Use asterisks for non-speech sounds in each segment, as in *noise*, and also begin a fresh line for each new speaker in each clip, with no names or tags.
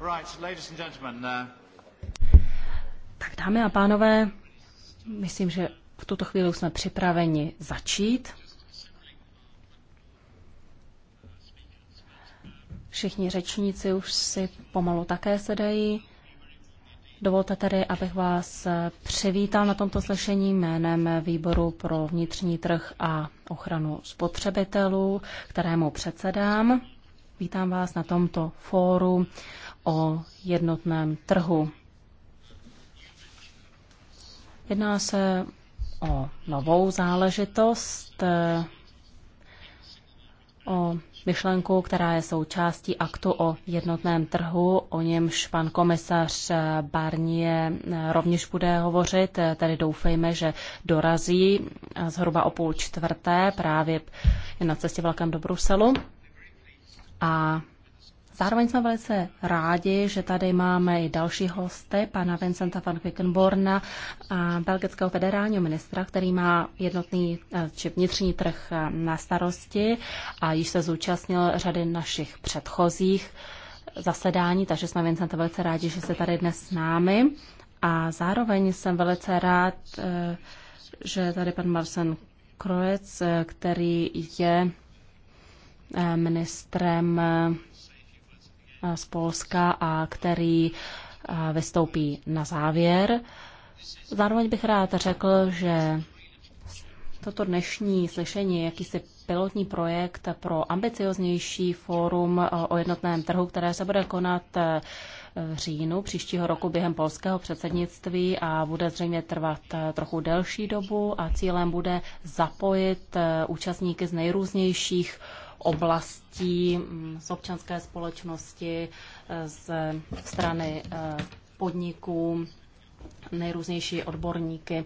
Uh,
tak dámy a pánové, myslím, že v tuto chvíli jsme připraveni začít. Všichni řečníci už si pomalu také sedají. Dovolte tedy, abych vás přivítal na tomto slyšení jménem Výboru pro vnitřní trh a ochranu spotřebitelů, kterému předsedám. Vítám vás na tomto fóru o jednotném trhu. Jedná se o novou záležitost, eh, o myšlenku, která je součástí aktu o jednotném trhu, o němž pan komisař Barnier eh, rovněž bude hovořit, eh, tedy doufejme, že dorazí zhruba o půl čtvrté právě na cestě vlakem do Bruselu. A zároveň jsme velice rádi, že tady máme i další hosty, pana Vincenta van Quickenborna, belgického federálního ministra, který má jednotný eh, či vnitřní trh eh, na starosti a již se zúčastnil řady našich předchozích eh, zasedání, takže jsme Vincenta velice rádi, že jste tady dnes s námi. A zároveň jsem velice rád, že tady pan Marcel Kroec, který je ministrem eh, z Polska a který eh, vystoupí na závěr. Zároveň bych rád řekl, že toto dnešní slyšení, jakýsi pilotní projekt pro ambicioznější fórum eh, o jednotném trhu, které se bude konat v říjnu příštího roku během polského předsednictví a bude zřejmě trvat trochu delší dobu a cílem bude zapojit účastníky z nejrůznějších oblastí, mm, z občanské společnosti, eh, ze strany eh, podniků, nejrůznější odborníky.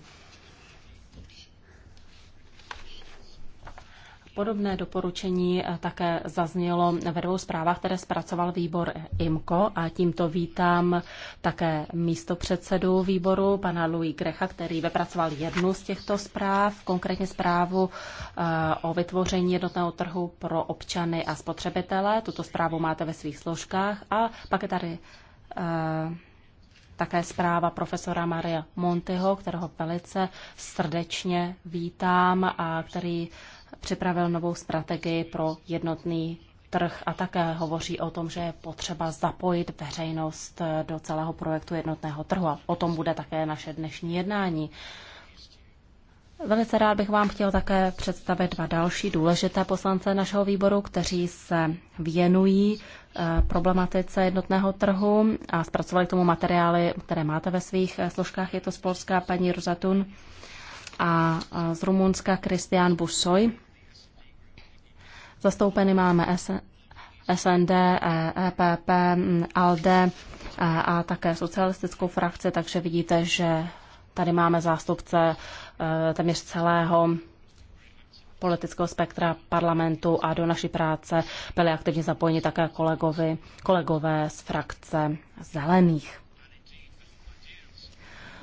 Podobné doporučení eh, také zaznělo ve dvou zprávách, které zpracoval výbor IMCO a tímto vítám také místopředsedu výboru, pana Louis Grecha, který vypracoval jednu z těchto zpráv, konkrétně zprávu eh, o vytvoření jednotného trhu pro občany a spotřebitele. Tuto zprávu máte ve svých složkách a pak je tady eh, také zpráva profesora Maria Montyho, kterého velice srdečně vítám a který připravil novou strategii pro jednotný trh a také hovoří o tom, že je potřeba zapojit veřejnost do celého projektu jednotného trhu. A o tom bude také naše dnešní jednání. Velice rád bych vám chtěl také představit dva další důležité poslance našeho výboru, kteří se věnují eh, problematice jednotného trhu a zpracovali k tomu materiály, které máte ve svých eh, složkách. Je to z Polska paní Rozatun a eh, z Rumunska Kristian Busoj. Zastoupeny máme SND, EPP, e ALD e, a také socialistickou frakci, takže vidíte, že tady máme zástupce e, téměř celého politického spektra parlamentu a do naší práce byly aktivně zapojeni také kolegovi, kolegové z frakce zelených.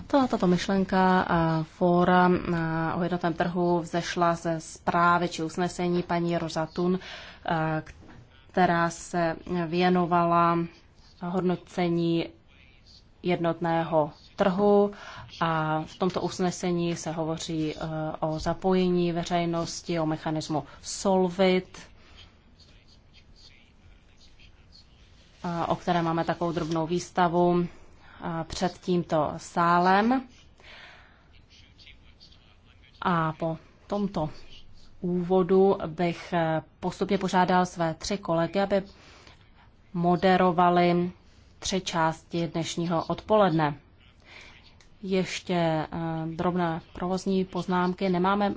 To, tato myšlenka fóra o jednotném trhu vzešla ze zprávy či usnesení paní Rozatun, která se věnovala hodnocení jednotného trhu a v tomto usnesení se hovoří e, o zapojení veřejnosti, o mechanismu Solvit, o které máme takovou drobnou výstavu před tímto sálem. A po tomto úvodu bych postupně požádal své tři kolegy, aby moderovali tři části dnešního odpoledne. Ještě eh, drobné provozní poznámky. Nemáme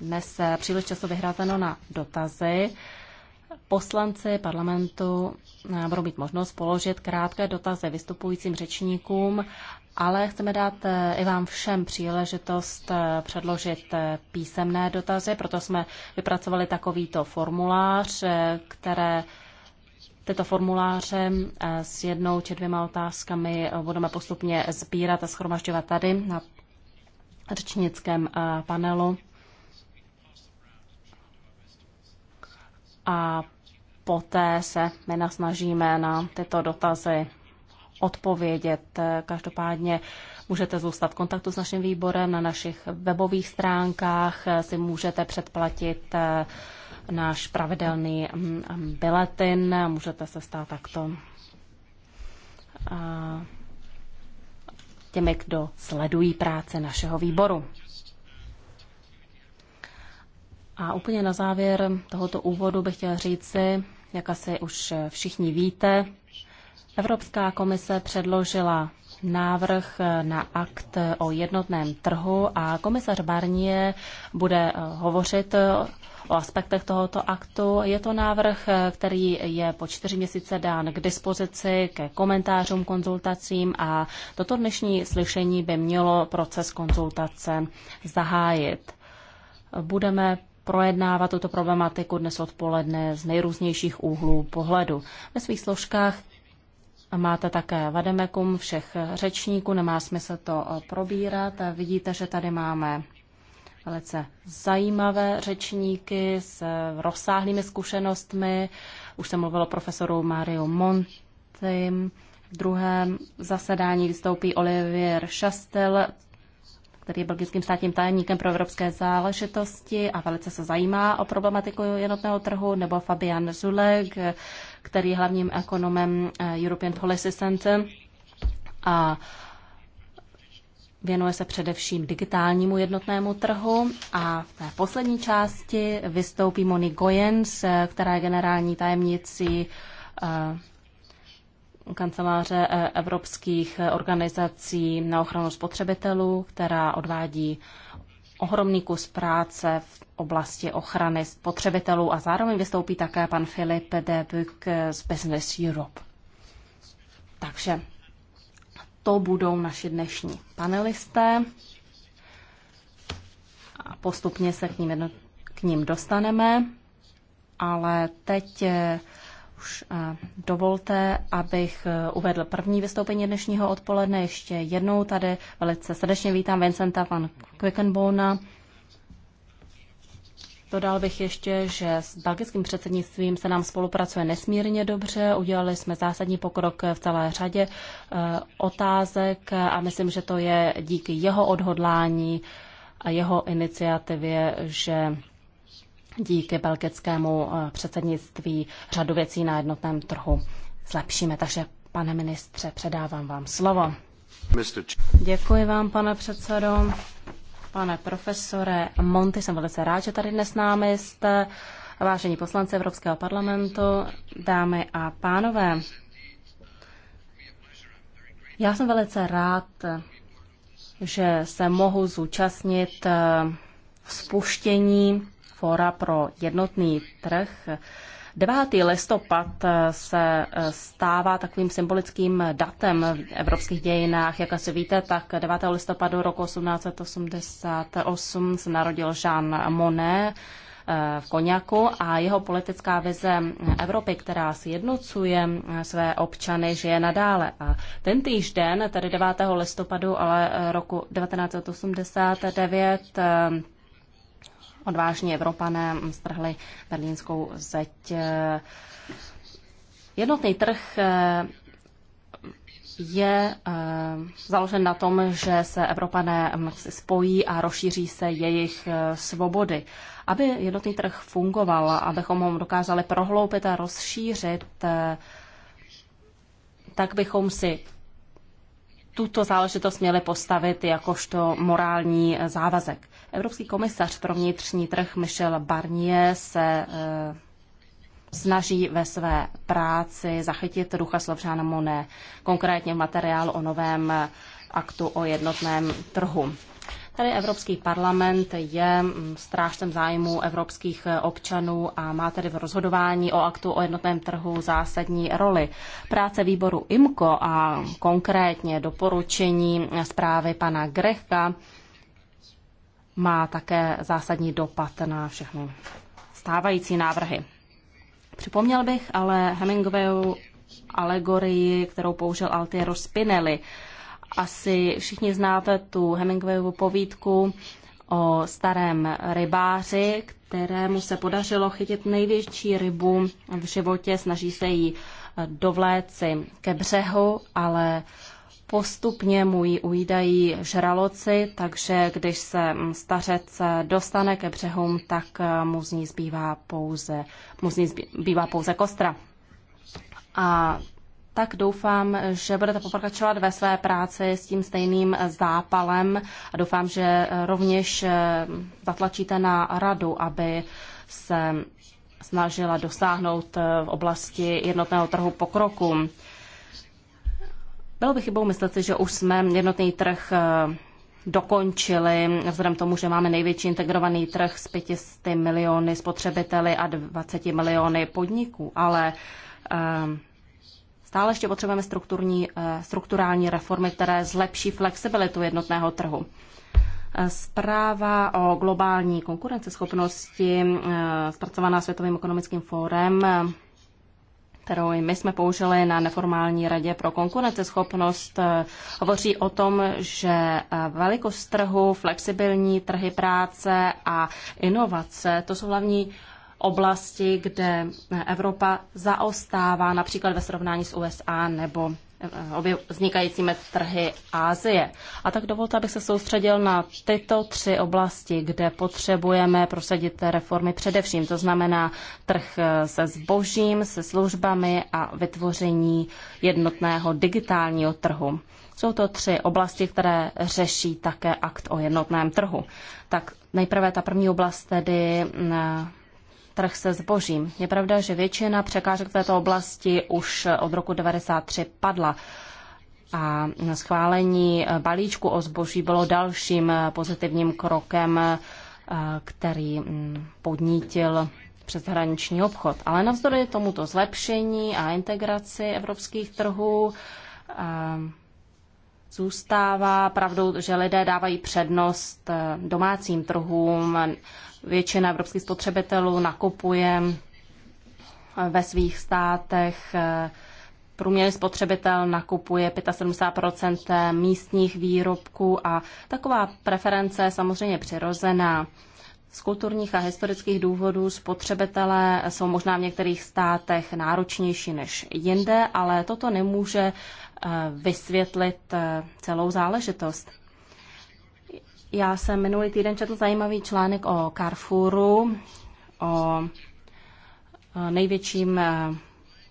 dnes eh, příliš času vyhrazeno na dotazy poslanci parlamentu eh, budou mít možnost položit krátké dotazy vystupujícím řečníkům, ale chceme dát eh, i vám všem příležitost eh, předložit písemné dotazy, proto jsme vypracovali takovýto formulář, které tyto formuláře s jednou či dvěma otázkami budeme postupně sbírat a schromažďovat tady na řečnickém panelu. a poté se my nasnažíme na tyto dotazy odpovědět. Každopádně můžete zůstat v kontaktu s naším výborem na našich webových stránkách, si můžete předplatit eh, náš pravidelný mm, mm, biletin, můžete se stát takto eh, těmi, kdo sledují práce našeho výboru. A úplně na závěr tohoto úvodu bych chtěla říci, jak asi už všichni víte, Evropská komise předložila návrh na akt o jednotném trhu a komisař Barnier bude eh, hovořit o aspektech tohoto aktu. Je to návrh, který je po čtyři měsíce dán k dispozici ke komentářům, konzultacím a toto dnešní slyšení by mělo proces konzultace zahájit. Budeme projednávat tuto problematiku dnes odpoledne z nejrůznějších úhlů pohledu. Ve svých složkách máte také vademekum všech řečníků, nemá smysl to eh, probírat. Vidíte, že tady máme velice zajímavé řečníky s eh, rozsáhlými zkušenostmi. Už jsem mluvilo profesoru Mario Montim. V druhém zasedání vystoupí Olivier Chastel, který je belgickým státním tajemníkem pro evropské záležitosti a velice se zajímá o problematiku jednotného trhu, nebo Fabian Zulek, který je hlavním ekonomem eh, European Policy Center a věnuje se především digitálnímu jednotnému trhu a v té poslední části vystoupí Moni Goyens, eh, která je generální tajemnicí eh, kanceláře eh, evropských eh, organizací na ochranu spotřebitelů, která odvádí ohromný kus práce v oblasti ochrany spotřebitelů a zároveň vystoupí také pan Filip de Buc eh, z Business Europe. Takže to budou naši dnešní panelisté a postupně se k ním, k ním dostaneme, ale teď už dovolte, abych e, uvedl první vystoupení dnešního odpoledne. Ještě jednou tady velice srdečně vítám Vincenta van Quickenbona. Dodal bych ještě, že s belgickým předsednictvím se nám spolupracuje nesmírně dobře. Udělali jsme zásadní pokrok v celé řadě e, otázek a myslím, že to je díky jeho odhodlání a jeho iniciativě, že díky belgickému eh, předsednictví řadu věcí na jednotném trhu zlepšíme. Takže, pane ministře, předávám vám slovo. Děkuji vám, pane předsedo. Pane profesore Monty, jsem velice rád, že tady dnes s námi jste. Vážení poslanci Evropského parlamentu, dámy a pánové, já jsem velice rád, že se mohu zúčastnit eh, spuštění Fora pro jednotný trh. 9. listopad se eh, stává takovým symbolickým datem v evropských dějinách. Jak asi víte, tak 9. listopadu roku 1888 se narodil Jean Monnet eh, v Koněku a jeho politická vize Evropy, která sjednocuje eh, své občany, žije nadále. A ten týž den, tedy 9. listopadu, ale roku 1989, odvážní Evropané strhli berlínskou zeď. Jednotný trh eh, je eh, založen na tom, že se Evropané spojí a rozšíří se jejich eh, svobody. Aby jednotný trh fungoval, abychom ho dokázali prohloupit a rozšířit, tak bychom si tuto záležitost měli postavit jakožto morální závazek. Evropský komisař pro vnitřní trh Michel Barnier se eh, snaží ve své práci zachytit ducha Slovřána Moné, konkrétně materiál o novém eh, aktu o jednotném trhu. Tady Evropský parlament je mm, strážcem zájmu evropských eh, občanů a má tedy v rozhodování o aktu o jednotném trhu zásadní roli. Práce výboru IMCO a konkrétně doporučení zprávy pana Grecha má také zásadní dopad na všechny stávající návrhy. Připomněl bych ale Hemingwayu alegorii, kterou použil Altiero Spinelli. Asi všichni znáte tu Hemingwayovu povídku o starém rybáři, kterému se podařilo chytit největší rybu v životě, snaží se ji dovléci ke břehu, ale uh, postupně mu ji ujídají žraloci, takže když se stařec dostane ke břehům, tak mu z ní zbývá pouze, mu z ní zbývá pouze kostra. A tak doufám, že budete pokračovat ve své práci s tím stejným zápalem a doufám, že rovněž eh, zatlačíte na radu, aby se snažila dosáhnout eh, v oblasti jednotného trhu pokroku. Bylo by chybou myslet si, že už jsme jednotný trh eh, dokončili, vzhledem tomu, že máme největší integrovaný trh s 500 miliony spotřebiteli a 20 miliony podniků, ale eh, stále ještě potřebujeme strukturní, eh, strukturální reformy, které zlepší flexibilitu jednotného trhu. Zpráva o globální konkurenceschopnosti zpracovaná Světovým ekonomickým fórem kterou my jsme použili na neformální radě pro konkurenceschopnost, eh, hovoří o tom, že eh, velikost trhu, flexibilní trhy práce a inovace, to jsou hlavní oblasti, kde Evropa zaostává například ve srovnání s USA nebo Eh, obě vznikajícími trhy Ázie. A tak dovolte, abych se soustředil na tyto tři oblasti, kde potřebujeme prosadit reformy především. To znamená trh eh, se zbožím, se službami a vytvoření jednotného digitálního trhu. Jsou to tři oblasti, které řeší také akt o jednotném trhu. Tak nejprve ta první oblast tedy mm, eh, trh se zbožím. Je pravda, že většina překážek v této oblasti už od roku 1993 padla a schválení balíčku o zboží bylo dalším pozitivním krokem, eh, který mm, podnítil přeshraniční obchod. Ale navzdory tomuto zlepšení a integraci evropských trhů eh, zůstává pravdou, že lidé dávají přednost eh, domácím trhům. Většina evropských spotřebitelů nakupuje eh, ve svých státech. Eh, průměrný spotřebitel nakupuje 75 místních výrobků a taková preference je samozřejmě přirozená. Z kulturních a historických důvodů spotřebitelé jsou možná v některých státech náročnější než jinde, ale toto nemůže Eh, vysvětlit eh, celou záležitost. Já jsem minulý týden četl zajímavý článek o Carrefouru, o eh, největším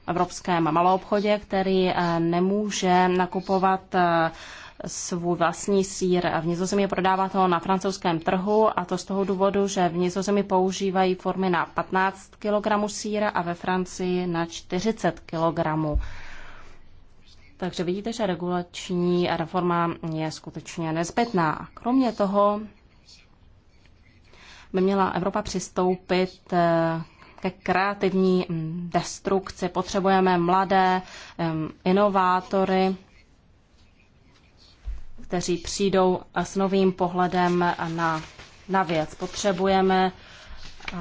evropském maloobchodě, který nemůže nakupovat svůj vlastní sír v Nizozemí prodává to na francouzském trhu a to z toho důvodu, že v Nizozemí používají formy na 15 kg síra a ve Francii na 40 kg. Takže vidíte, že regulační reforma je skutečně nezbytná. Kromě toho by měla Evropa přistoupit eh, ke kreativní mm, destrukci. Potřebujeme mladé inovátory, kteří přijdou s novým pohledem na, na věc. Potřebujeme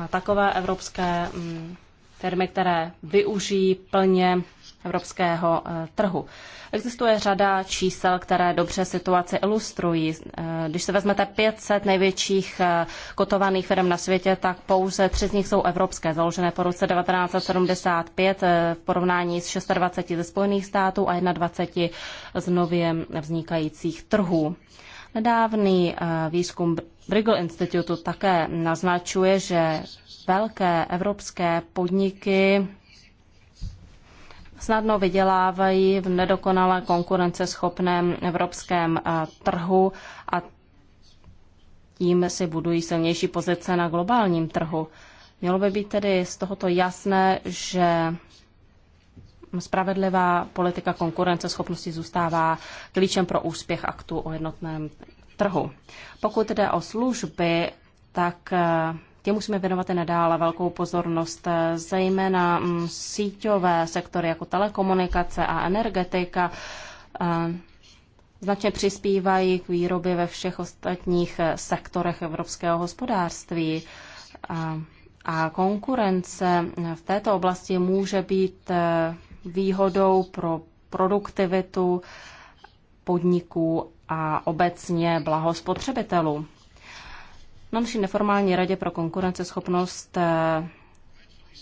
eh, takové evropské mm, firmy, které využijí plně evropského eh, trhu. Existuje řada čísel, které dobře situaci ilustrují. Eh, když se vezmete 500 největších eh, kotovaných firm na světě, tak pouze tři z nich jsou evropské, založené po roce 1975 v porovnání s 26 ze Spojených států a 21 z nově vznikajících trhů. Nedávný výzkum Brigel Institutu také naznačuje, že velké evropské podniky snadno vydělávají v nedokonale konkurenceschopném evropském eh, trhu a tím si budují silnější pozice na globálním trhu. Mělo by být tedy z tohoto jasné, že spravedlivá politika konkurenceschopnosti zůstává klíčem pro úspěch aktu o jednotném trhu. Pokud jde o služby, tak eh, Těm musíme věnovat i nadále velkou pozornost, eh, zejména mm, síťové sektory jako telekomunikace a energetika eh, značně přispívají k výrobě ve všech ostatních eh, sektorech evropského hospodářství. A konkurence v této oblasti může být výhodou pro produktivitu podniků a obecně blaho spotřebitelů. Na no, naší neformální radě pro konkurenceschopnost eh,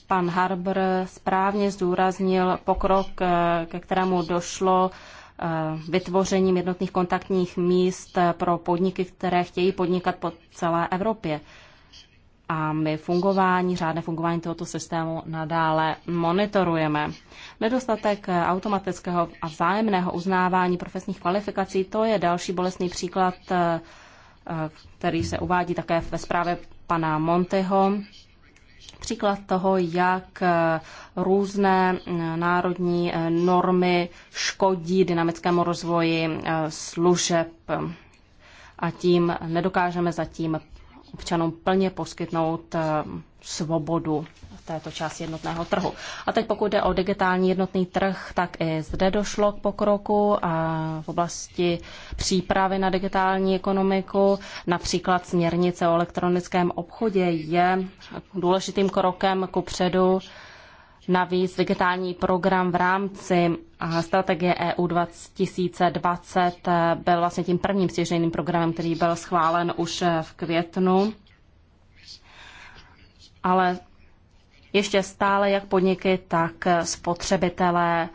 pan Harbr správně zdůraznil pokrok, eh, ke kterému došlo eh, vytvořením jednotných kontaktních míst pro podniky, které chtějí podnikat po celé Evropě. A my fungování, řádné fungování tohoto systému nadále monitorujeme. Nedostatek automatického a vzájemného uznávání profesních kvalifikací, to je další bolestný příklad který se uvádí také ve zprávě pana Monteho. Příklad toho, jak různé národní normy škodí dynamickému rozvoji služeb a tím nedokážeme zatím občanům plně poskytnout svobodu této části jednotného trhu. A teď pokud jde o digitální jednotný trh, tak i zde došlo k pokroku a v oblasti přípravy na digitální ekonomiku. Například směrnice o elektronickém obchodě je důležitým krokem ku předu. Navíc digitální program v rámci strategie EU 2020 byl vlastně tím prvním stěžejným programem, který byl schválen už v květnu. Ale ještě stále jak podniky, tak spotřebitelé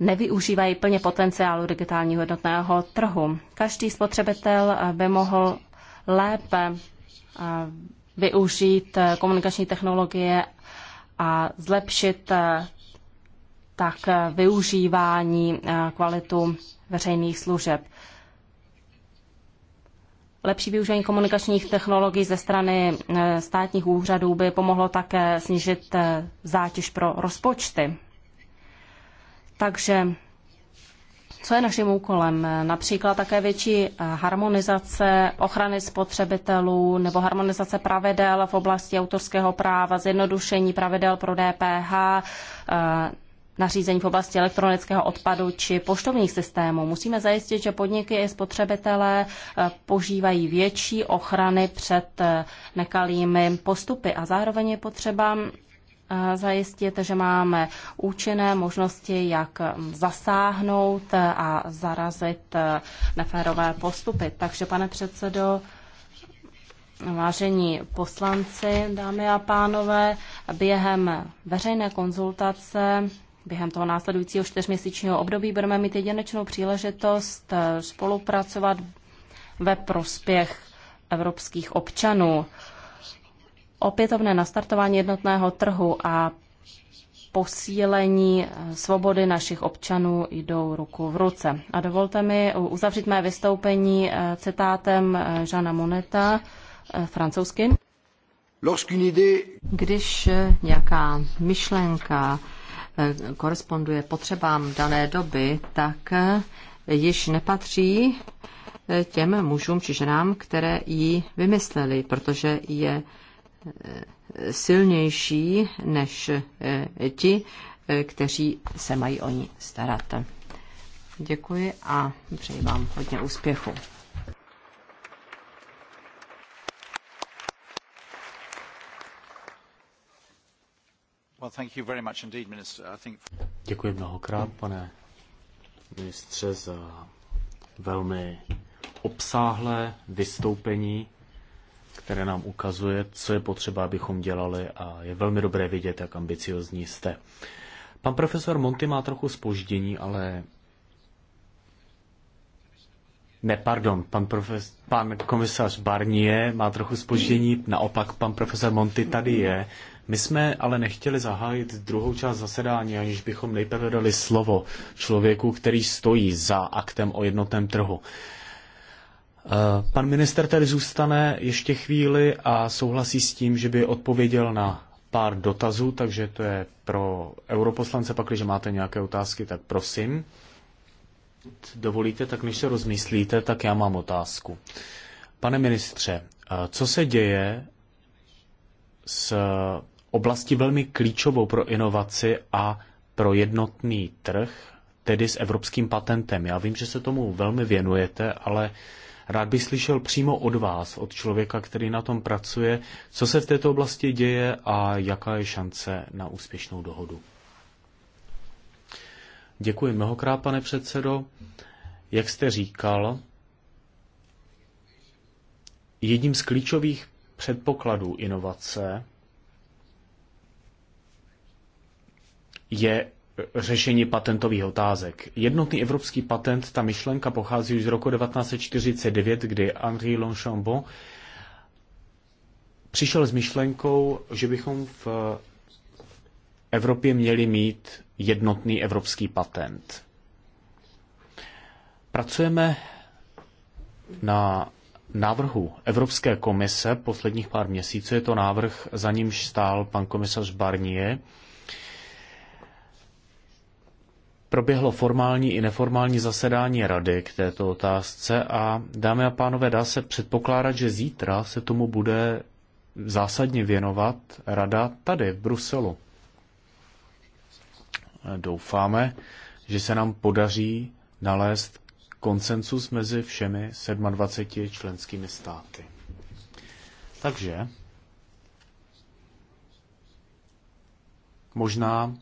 nevyužívají plně potenciálu digitálního jednotného trhu. Každý spotřebitel by mohl lépe eh, využít eh, komunikační technologie a zlepšit eh, tak využívání kvalitu veřejných služeb. Lepší využívání komunikačních technologií ze strany eh, státních úřadů by pomohlo také snížit eh, zátěž pro rozpočty. Takže co je naším úkolem? Například také větší eh, harmonizace ochrany spotřebitelů nebo harmonizace pravidel v oblasti autorského práva, zjednodušení pravidel pro DPH, nařízení v oblasti elektronického odpadu či poštovních systémů. Musíme zajistit, že podniky i spotřebitelé eh, požívají větší ochrany před eh, nekalými postupy a zároveň je potřeba eh, zajistit, že máme účinné možnosti, jak hm, zasáhnout a zarazit neférové postupy. Takže, pane předsedo, Vážení poslanci, dámy a pánové, během veřejné konzultace Během toho následujícího čtyřměsíčního období budeme mít jedinečnou příležitost eh, spolupracovat ve prospěch evropských občanů. Opětovné nastartování jednotného trhu a posílení eh, svobody našich občanů jdou ruku v ruce. A dovolte mi uzavřít mé vystoupení eh, citátem Žana Moneta francouzsky. Když nějaká
myšlenka Eh, koresponduje potřebám dané doby, tak eh, již nepatří eh, těm mužům či ženám, které ji vymysleli, protože je silnější než ti, kteří se mají o ní starat. Děkuji a přeji vám hodně úspěchu.
Děkuji mnohokrát, pane ministře, za velmi obsáhlé vystoupení, které nám ukazuje, co je potřeba, abychom dělali a je velmi dobré vidět, jak ambiciozní jste. Pan profesor Monty má trochu spoždění, ale... Ne, pardon, pan, profes... pan komisař Barnier má trochu spoždění, naopak pan profesor Monty tady je, my jsme ale nechtěli zahájit druhou část zasedání, aniž bychom nejprve dali slovo člověku, který stojí za aktem o jednotném trhu. Eh, pan minister tedy zůstane ještě chvíli a souhlasí s tím, že by odpověděl na pár dotazů, takže to je pro europoslance. Pak, když máte nějaké otázky, tak prosím. Dovolíte, tak než se rozmyslíte, tak já mám otázku. Pane ministře, eh, co se děje s oblasti velmi klíčovou pro inovaci a pro jednotný trh, tedy s evropským patentem. Já vím, že se tomu velmi věnujete, ale rád bych slyšel přímo od vás, od člověka, který na tom pracuje, co se v této oblasti děje a jaká je šance na úspěšnou dohodu. Děkuji mnohokrát, pane předsedo. Jak jste říkal, jedním z klíčových předpokladů inovace je e, řešení patentových otázek. Jednotný evropský patent, ta myšlenka pochází už z roku 1949, kdy Henri Longchambon přišel s myšlenkou, že bychom v Evropě měli mít jednotný evropský patent. Pracujeme na návrhu Evropské komise posledních pár měsíců. Je to návrh, za nímž stál pan komisař Barnier, proběhlo formální i neformální zasedání rady k této otázce a dámy a pánové, dá se předpokládat, že zítra se tomu bude zásadně věnovat rada tady v Bruselu. Doufáme, že se nám podaří nalézt konsensus mezi všemi 27 členskými státy. Takže možná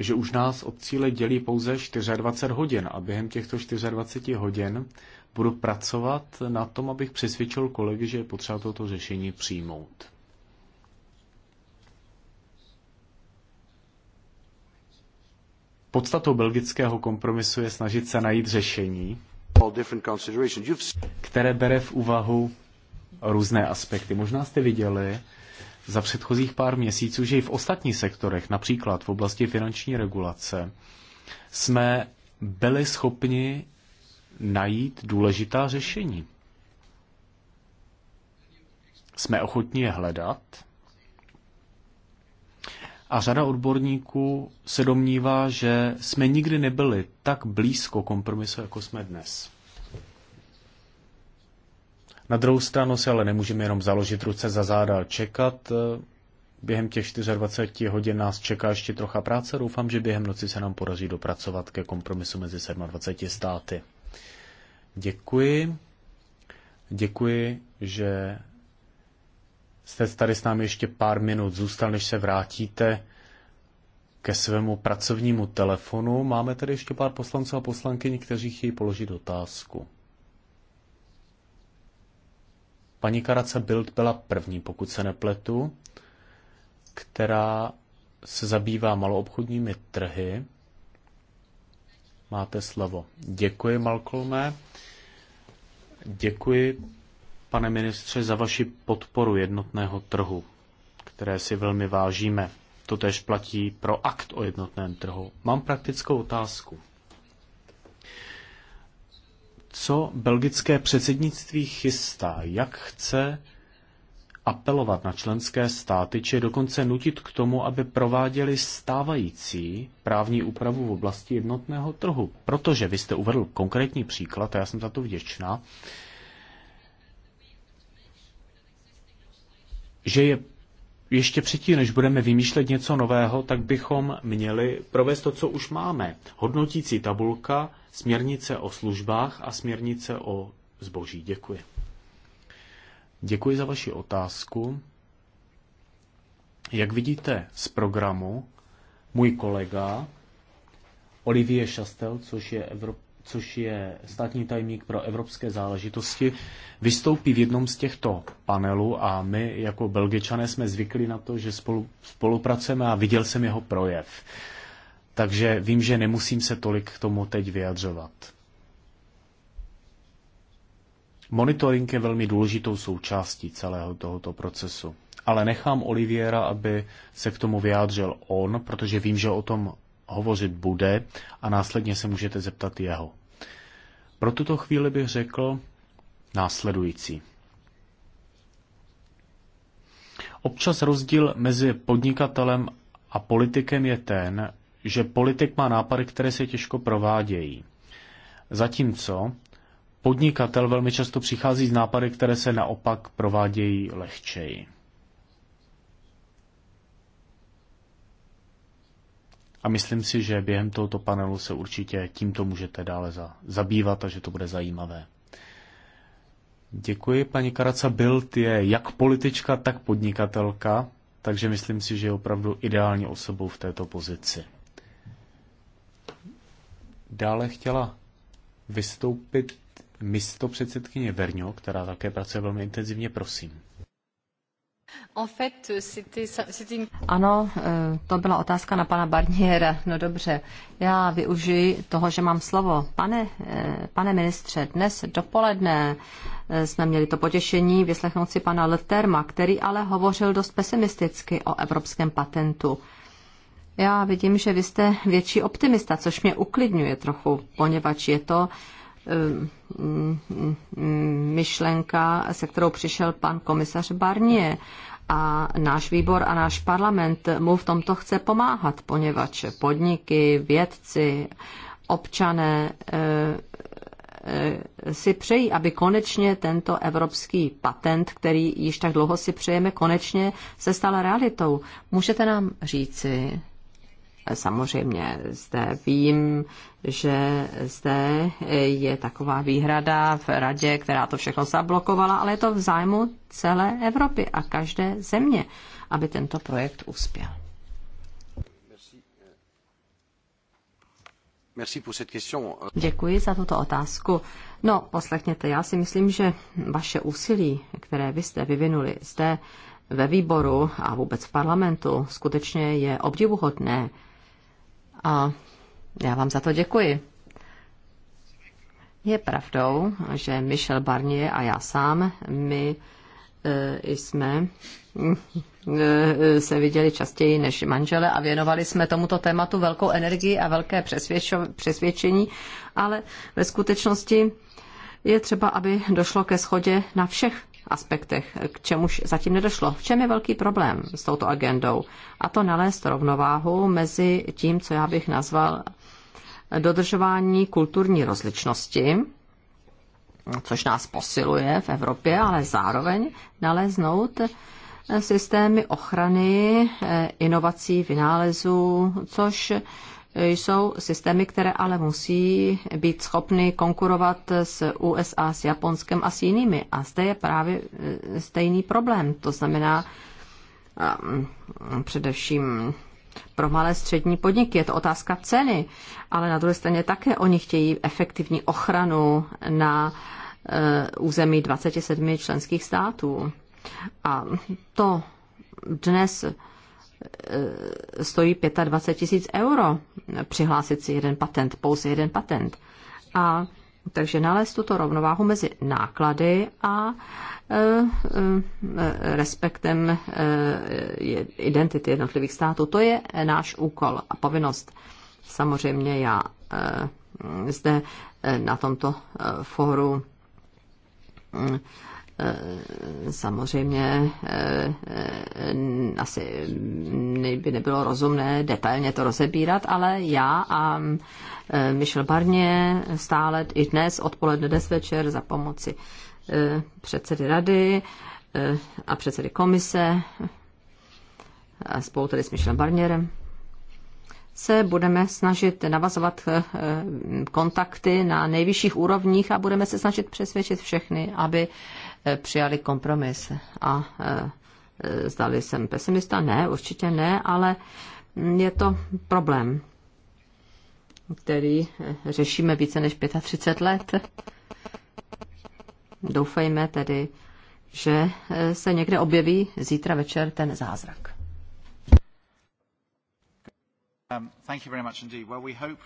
že už nás od cíle dělí pouze 24 hodin a během těchto 24 hodin budu pracovat na tom, abych přesvědčil kolegy, že je potřeba toto řešení přijmout. Podstatou belgického kompromisu je snažit se najít řešení, které bere v úvahu různé aspekty. Možná jste viděli, za předchozích pár měsíců, že i v ostatních sektorech, například v oblasti finanční regulace, jsme byli schopni najít důležitá řešení. Jsme ochotni je hledat a řada odborníků se domnívá, že jsme nikdy nebyli tak blízko kompromisu, jako jsme dnes. Na druhou stranu se ale nemůžeme jenom založit ruce za záda a čekat. Během těch 24 hodin nás čeká ještě trocha práce. Doufám, že během noci se nám podaří dopracovat ke kompromisu mezi 27 státy. Děkuji. Děkuji, že jste tady s námi ještě pár minut zůstal, než se vrátíte ke svému pracovnímu telefonu. Máme tady ještě pár poslanců a poslankyní, kteří chtějí položit otázku. Paní Karaca Bild byla první, pokud se nepletu, která se zabývá maloobchodními trhy. Máte slovo. Děkuji, Malcolme. Děkuji, pane ministře, za vaši podporu jednotného trhu, které si velmi vážíme. To tež platí pro akt o jednotném trhu. Mám praktickou otázku co belgické předsednictví chystá, jak chce apelovat na členské státy, či dokonce nutit k tomu, aby prováděli stávající právní úpravu v oblasti jednotného trhu. Protože vy jste uvedl konkrétní příklad, a já jsem za to vděčná, že je ještě předtím, než budeme vymýšlet něco nového, tak bychom měli provést to, co už máme. Hodnotící tabulka, směrnice o službách a směrnice o zboží. Děkuji. Děkuji za vaši otázku. Jak vidíte z programu, můj kolega Olivier Chastel, což je Evropa což je státní tajemník pro evropské záležitosti, vystoupí v jednom z těchto panelů a my jako belgičané jsme zvykli na to, že spolu, spolupracujeme a viděl jsem jeho projev. Takže vím, že nemusím se tolik k tomu teď vyjadřovat. Monitoring je velmi důležitou součástí celého tohoto procesu. Ale nechám Oliviera, aby se k tomu vyjádřil on, protože vím, že o tom hovořit bude a následně se můžete zeptat jeho. Pro tuto chvíli bych řekl následující. Občas rozdíl mezi podnikatelem a politikem je ten, že politik má nápady, které se těžko provádějí. Zatímco podnikatel velmi často přichází z nápady, které se naopak provádějí lehčeji. A myslím si, že během tohoto panelu se určitě tímto můžete dále za, zabývat a že to bude zajímavé. Děkuji. Paní Karaca Bild je jak politička, tak podnikatelka, takže myslím si, že je opravdu ideální osobou v této pozici. Dále chtěla vystoupit místo předsedkyně Verňo, která také pracuje velmi intenzivně, prosím.
Ano, eh, to byla otázka na pana Barniera. No dobře, já využiji toho, že mám slovo. Pane, eh, pane ministře, dnes dopoledne eh, jsme měli to potěšení vyslechnout si pana Leterma, který ale hovořil dost pesimisticky o evropském patentu. Já vidím, že vy jste větší optimista, což mě uklidňuje trochu, poněvadž je to myšlenka, se kterou přišel pan komisař Barnier. A náš výbor a náš parlament mu v tomto chce pomáhat, poněvadž podniky, vědci, občané eh, eh, si přejí, aby konečně tento evropský patent, který již tak dlouho si přejeme, konečně se stal realitou. Můžete nám říci, Samozřejmě zde vím, že zde je taková výhrada v radě, která to všechno zablokovala, ale je to v zájmu celé Evropy a každé země, aby tento projekt uspěl. Děkuji za tuto otázku. No, poslechněte, já si myslím, že vaše úsilí, které vy jste vyvinuli zde ve výboru a vůbec v parlamentu, skutečně je obdivuhodné a já vám za to děkuji. Je pravdou, že Michel Barnier a já sám, my e, jsme e, se viděli častěji než manžele a věnovali jsme tomuto tématu velkou energii a velké přesvědčení, ale ve skutečnosti je třeba, aby došlo ke shodě na všech aspektech, k čemuž zatím nedošlo. V čem je velký problém s touto agendou? A to nalézt rovnováhu mezi tím, co já bych nazval dodržování kulturní rozličnosti, což nás posiluje v Evropě, ale zároveň naleznout systémy ochrany eh, inovací, vynálezů, což jsou systémy, které ale musí být schopny konkurovat s USA, s Japonskem a s jinými. A zde je právě eh, stejný problém. To znamená ehm, především pro malé střední podniky. Je to otázka ceny, ale na druhé straně také oni chtějí efektivní ochranu na eh, území 27 členských států. A to dnes E, stojí 25 tisíc euro přihlásit si jeden patent, pouze jeden patent. A takže nalézt tuto rovnováhu mezi náklady a e, e, respektem e, identity jednotlivých států. To je náš úkol a povinnost. Samozřejmě já e, zde e, na tomto e, fóru e, Eh, samozřejmě eh, asi by nebylo rozumné detailně to rozebírat, ale já a eh, Michel Barnier stále i dnes odpoledne, dnes večer za pomoci předsedy rady a předsedy komise a spolu tedy s Michelem Barnierem se budeme snažit navazovat kontakty na nejvyšších úrovních a budeme se snažit přesvědčit všechny, aby Eh, přijali kompromis. A eh, zdali jsem pesimista? Ne, určitě ne, ale mm, je to problém, který eh, řešíme více než 35 let. Doufejme tedy, že se někde objeví zítra večer ten zázrak.
Um, uh,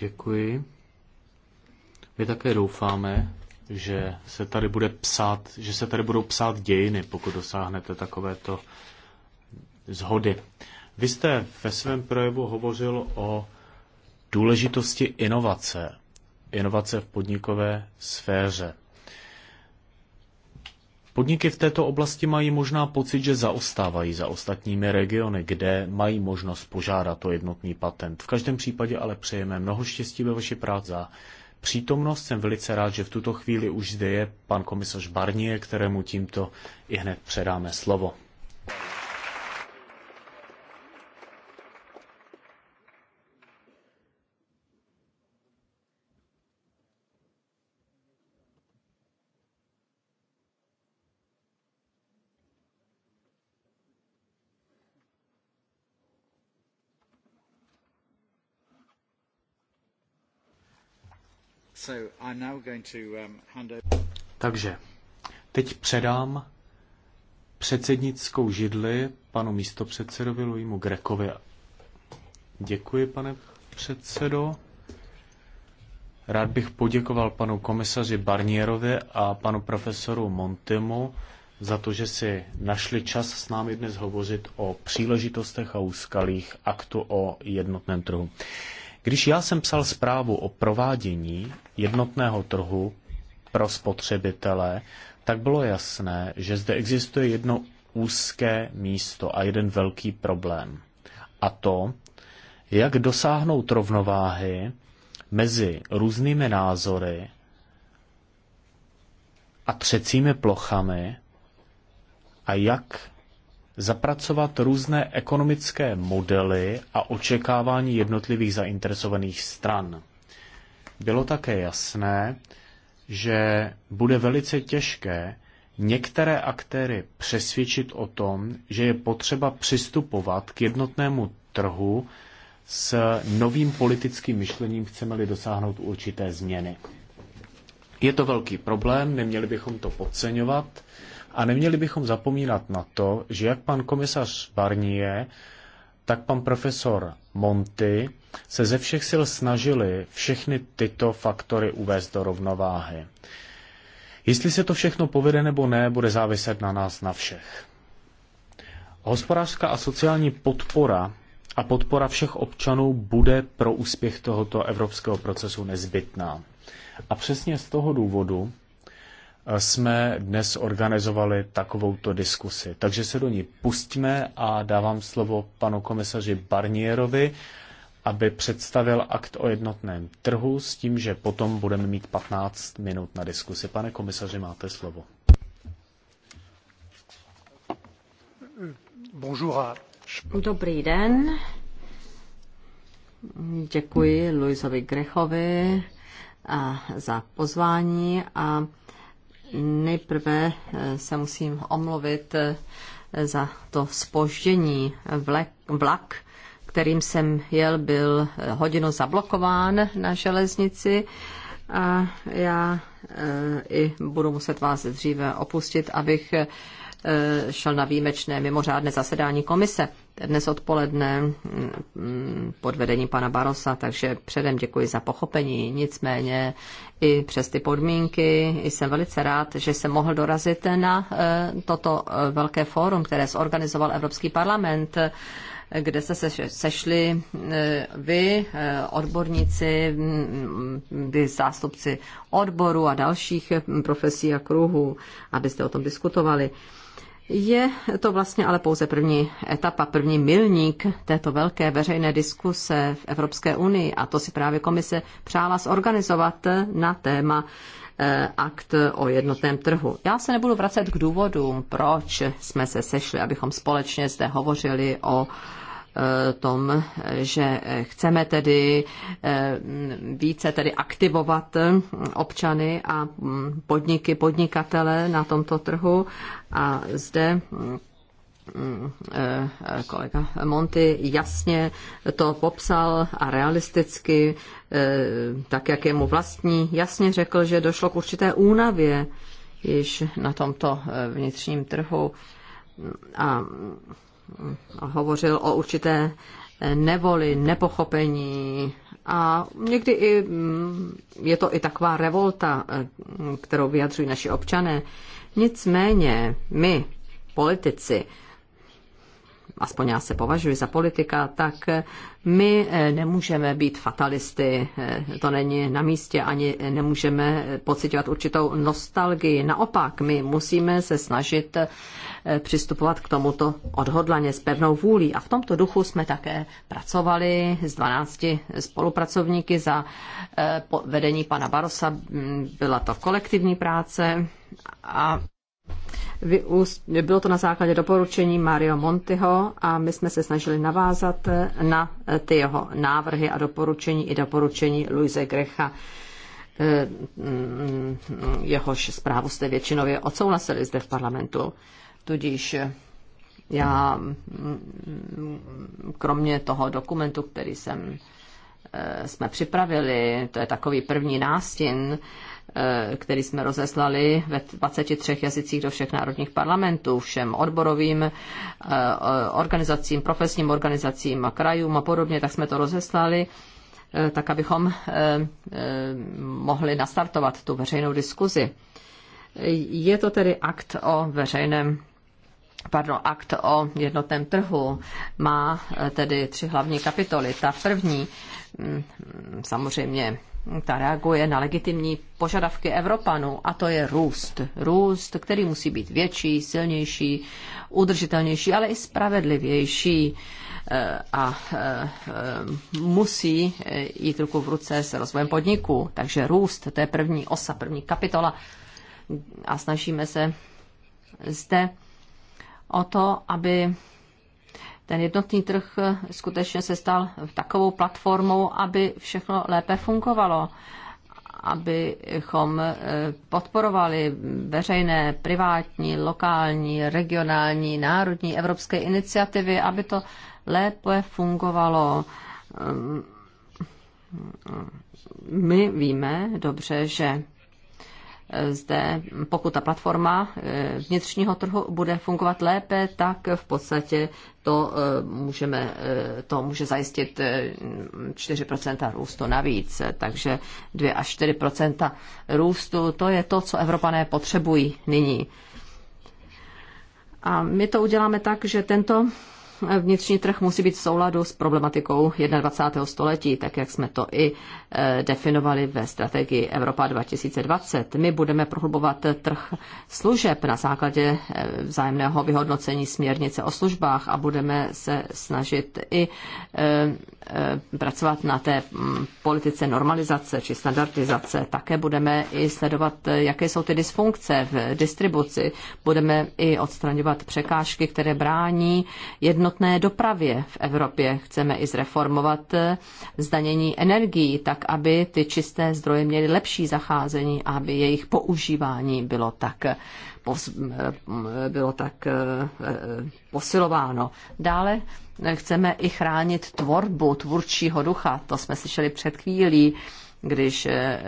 Děkuji. My také doufáme, že se tady bude psát, že se tady budou psát dějiny, pokud dosáhnete takovéto zhody. Vy jste ve svém projevu hovořil o důležitosti inovace, inovace v podnikové sféře. Podniky v této oblasti mají možná pocit, že zaostávají za ostatními regiony, kde mají možnost požádat o jednotný patent. V každém případě ale přejeme mnoho štěstí ve vaší práci přítomnost. Jsem velice rád, že v tuto chvíli už zde je pan komisař Barnier, kterému tímto i hned předáme slovo.
Um,
Takže teď předám předsednickou židli panu místopředsedovi Luimu Grekovi. Děkuji, pane předsedo. Rád bych poděkoval panu komisaři Barnierovi a panu profesoru Montimu za to, že si našli čas s námi dnes hovořit o příležitostech a úskalích aktu o jednotném trhu. Když já jsem psal zprávu o provádění jednotného trhu pro spotřebitele, tak bylo jasné, že zde existuje jedno úzké místo a jeden velký problém. A to, jak dosáhnout rovnováhy mezi různými názory a třecími plochami a jak zapracovat různé ekonomické modely a očekávání jednotlivých zainteresovaných stran. Bylo také jasné, že bude velice těžké některé aktéry přesvědčit o tom, že je potřeba přistupovat k jednotnému trhu s novým politickým myšlením, chceme-li dosáhnout určité změny. Je to velký problém, neměli bychom to podceňovat. A neměli bychom zapomínat na to, že jak pan komisař Barnier, tak pan profesor Monty se ze všech sil snažili všechny tyto faktory uvést do rovnováhy. Jestli se to všechno povede nebo ne, bude záviset na nás na všech. Hospodářská a sociální podpora a podpora všech občanů bude pro úspěch tohoto evropského procesu nezbytná. A přesně z toho důvodu jsme dnes organizovali takovouto diskusi. Takže se do ní pustíme a dávám slovo panu komisaři Barnierovi, aby představil akt o jednotném trhu s tím, že potom budeme mít 15 minut na diskusi. Pane komisaři, máte slovo.
Bonjour. Dobrý den. Děkuji Luisovi Grechovi za pozvání a Nejprve eh, se musím omluvit eh, za to spoždění vlak, kterým jsem jel, byl eh, hodinu zablokován na železnici a já i budu muset vás dříve opustit, abych šel na výjimečné mimořádné zasedání komise dnes odpoledne mm, pod vedením pana Barosa, takže předem děkuji za pochopení. Nicméně i přes ty podmínky jsem velice rád, že jsem mohl dorazit na eh, toto eh, velké fórum, které zorganizoval Evropský parlament eh, kde jste se sešli vy, odborníci, mm, vy zástupci odboru a dalších profesí a kruhů, abyste o tom diskutovali. Je to vlastně ale pouze první etapa, první milník této velké veřejné diskuse v Evropské unii a to si právě komise přála zorganizovat na téma eh, akt o jednotném trhu. Já se nebudu vracet k důvodům, proč jsme se sešli, abychom společně zde hovořili o Eh, tom, že chceme tedy eh, více tedy aktivovat občany a mm, podniky, podnikatele na tomto trhu a zde mm, eh, kolega Monty jasně to popsal a realisticky, tak jak je mu vlastní, jasně řekl, že došlo k určité únavě již na tomto vnitřním trhu a hovořil o určité nevoli, nepochopení a někdy i, mm, je to i taková revolta, eh, kterou vyjadřují naši občané. Nicméně my, politici, aspoň já se považuji za politika, tak my eh, nemůžeme být fatalisty, eh, to není na místě, ani nemůžeme pocitovat určitou nostalgii. Naopak, my musíme se snažit eh, přistupovat k tomuto odhodlaně s pevnou vůlí. A v tomto duchu jsme také pracovali s 12 spolupracovníky za vedení pana Barosa. Mm, byla to kolektivní práce a bylo to na základě doporučení Mario Montiho a my jsme se snažili navázat na eh, ty jeho návrhy a doporučení i doporučení Luise Grecha. Eh, mm, jehož zprávu jste většinově odsouhlasili zde v parlamentu. Tudíž eh, já, mm, kromě toho dokumentu, který jsem jsme připravili, to je takový první nástin, Eh, který jsme rozeslali ve 23 jazycích do všech národních parlamentů, všem odborovým eh, organizacím, profesním organizacím a krajům a podobně, tak jsme to rozeslali eh, tak abychom mohli nastartovat tu veřejnou diskuzi. Je to tedy akt o veřejném pardon, akt o jednotném trhu má tedy tři hlavní kapitoly. Ta první mm, samozřejmě ta reaguje na legitimní požadavky Evropanů a to je růst. Růst, který musí být větší, silnější, udržitelnější, ale i spravedlivější e, a e, musí e, jít ruku v ruce s rozvojem podniků. Takže růst, to je první osa, první kapitola a snažíme se zde o to, aby ten jednotný trh eh, skutečně se stal takovou platformou, aby všechno lépe fungovalo, abychom eh, podporovali veřejné, privátní, lokální, regionální, národní, evropské iniciativy, aby to lépe fungovalo. Ehm, my víme dobře, že zde, pokud ta platforma eh, vnitřního trhu bude fungovat lépe, tak v podstatě to, eh, můžeme, eh, to může zajistit 4% růstu navíc. Takže 2 až 4% růstu, to je to, co Evropané potřebují nyní. A my to uděláme tak, že tento vnitřní trh musí být v souladu s problematikou 21. století, tak jak jsme to i eh, definovali ve strategii Evropa 2020. My budeme prohlubovat trh služeb na základě eh, vzájemného vyhodnocení směrnice o službách a budeme se snažit i eh, Eh, pracovat na té mm, politice normalizace či standardizace. Také budeme i sledovat, eh, jaké jsou ty dysfunkce v distribuci. Budeme i odstraňovat překážky, které brání jednotné dopravě v Evropě. Chceme i zreformovat eh, zdanění energií, tak aby ty čisté zdroje měly lepší zacházení, aby jejich používání bylo tak bylo tak eh, eh, posilováno. Dále chceme i chránit tvorbu tvůrčího ducha. To jsme slyšeli před chvílí, když eh,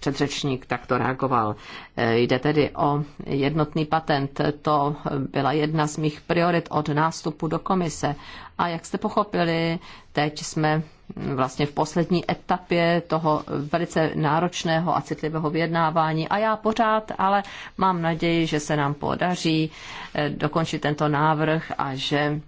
předřečník takto reagoval. Jde tedy o jednotný patent. To byla jedna z mých priorit od nástupu do komise. A jak jste pochopili, teď jsme vlastně v poslední etapě toho velice náročného a citlivého vyjednávání. A já pořád ale mám naději, že se nám podaří eh, dokončit tento návrh a že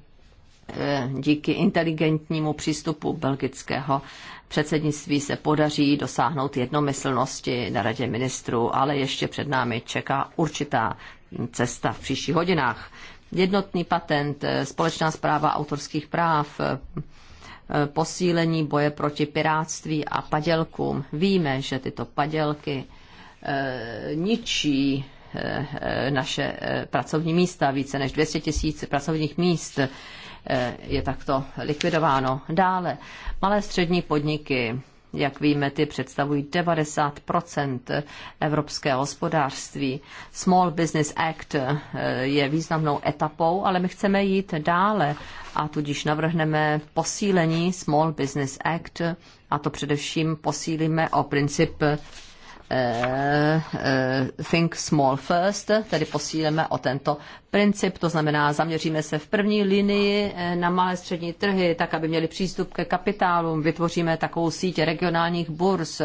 eh, díky inteligentnímu přístupu belgického předsednictví se podaří dosáhnout jednomyslnosti na radě ministrů, ale ještě před námi čeká určitá cesta v příštích hodinách. Jednotný patent, eh, společná zpráva autorských práv, Eh, posílení boje proti piráctví a padělkům. Víme, že tyto padělky eh, ničí eh, naše pracovní místa. Více než 200 tisíc pracovních míst je takto likvidováno. Dále malé střední podniky, jak víme, ty představují 90 evropského hospodářství. Small Business Act eh, je významnou etapou, ale my chceme jít dále a tudíž navrhneme posílení Small Business Act a to především posílíme o princip Eh, eh, think Small First, tedy posílíme o tento princip, to znamená zaměříme se v první linii eh, na malé střední trhy, tak aby měli přístup ke kapitálům, vytvoříme takovou síť regionálních burz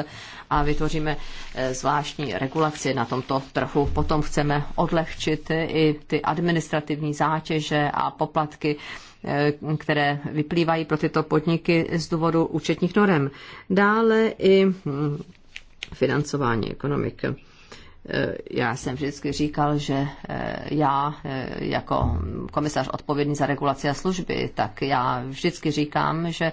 a vytvoříme zvláštní regulaci na tomto trhu. Potom chceme odlehčit i ty administrativní zátěže a poplatky, které vyplývají pro tyto podniky z důvodu účetních norem. Dále i hm, financování ekonomik. Eh, já jsem vždycky říkal, že eh, já eh, jako komisař odpovědný za regulaci a služby, tak já vždycky říkám, že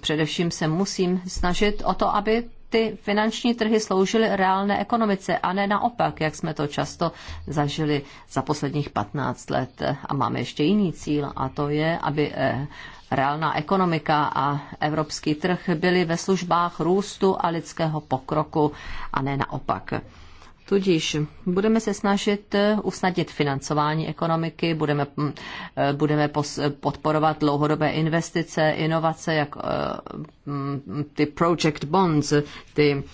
především se musím snažit o to, aby ty finanční trhy sloužily reálné ekonomice a ne naopak, jak jsme to často zažili za posledních 15 let. A máme ještě jiný cíl a to je, aby eh, reálná ekonomika a evropský trh byly ve službách růstu a lidského pokroku a ne naopak. Tudíž budeme se snažit eh, usnadnit financování ekonomiky, budeme, mm, eh, budeme pos, podporovat dlouhodobé investice, inovace, jak eh, mm, ty project bonds, ty,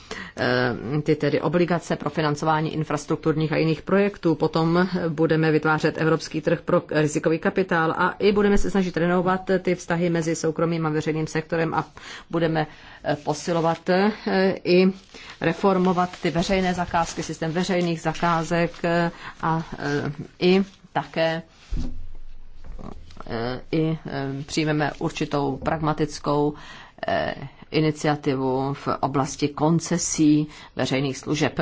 ty tedy obligace pro financování infrastrukturních a jiných projektů. Potom budeme vytvářet evropský trh pro rizikový kapitál a i budeme se snažit renovovat ty vztahy mezi soukromým a veřejným sektorem a budeme posilovat eh, i reformovat ty veřejné zakázky, systém veřejných zakázek eh, a eh, i také i přijmeme určitou pragmatickou iniciativu v oblasti koncesí veřejných služeb.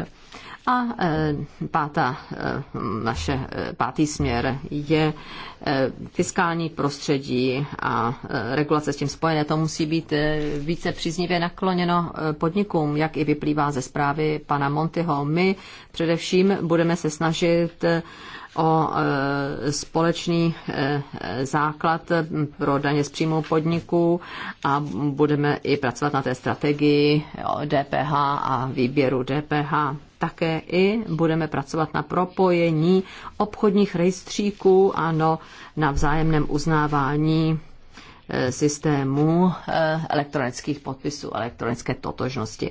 A e, pátá, e, naše, e, pátý směr je fiskální prostředí a regulace s tím spojené. To musí být více příznivě nakloněno podnikům, jak i vyplývá ze zprávy pana Montyho. My především budeme se snažit o společný základ pro daně z příjmu podniků a budeme i pracovat na té strategii DPH a výběru DPH také i budeme pracovat na propojení obchodních rejstříků, ano, na vzájemném uznávání eh, systému eh, elektronických podpisů, elektronické totožnosti.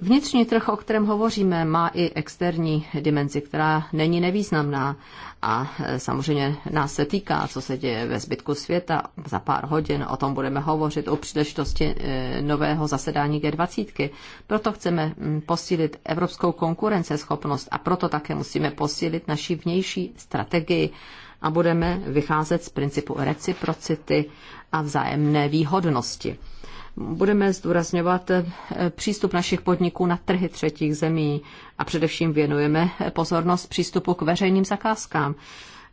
Vnitřní trh, o kterém hovoříme, má i externí dimenzi, která není nevýznamná a e, samozřejmě nás se týká, co se děje ve zbytku světa. Za pár hodin o tom budeme hovořit o příležitosti e, nového zasedání G20. Proto chceme posílit evropskou konkurenceschopnost a proto také musíme posílit naši vnější strategii a budeme vycházet z principu reciprocity a vzájemné výhodnosti budeme zdůrazňovat eh, přístup našich podniků na trhy třetích zemí a především věnujeme pozornost přístupu k veřejným zakázkám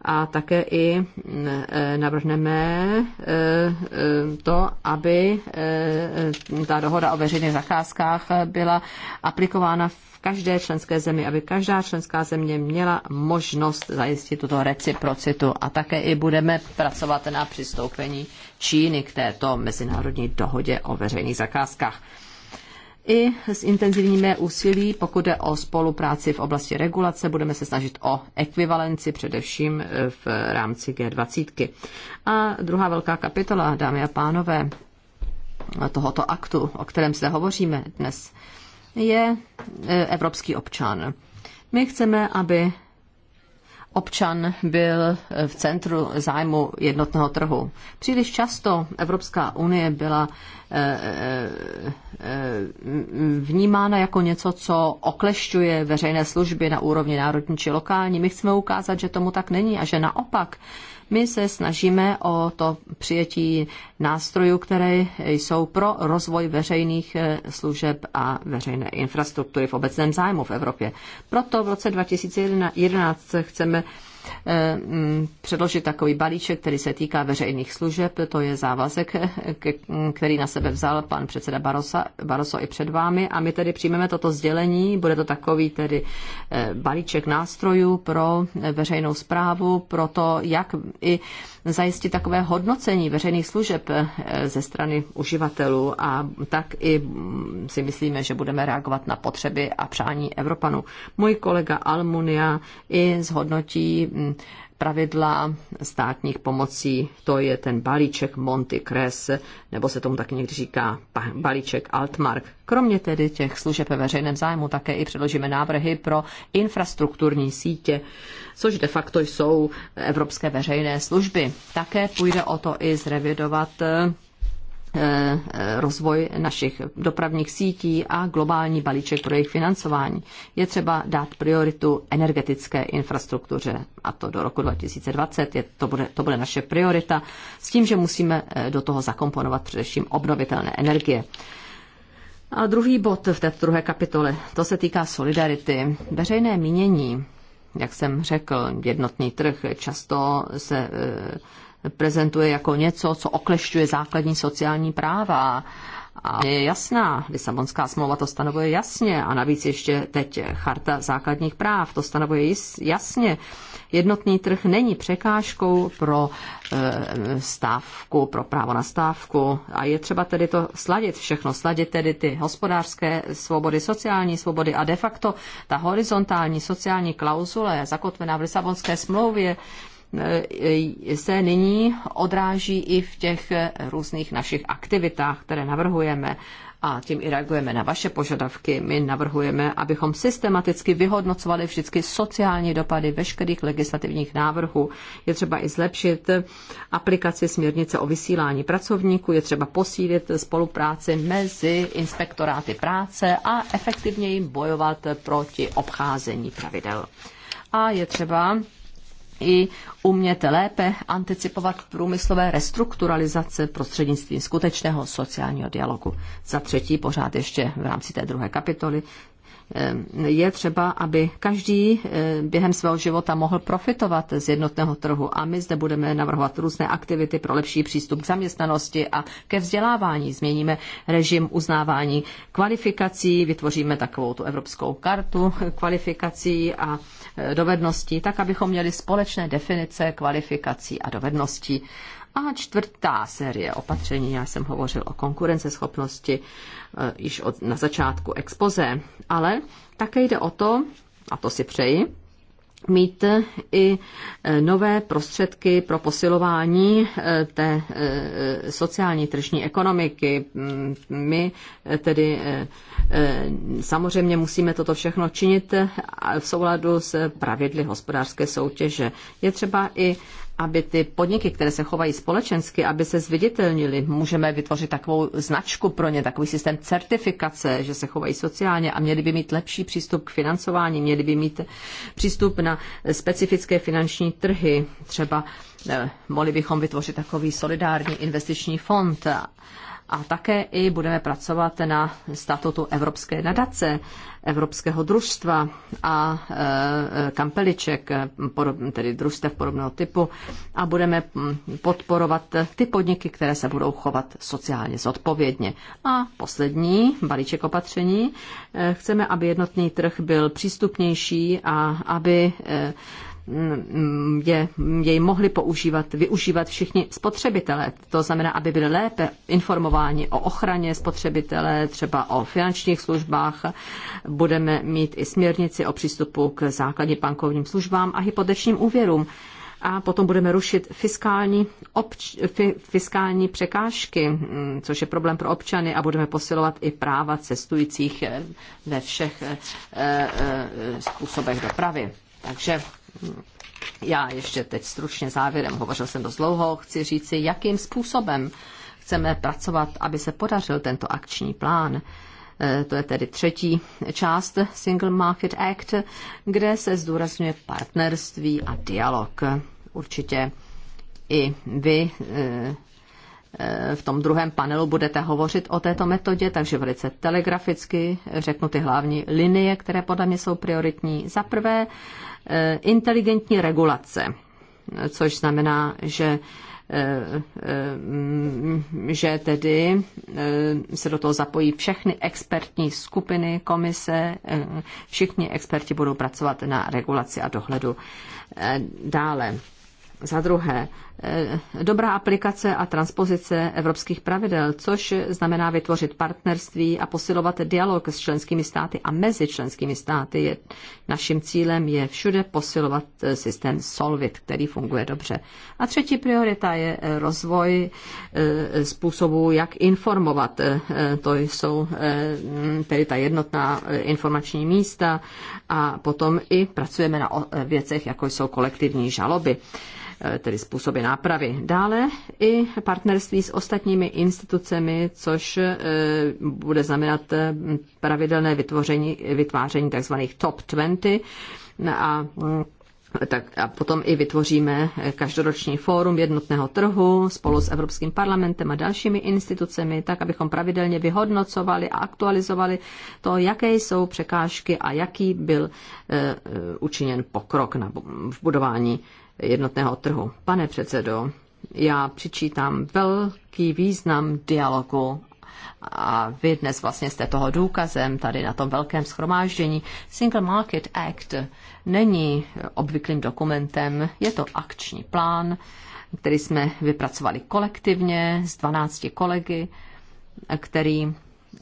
a také i mm, eh, navrhneme eh, to, aby eh, ta dohoda o veřejných zakázkách byla aplikována v každé členské zemi, aby každá členská země měla možnost zajistit tuto reciprocitu a také i budeme pracovat na přistoupení Číny k této mezinárodní dohodě o veřejných zakázkách i s intenzivními úsilí, pokud jde o spolupráci v oblasti regulace, budeme se snažit o ekvivalenci především e, v rámci G20. A druhá velká kapitola, dámy a pánové, tohoto aktu, o kterém se hovoříme dnes, je e, evropský občan. My chceme, aby občan byl v centru zájmu jednotného trhu. Příliš často Evropská unie byla eh, eh, eh, vnímána jako něco, co oklešťuje veřejné služby na úrovni národní či lokální. My chceme ukázat, že tomu tak není a že naopak my se snažíme o to přijetí nástrojů, které jsou pro rozvoj veřejných eh, služeb a veřejné infrastruktury v obecném zájmu v Evropě. Proto v roce 2011 chceme předložit takový balíček, který se týká veřejných služeb. To je závazek, který na sebe vzal pan předseda Barosa, Baroso i před vámi. A my tedy přijmeme toto sdělení. Bude to takový tedy eh, balíček nástrojů pro eh, veřejnou zprávu, pro to, jak i zajistit takové hodnocení veřejných služeb eh, ze strany uživatelů a tak i mm, si myslíme, že budeme reagovat na potřeby a přání Evropanů. Můj kolega Almunia i zhodnotí mm, pravidla státních pomocí, to je ten balíček Monty Cres, nebo se tomu tak někdy říká balíček Altmark. Kromě tedy těch služeb ve veřejném zájmu také i předložíme návrhy pro infrastrukturní sítě, což de facto jsou evropské veřejné služby. Také půjde o to i zrevidovat eh, Eh, eh, rozvoj našich dopravních sítí a globální balíček pro jejich financování. Je třeba dát prioritu energetické infrastruktuře a to do roku 2020. Je, to, bude, to bude naše priorita s tím, že musíme eh, do toho zakomponovat především obnovitelné energie. A druhý bod v té druhé kapitole, to se týká solidarity. Veřejné mínění, jak jsem řekl, jednotný trh často se prezentuje jako něco, co oklešťuje základní sociální práva. A je jasná, Lisabonská smlouva to stanovuje jasně a navíc ještě teď Charta základních práv to stanovuje jasně. Jednotný trh není překážkou pro eh, stávku, pro právo na stávku a je třeba tedy to sladit všechno, sladit tedy ty hospodářské svobody, sociální svobody a de facto ta horizontální sociální klauzule zakotvená v Lisabonské smlouvě Eh, se nyní odráží i v těch různých našich aktivitách, které navrhujeme a tím i reagujeme na vaše požadavky. My navrhujeme, abychom systematicky vyhodnocovali vždycky sociální dopady veškerých legislativních návrhů. Je třeba i zlepšit aplikaci směrnice o vysílání pracovníků, je třeba posílit spolupráci mezi inspektoráty práce a efektivněji bojovat proti obcházení pravidel. A je třeba i umět lépe anticipovat průmyslové restrukturalizace prostřednictvím skutečného sociálního dialogu. Za třetí, pořád ještě v rámci té druhé kapitoly, ehm, je třeba, aby každý ehm, během svého života mohl profitovat z jednotného trhu a my zde budeme navrhovat různé aktivity pro lepší přístup k zaměstnanosti a ke vzdělávání. Změníme režim uznávání kvalifikací, vytvoříme takovou tu evropskou kartu kvalifikací a dovedností, tak abychom měli společné definice kvalifikací a dovedností. A čtvrtá série opatření, já jsem hovořil o konkurenceschopnosti eh, již od, na začátku expoze, ale také jde o to, a to si přeji, mít i e, nové prostředky pro posilování e, té e, sociální tržní ekonomiky. Mm, my tedy samozřejmě musíme toto všechno činit v souladu s pravidly hospodářské soutěže. Je třeba i aby ty podniky, které se chovají společensky, aby se zviditelnili. Můžeme vytvořit takovou značku pro ně, takový systém certifikace, že se chovají sociálně a měli by mít lepší přístup k financování, měli by mít přístup na specifické finanční trhy. Třeba eh, mohli bychom vytvořit takový solidární investiční fond a také i budeme pracovat na statutu Evropské nadace, Evropského družstva a e, e, kampeliček, tedy družstev podobného typu a budeme podporovat ty podniky, které se budou chovat sociálně zodpovědně. A poslední balíček opatření. E, chceme, aby jednotný trh byl přístupnější a aby je, jej mohli používat, využívat všichni spotřebitelé. To znamená, aby byli lépe informováni o ochraně spotřebitele, třeba o finančních službách. Budeme mít i směrnici o přístupu k základním bankovním službám a hypotečním úvěrům. A potom budeme rušit fiskální, obč- fiskální překážky, což je problém pro občany, a budeme posilovat i práva cestujících ve všech eh, eh, způsobech dopravy. Takže já ještě teď stručně závěrem, hovořil jsem dost dlouho, chci říci, jakým způsobem chceme pracovat, aby se podařil tento akční plán. E, to je tedy třetí část Single Market Act, kde se zdůrazňuje partnerství a dialog. Určitě i vy e, v tom druhém panelu budete hovořit o této metodě, takže velice telegraficky řeknu ty hlavní linie, které podle mě jsou prioritní. Za prvé, eh, inteligentní regulace, což znamená, že eh, eh, že tedy se do toho zapojí všechny expertní skupiny, komise, všichni experti budou pracovat na regulaci a dohledu dále. Za druhé, Eh, dobrá aplikace a transpozice evropských pravidel, což znamená vytvořit partnerství a posilovat dialog s členskými státy a mezi členskými státy. Je, naším cílem je všude posilovat eh, systém Solvit, který funguje dobře. A třetí priorita je eh, rozvoj způsobů, jak informovat. To jsou tedy ta jednotná informační místa a potom i pracujeme na věcech, jako jsou kolektivní žaloby. Eh, tedy způsoby nápravy. Dále i partnerství s ostatními institucemi, což eh, bude znamenat eh, pravidelné vytvoření, vytváření tzv. top 20 a mm, tak a potom i vytvoříme každoroční fórum jednotného trhu spolu s Evropským parlamentem a dalšími institucemi, tak abychom pravidelně vyhodnocovali a aktualizovali to, jaké jsou překážky a jaký byl e, učiněn pokrok na, v budování jednotného trhu. Pane předsedo, já přičítám velký význam dialogu a vy dnes vlastně jste toho důkazem tady na tom velkém schromáždění. Single Market Act není obvyklým dokumentem, je to akční plán, který jsme vypracovali kolektivně s 12 kolegy, který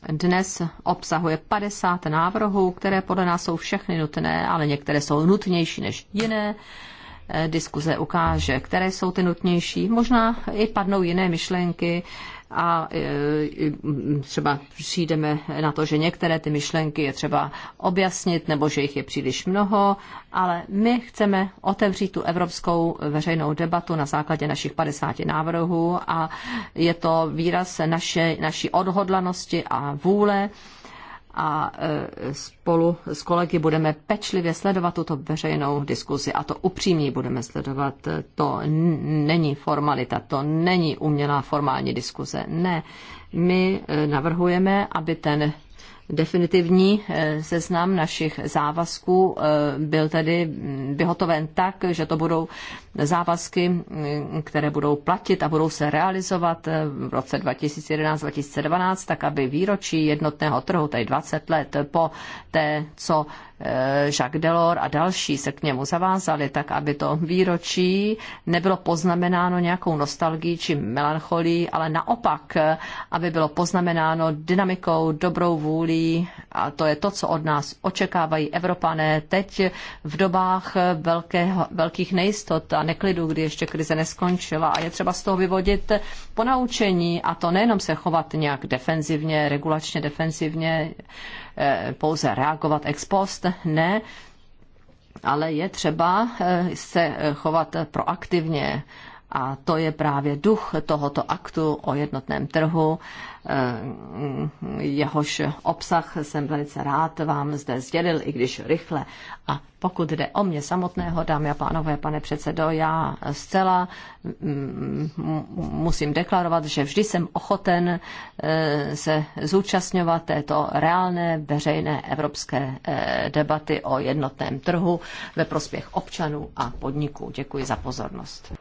dnes obsahuje 50 návrhů, které podle nás jsou všechny nutné, ale některé jsou nutnější než jiné. Eh, diskuze ukáže, které jsou ty nutnější. Možná i padnou jiné myšlenky a eh, mm, třeba přijdeme na to, že některé ty myšlenky je třeba objasnit nebo že jich je příliš mnoho, ale my chceme otevřít tu evropskou veřejnou debatu na základě našich 50 návrhů a je to výraz naše, naší odhodlanosti a vůle a e, spolu s kolegy budeme pečlivě sledovat tuto veřejnou diskuzi a to upřímně budeme sledovat. To není formalita, to není umělá formální diskuze. Ne, my e, navrhujeme, aby ten Definitivní eh, seznam našich závazků eh, byl tedy mm, vyhotoven tak, že to budou závazky, mm, které budou platit a budou se realizovat eh, v roce 2011-2012, tak aby výročí jednotného trhu, tedy 20 let po té, co Eh, Jacques Delors a další se k němu zavázali, tak aby to výročí nebylo poznamenáno nějakou nostalgií či melancholí, ale naopak, eh, aby bylo poznamenáno dynamikou, dobrou vůlí a to je to, co od nás očekávají Evropané teď v dobách eh, velkého, velkých nejistot a neklidů, kdy ještě krize neskončila a je třeba z toho vyvodit ponaučení a to nejenom se chovat nějak defenzivně, regulačně defenzivně, Eh, pouze reagovat ex post, ne, ale je třeba eh, se chovat proaktivně a to je právě duch tohoto aktu o jednotném trhu. Eh, jehož obsah jsem velice rád vám zde sdělil, i když rychle. A pokud jde o mě samotného, dámy a pánové, pane předsedo, já zcela mm, musím deklarovat, že vždy jsem ochoten eh, se zúčastňovat této reálné veřejné evropské eh, debaty o jednotném trhu ve prospěch občanů a podniků. Děkuji za pozornost.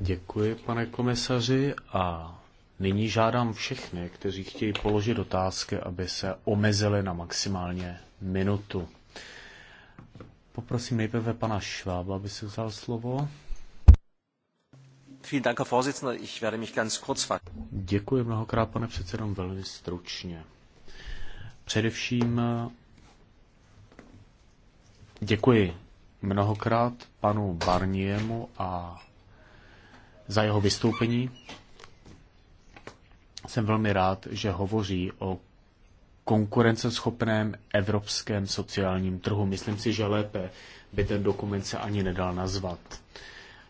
Děkuji, pane komisaři, a nyní žádám všechny, kteří chtějí položit otázky, aby se omezili na maximálně minutu. Poprosím nejprve pana Švába, aby si vzal slovo. Děkuji mnohokrát, pane předsedom, velmi stručně. Především děkuji mnohokrát panu Barniemu a za jeho vystoupení. Jsem velmi rád, že hovoří o konkurenceschopném evropském sociálním trhu. Myslím si, že lépe by ten dokument se ani nedal nazvat.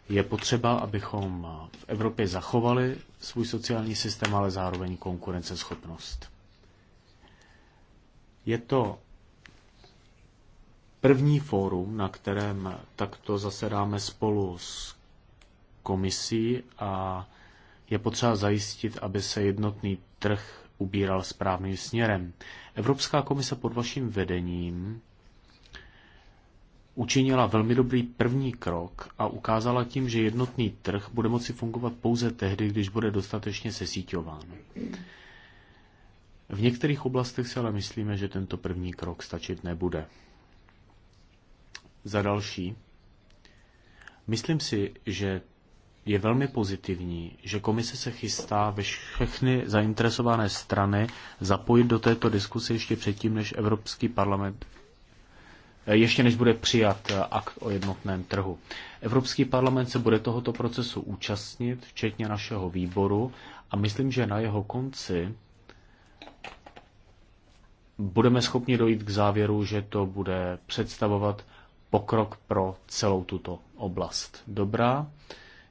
Je potřeba, abychom v Evropě zachovali svůj sociální systém, ale zároveň konkurenceschopnost. Je to První fórum, na kterém takto zasedáme spolu s komisí a je potřeba zajistit, aby se jednotný trh ubíral správným směrem. Evropská komise pod vaším vedením učinila velmi dobrý první krok a ukázala tím, že jednotný trh bude moci fungovat pouze tehdy, když bude dostatečně sesíťován. V některých oblastech si ale myslíme, že tento první krok stačit nebude. Za další, myslím si, že je velmi pozitivní, že komise se chystá ve všechny zainteresované strany zapojit do této diskuse ještě předtím, než Evropský parlament eh, ještě než bude přijat eh, akt o jednotném trhu. Evropský parlament se bude tohoto procesu účastnit, včetně našeho výboru, a myslím, že na jeho konci budeme schopni dojít k závěru, že to bude představovat pokrok pro celou tuto oblast. Dobrá,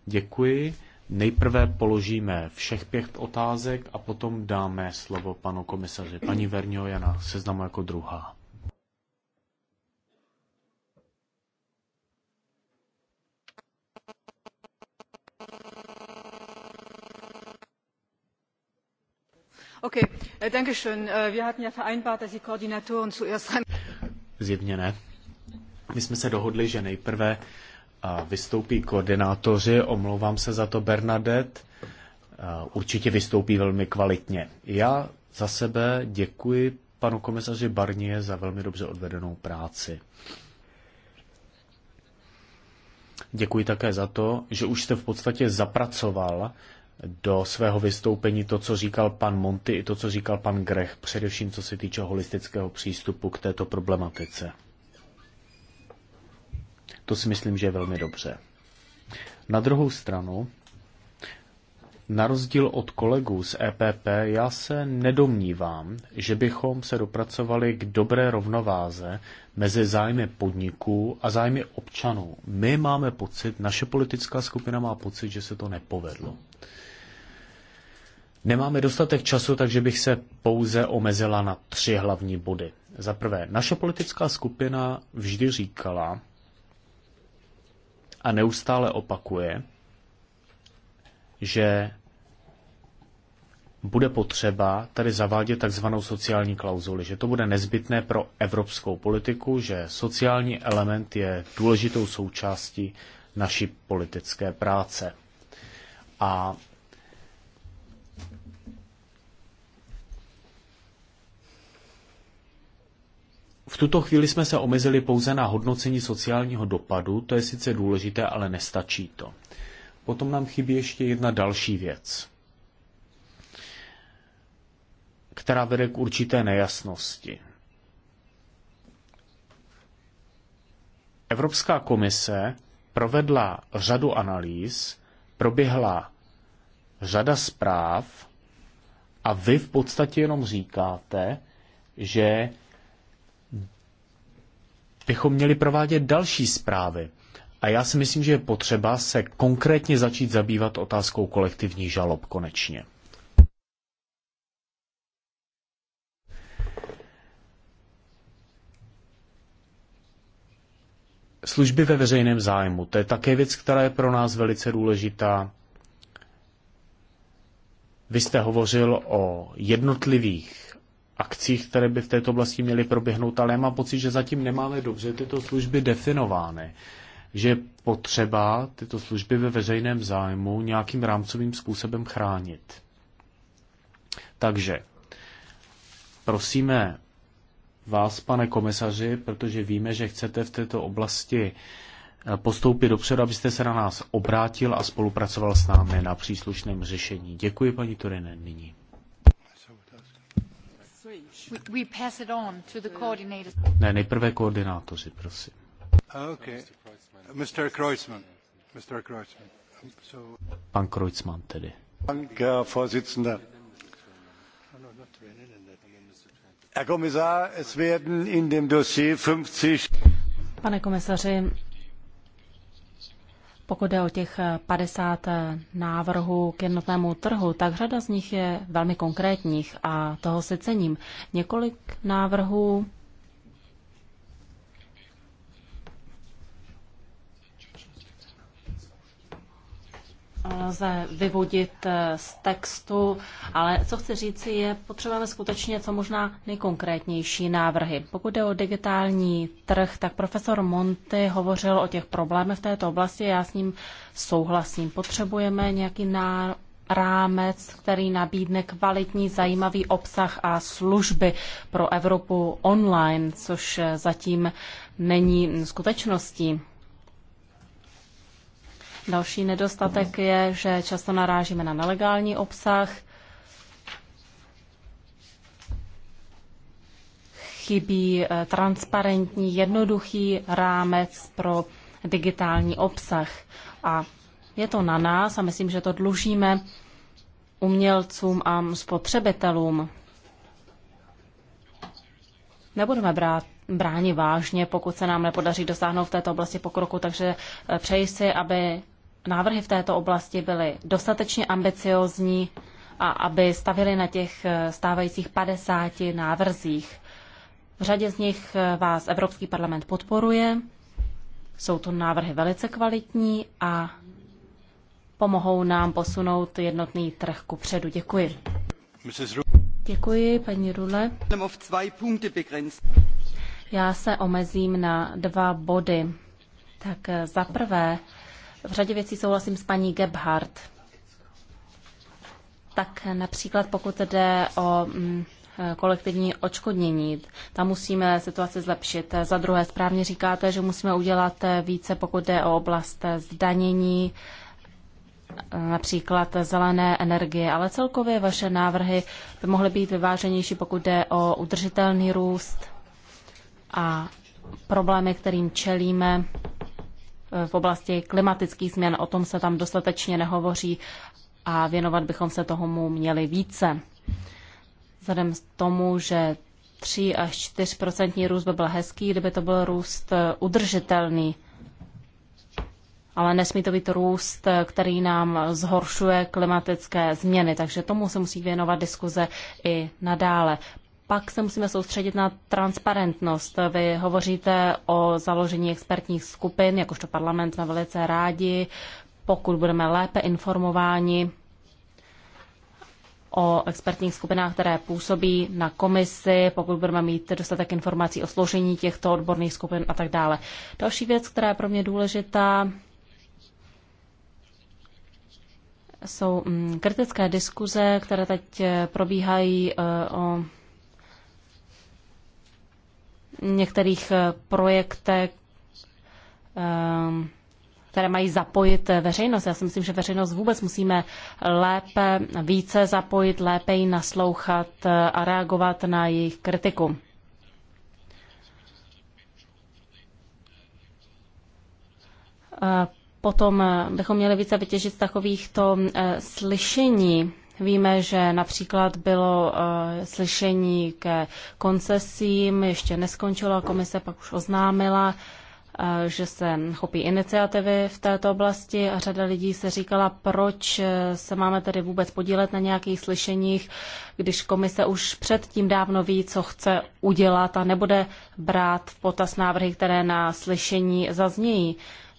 děkuji. Nejprve položíme všech pět otázek a potom dáme slovo panu komisaři. Paní Verňo Jana, seznamu jako druhá. Okay. Zjevně ne. My jsme se dohodli, že nejprve vystoupí koordinátoři, omlouvám se za to Bernadette, určitě vystoupí velmi kvalitně. Já za sebe děkuji panu komisaři Barnie za velmi dobře odvedenou práci. Děkuji také za to, že už jste v podstatě zapracoval do svého vystoupení to, co říkal pan Monty i to, co říkal pan Grech, především co se týče holistického přístupu k této problematice. To si myslím, že je velmi dobře. Na druhou stranu, na rozdíl od kolegů z EPP, já se nedomnívám, že bychom se dopracovali k dobré rovnováze mezi zájmy podniků a zájmy občanů. My máme pocit, naše politická skupina má pocit, že se to nepovedlo. Nemáme dostatek času, takže bych se pouze omezila na tři hlavní body. Za prvé, naše politická skupina vždy říkala, a neustále opakuje, že bude potřeba tady zavádět takzvanou sociální klauzuli, že to bude nezbytné pro evropskou politiku, že sociální element je důležitou součástí naší politické práce. A V tuto chvíli jsme se omezili pouze na hodnocení sociálního dopadu, to je sice důležité, ale nestačí to. Potom nám chybí ještě jedna další věc, která vede k určité nejasnosti. Evropská komise provedla řadu analýz, proběhla řada zpráv a vy v podstatě jenom říkáte, že bychom měli provádět další zprávy. A já si myslím, že je potřeba se konkrétně začít zabývat otázkou kolektivní žalob konečně. Služby ve veřejném zájmu, to je také věc, která je pro nás velice důležitá. Vy jste hovořil o jednotlivých akcích, které by v této oblasti měly proběhnout, ale já mám pocit, že zatím nemáme dobře tyto služby definovány že je potřeba tyto služby ve veřejném zájmu nějakým rámcovým způsobem chránit. Takže prosíme vás, pane komisaři, protože víme, že chcete v této oblasti eh, postoupit dopředu, abyste se na nás obrátil a spolupracoval s námi na příslušném řešení. Děkuji, paní Turine, nyní.
We, pass it on to the coordinators.
Ne, nejprve koordinátoři, prosím.
Ah, okay. Mr. Kreuzmann. Mr. Kreuzmann. So...
Pan Kreuzmann tedy. Vorsitzender. Herr
Kommissar,
es werden in dem Dossier 50... Pane komisaři, pokud jde o těch 50 eh, eh, návrhů k jednotnému trhu, tak řada z nich je velmi konkrétních a toho si cením. Několik návrhů lze vyvodit eh, z textu, ale co chci říci je, potřebujeme skutečně co možná nejkonkrétnější návrhy. Pokud jde o digitální trh, tak profesor Monty hovořil o těch problémech v této oblasti, já s ním souhlasím. Potřebujeme nějaký ná rámec, který nabídne kvalitní, zajímavý obsah a služby pro Evropu online, což eh, zatím není skutečností. Další nedostatek je, že často narážíme na nelegální obsah. Chybí eh, transparentní, jednoduchý rámec pro digitální obsah. A je to na nás a myslím, že to dlužíme umělcům a spotřebitelům. Nebudeme brát bráni vážně, pokud se nám nepodaří dosáhnout v této oblasti pokroku, takže eh, přeji si, aby návrhy v této oblasti byly dostatečně ambiciozní a aby stavili na těch eh, stávajících 50 návrzích. V řadě z nich eh, vás Evropský parlament podporuje, jsou to návrhy velice kvalitní a pomohou nám posunout jednotný trh ku předu. Děkuji. Děkuji, paní Rule. Já se omezím na dva body. Tak eh, za prvé, v řadě věcí souhlasím s paní Gebhardt. Tak například pokud jde o mm, kolektivní očkodnění. Tam musíme situaci zlepšit. Za druhé, správně říkáte, že musíme udělat více, pokud jde o oblast zdanění, například zelené energie, ale celkově vaše návrhy by mohly být vyváženější, pokud jde o udržitelný růst a problémy, kterým čelíme v oblasti klimatických změn. O tom se tam dostatečně nehovoří a věnovat bychom se tomu měli více. Vzhledem k tomu, že 3 až 4% růst by byl hezký, kdyby to byl růst eh, udržitelný. Ale nesmí to být růst, eh, který nám zhoršuje klimatické změny, takže tomu se musí věnovat diskuze i nadále pak se musíme soustředit na transparentnost. Vy hovoříte o založení expertních skupin, jakožto parlament jsme velice rádi, pokud budeme lépe informováni o expertních skupinách, které působí na komisi, pokud budeme mít dostatek informací o složení těchto odborných skupin a tak dále. Další věc, která je pro mě důležitá, jsou mm, kritické diskuze, které teď eh, probíhají eh, o některých eh, projektech, ehm, které mají zapojit eh, veřejnost. Já si myslím, že veřejnost vůbec musíme lépe, více zapojit, lépe ji naslouchat eh, a reagovat na jejich kritiku. Potom bychom měli více vytěžit z takovýchto slyšení Víme, že například bylo eh, slyšení ke koncesím, ještě neskončila komise pak už oznámila, eh, že se chopí iniciativy v této oblasti a řada lidí se říkala, proč eh, se máme tedy vůbec podílet na nějakých slyšeních, když komise už předtím dávno ví, co chce udělat a nebude brát v potaz návrhy, které na slyšení zaznějí.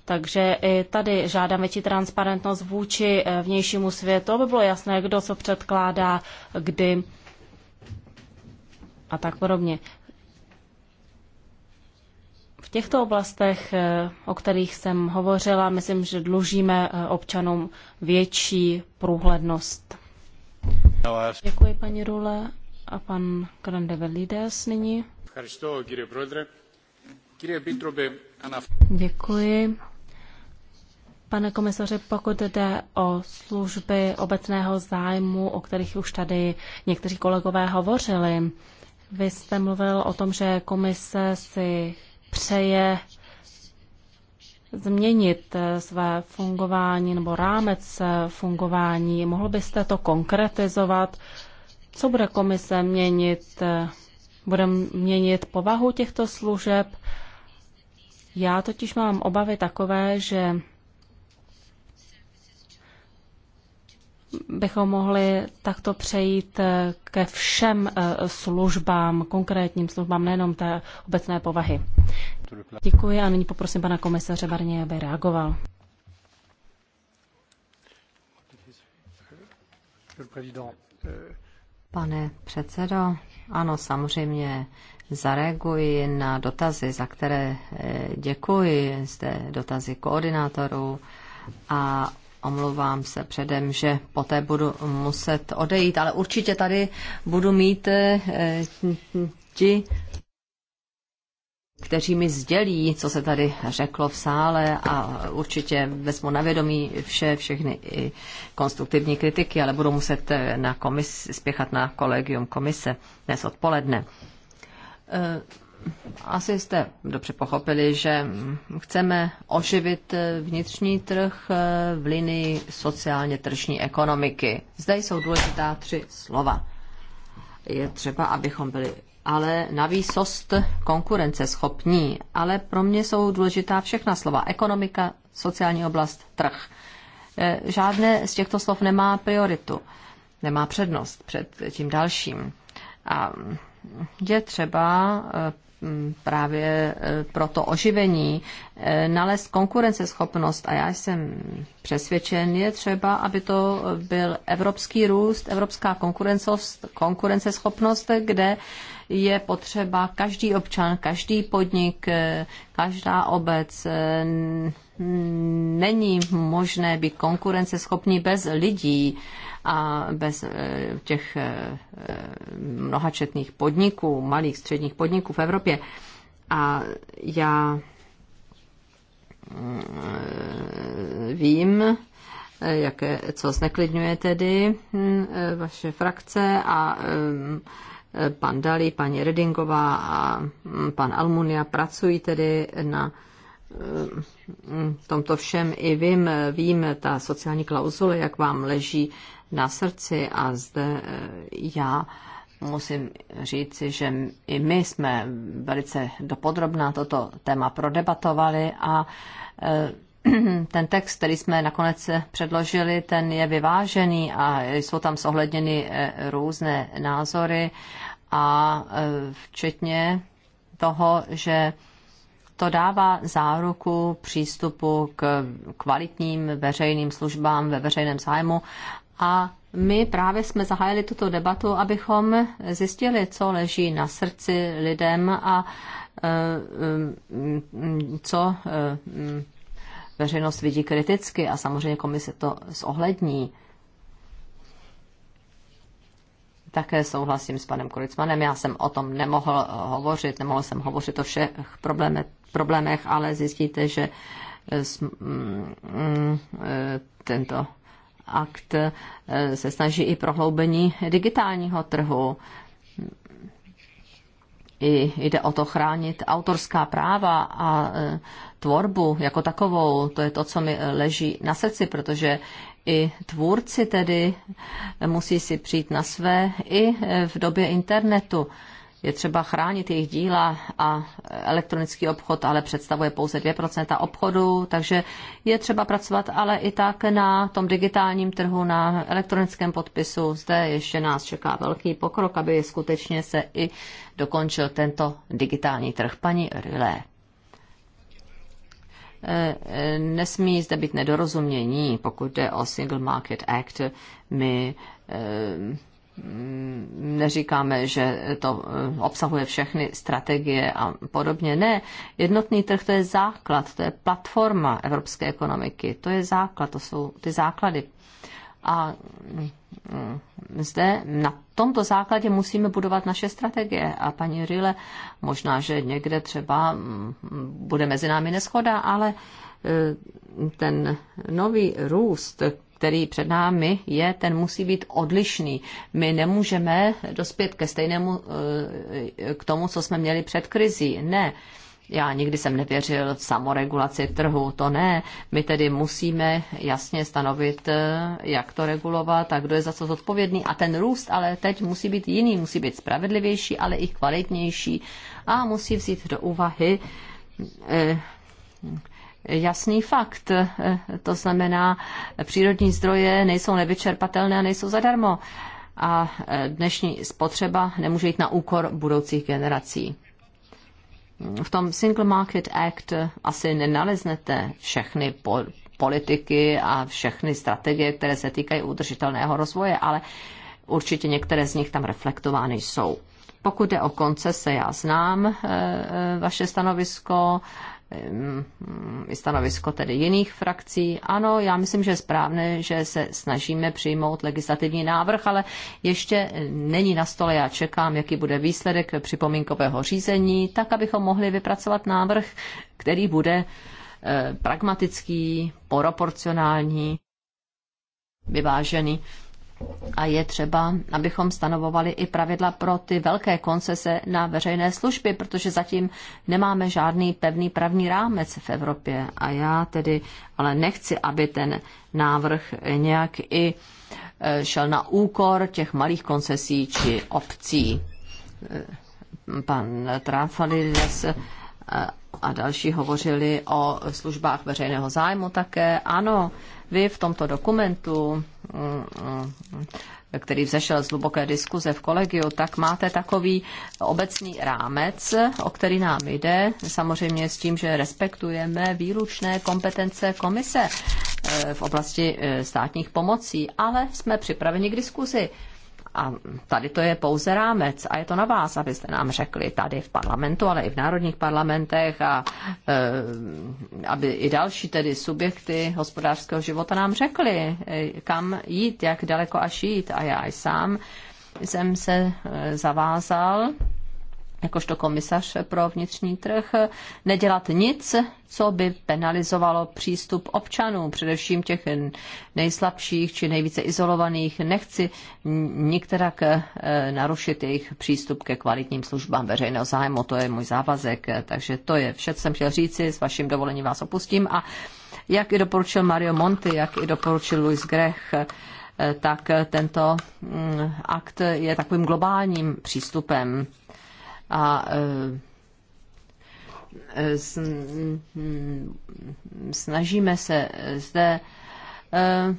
Takže i tady žádám větší transparentnost vůči eh, vnějšímu světu, aby bylo jasné, kdo co předkládá, kdy a tak podobně. V těchto oblastech, eh, o kterých jsem hovořila, myslím, že dlužíme eh, občanům větší průhlednost. Děkuji, paní Rule. A pan Grandevelides nyní. Děkuji. Pane komisaře, pokud jde o služby obecného zájmu, o kterých už tady někteří kolegové hovořili, vy jste mluvil o tom, že komise si přeje změnit eh, své fungování nebo rámec eh, fungování. Mohl byste to konkretizovat? Co bude komise měnit? Eh, bude měnit povahu těchto služeb? Já totiž mám obavy takové, že bychom mohli takto přejít eh, ke všem eh, službám, konkrétním službám, nejenom té obecné povahy. Děkuji a nyní poprosím pana komisaře Barně, aby reagoval.
Pane předsedo, ano, samozřejmě zareaguji na dotazy, za které eh, děkuji, zde dotazy koordinátorů a Omlouvám se předem, že poté budu muset odejít, ale určitě tady budu mít eh, ti, kteří mi sdělí, co se tady řeklo v sále a určitě vezmu na vědomí vše, všechny i konstruktivní kritiky, ale budu muset eh, na komis, spěchat na kolegium komise dnes odpoledne. Eh, asi jste dobře pochopili, že chceme oživit vnitřní trh eh, v linii sociálně tržní ekonomiky. Zde jsou důležitá tři slova. Je třeba, abychom byli ale na výsost konkurenceschopní. Ale pro mě jsou důležitá všechna slova. Ekonomika, sociální oblast, trh. Eh, žádné z těchto slov nemá prioritu, nemá přednost před tím dalším. A je třeba eh, Mm, právě e, pro to oživení e, nalézt konkurenceschopnost a já jsem přesvědčen, je třeba, aby to byl evropský růst, evropská konkurenceschopnost, kde je potřeba každý občan, každý podnik, e, každá obec. Není možné být konkurenceschopný bez lidí a bez eh, těch eh, eh, mnohačetných podniků, malých středních podniků v Evropě. A já mm, vím, jaké, co zneklidňuje tedy hm, vaše frakce a pan Dali, paní Redingová a hm, pan Almunia pracují tedy na Eh, mm, v tomto všem i vím, eh, vím eh, ta sociální klauzule, jak vám leží na srdci a zde já musím říci, že i my jsme velice dopodrobná toto téma prodebatovali a *clears throat* ten text, který jsme nakonec předložili, ten je vyvážený a jsou tam zohledněny různé názory a včetně toho, že to dává záruku přístupu k kvalitním veřejným službám ve veřejném zájmu a my právě jsme zahájili tuto debatu, abychom zjistili, co leží na srdci lidem a eh, mm, co eh, mm, veřejnost vidí kriticky a samozřejmě komise to zohlední. Také souhlasím s panem Kuricmanem, já jsem o tom nemohl hovořit, nemohl jsem hovořit o všech problémech, problémech, ale zjistíte, že eh, mm, eh, tento akt eh, se snaží i prohloubení digitálního trhu. I jde o to chránit autorská práva a tvorbu jako takovou. To je to, co mi leží na srdci, protože i tvůrci tedy musí si přijít na své i v době internetu je třeba chránit jejich díla a elektronický obchod ale představuje pouze 2% obchodu, takže je třeba pracovat ale i tak na tom digitálním trhu, na elektronickém podpisu. Zde ještě nás čeká velký pokrok, aby skutečně se i dokončil tento digitální trh. Paní Rilé. E, e, nesmí zde být nedorozumění, pokud jde o Single Market Act. My e, neříkáme, že to eh, obsahuje všechny strategie a podobně. Ne, jednotný trh to je základ, to je platforma evropské ekonomiky, to je základ, to jsou ty základy. A mm, zde na tomto základě musíme budovat naše strategie. A paní Rile, možná, že někde třeba mm, bude mezi námi neschoda, ale eh, ten nový růst, který před námi je, ten musí být odlišný. My nemůžeme dospět ke stejnému, eh, k tomu, co jsme měli před krizí. Ne. Já nikdy jsem nevěřil v samoregulaci trhu, to ne. My tedy musíme jasně stanovit, eh, jak to regulovat a kdo je za co zodpovědný. A ten růst ale teď musí být jiný, musí být spravedlivější, ale i kvalitnější a musí vzít do úvahy eh, jasný fakt. To znamená, přírodní zdroje nejsou nevyčerpatelné a nejsou zadarmo. A dnešní spotřeba nemůže jít na úkor budoucích generací. V tom Single Market Act asi nenaleznete všechny po politiky a všechny strategie, které se týkají udržitelného rozvoje, ale určitě některé z nich tam reflektovány jsou. Pokud jde o koncese, já znám eh, eh, vaše stanovisko, i stanovisko tedy jiných frakcí. Ano, já myslím, že je správné, že se snažíme přijmout legislativní návrh, ale ještě není na stole. Já čekám, jaký bude výsledek připomínkového řízení, tak abychom mohli vypracovat návrh, který bude eh, pragmatický, proporcionální, vyvážený a je třeba, abychom stanovovali i pravidla pro ty velké koncese na veřejné služby, protože zatím nemáme žádný pevný pravní rámec v Evropě. A já tedy ale nechci, aby ten návrh nějak i e, šel na úkor těch malých koncesí či obcí. E, pan Trafalides e, a další hovořili o službách veřejného zájmu také. Ano, vy v tomto dokumentu, mm, který vzešel z hluboké diskuze v kolegiu, tak máte takový obecný rámec, o který nám jde, samozřejmě s tím, že respektujeme výlučné kompetence komise eh, v oblasti eh, státních pomocí, ale jsme připraveni k diskuzi a tady to je pouze rámec a je to na vás, abyste nám řekli tady v parlamentu, ale i v národních parlamentech a e, aby i další tedy subjekty hospodářského života nám řekli, eh, kam jít, jak daleko až jít. A já i sám jsem se eh, zavázal jakožto komisař pro vnitřní trh, nedělat nic, co by penalizovalo přístup občanů, především těch nejslabších či nejvíce izolovaných. Nechci nikterak eh, narušit jejich přístup ke kvalitním službám veřejného zájmu, to je můj závazek. Takže to je vše, co jsem chtěl říci, s vaším dovolením vás opustím. A jak i doporučil Mario Monti, jak i doporučil Luis Grech, eh, tak tento mm, akt je takovým globálním přístupem a e, e, snažíme se zde e,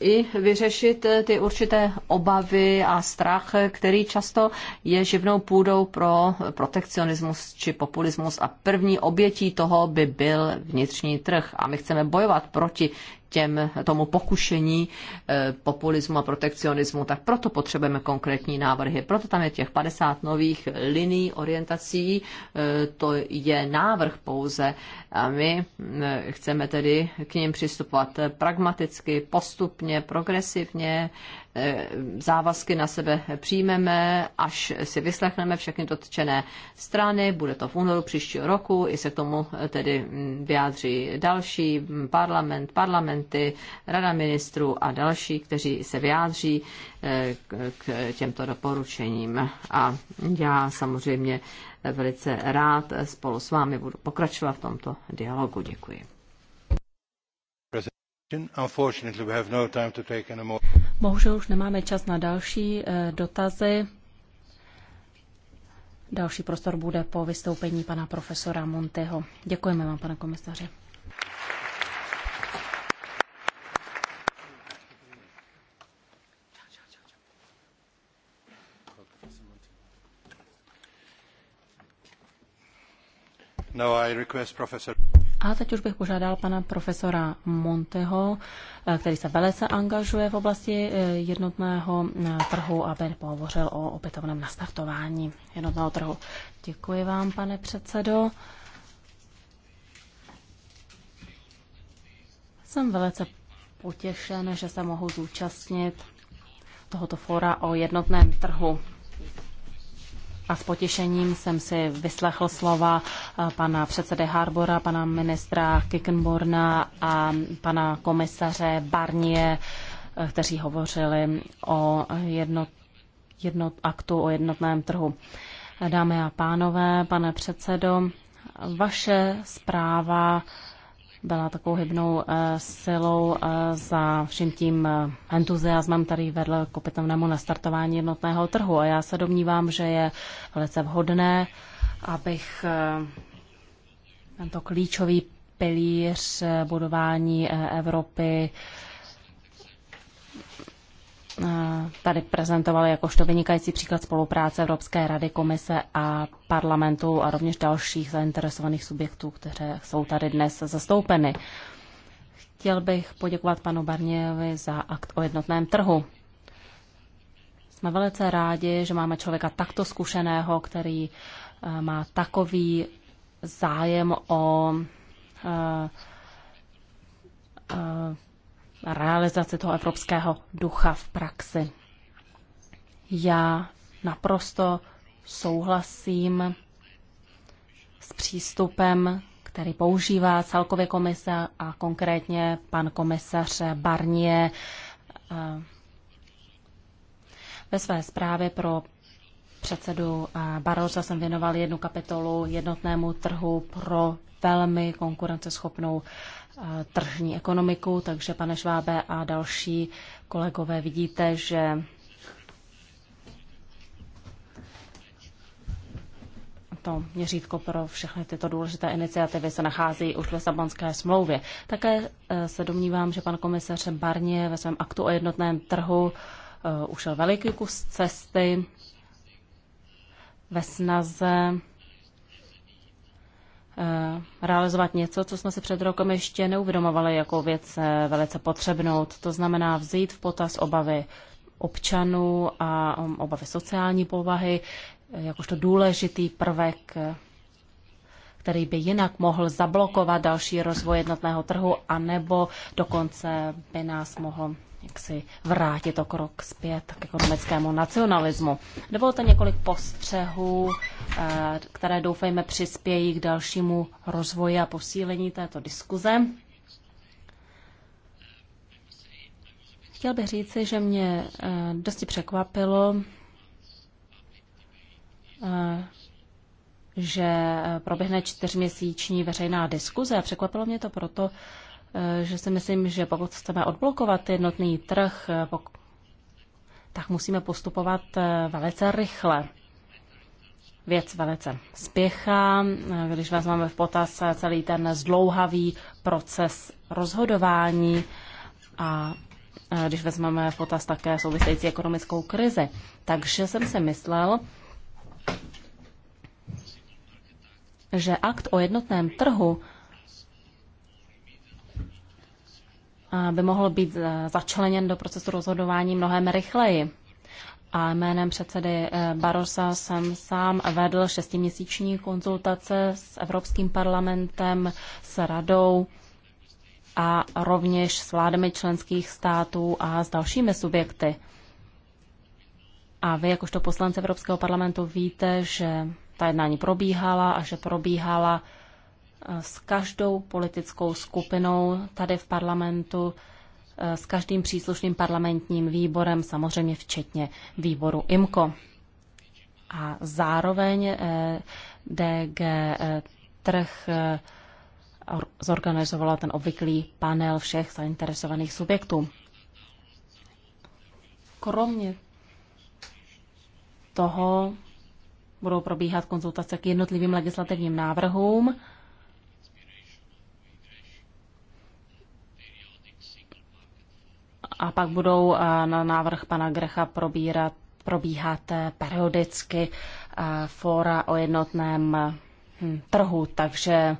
i vyřešit ty určité obavy a strach, který často je živnou půdou pro protekcionismus či populismus a první obětí toho by byl vnitřní trh. A my chceme bojovat proti těm, tomu pokušení eh, populismu a protekcionismu, tak proto potřebujeme konkrétní návrhy. Proto tam je těch 50 nových liní orientací, eh, to je návrh pouze a my eh, chceme tedy k ním přistupovat pragmaticky, postupně, progresivně, Eh, závazky na sebe přijmeme, až si vyslechneme všechny dotčené strany, bude to v únoru příštího roku, i se k tomu eh, tedy mm, vyjádří další mm, parlament, parlamenty, rada ministrů a další, kteří se vyjádří eh, k těmto doporučením. A já samozřejmě velice rád spolu s vámi budu pokračovat v tomto dialogu. Děkuji. No
Bohužel už nemáme čas na další eh, dotazy. Další prostor bude po vystoupení pana profesora Monteho. Děkujeme vám, pane komisaři.
Now I request professor...
A teď už bych požádal pana profesora Monteho, eh, který se velice angažuje v oblasti eh, jednotného eh, trhu, aby pohovořil o opětovném nastartování jednotného trhu. Děkuji vám, pane předsedo. Jsem velice potěšen, že se mohu zúčastnit tohoto fora o jednotném trhu a s potěšením jsem si vyslechl slova eh, pana předsedy Harbora, pana ministra Kickenborna a pana komisaře Barnie, eh, kteří hovořili o jednot, jednot, aktu o jednotném trhu. Dámy a pánové, pane předsedo, vaše zpráva byla takovou hybnou eh, silou eh, za vším tím eh, entuziasmem, který vedl k opětovnému nastartování jednotného trhu. A já se domnívám, že je velice vhodné, abych tento klíčový pilíř budování Evropy Eh, tady prezentovali jakožto vynikající příklad spolupráce Evropské rady, komise a parlamentu a rovněž dalších zainteresovaných subjektů, které jsou tady dnes zastoupeny. Chtěl bych poděkovat panu Barnierovi za akt o jednotném trhu. Jsme velice rádi, že máme člověka takto zkušeného, který eh, má takový zájem o eh, realizaci toho evropského ducha v praxi. Já naprosto souhlasím s přístupem, který používá celkově komise a konkrétně pan komisař Barnier eh, ve své zprávě pro předsedu eh, Barroza jsem věnoval jednu kapitolu jednotnému trhu pro velmi konkurenceschopnou tržní ekonomiku, takže pane Švábe a další kolegové vidíte, že to měřítko pro všechny tyto důležité iniciativy se nachází už v Lisabonské smlouvě. Také eh, se domnívám, že pan komisař Barně ve svém aktu o jednotném trhu eh, ušel veliký kus cesty ve snaze Eh, realizovat něco, co jsme si před rokem ještě neuvědomovali jako věc eh, velice potřebnou. To znamená vzít v potaz obavy občanů a um, obavy sociální povahy, eh, jakožto důležitý prvek, který by jinak mohl zablokovat další rozvoj jednotného trhu, anebo dokonce by nás mohl jak si vrátit o krok zpět k ekonomickému nacionalismu. Dovolte několik postřehů, eh, které doufejme přispějí k dalšímu rozvoji a posílení této diskuze. Chtěl bych říci, že mě eh, dosti překvapilo, eh, že proběhne čtyřměsíční veřejná diskuze a překvapilo mě to proto, Eh, že si myslím, že pokud chceme odblokovat jednotný trh, eh, tak musíme postupovat eh, velice rychle. Věc velice spěchá, když vezmeme v potaz celý ten zdlouhavý proces rozhodování a když vezmeme v potaz také související ekonomickou krizi. Takže jsem si myslel, že akt o jednotném trhu by mohl být eh, začleněn do procesu rozhodování mnohem rychleji. A jménem předsedy eh, Barosa jsem sám vedl šestiměsíční konzultace s Evropským parlamentem, s radou a rovněž s vládami členských států a s dalšími subjekty. A vy, jakožto poslanci Evropského parlamentu, víte, že ta jednání probíhala a že probíhala s každou politickou skupinou tady v parlamentu, eh, s každým příslušným parlamentním výborem, samozřejmě včetně výboru IMCO. A zároveň eh, DG eh, trh zorganizovala ten obvyklý panel všech zainteresovaných subjektů. Kromě toho budou probíhat konzultace k jednotlivým legislativním návrhům a pak budou eh, na návrh pana Grecha probírat, probíhat periodicky eh, fóra o jednotném hm, trhu, takže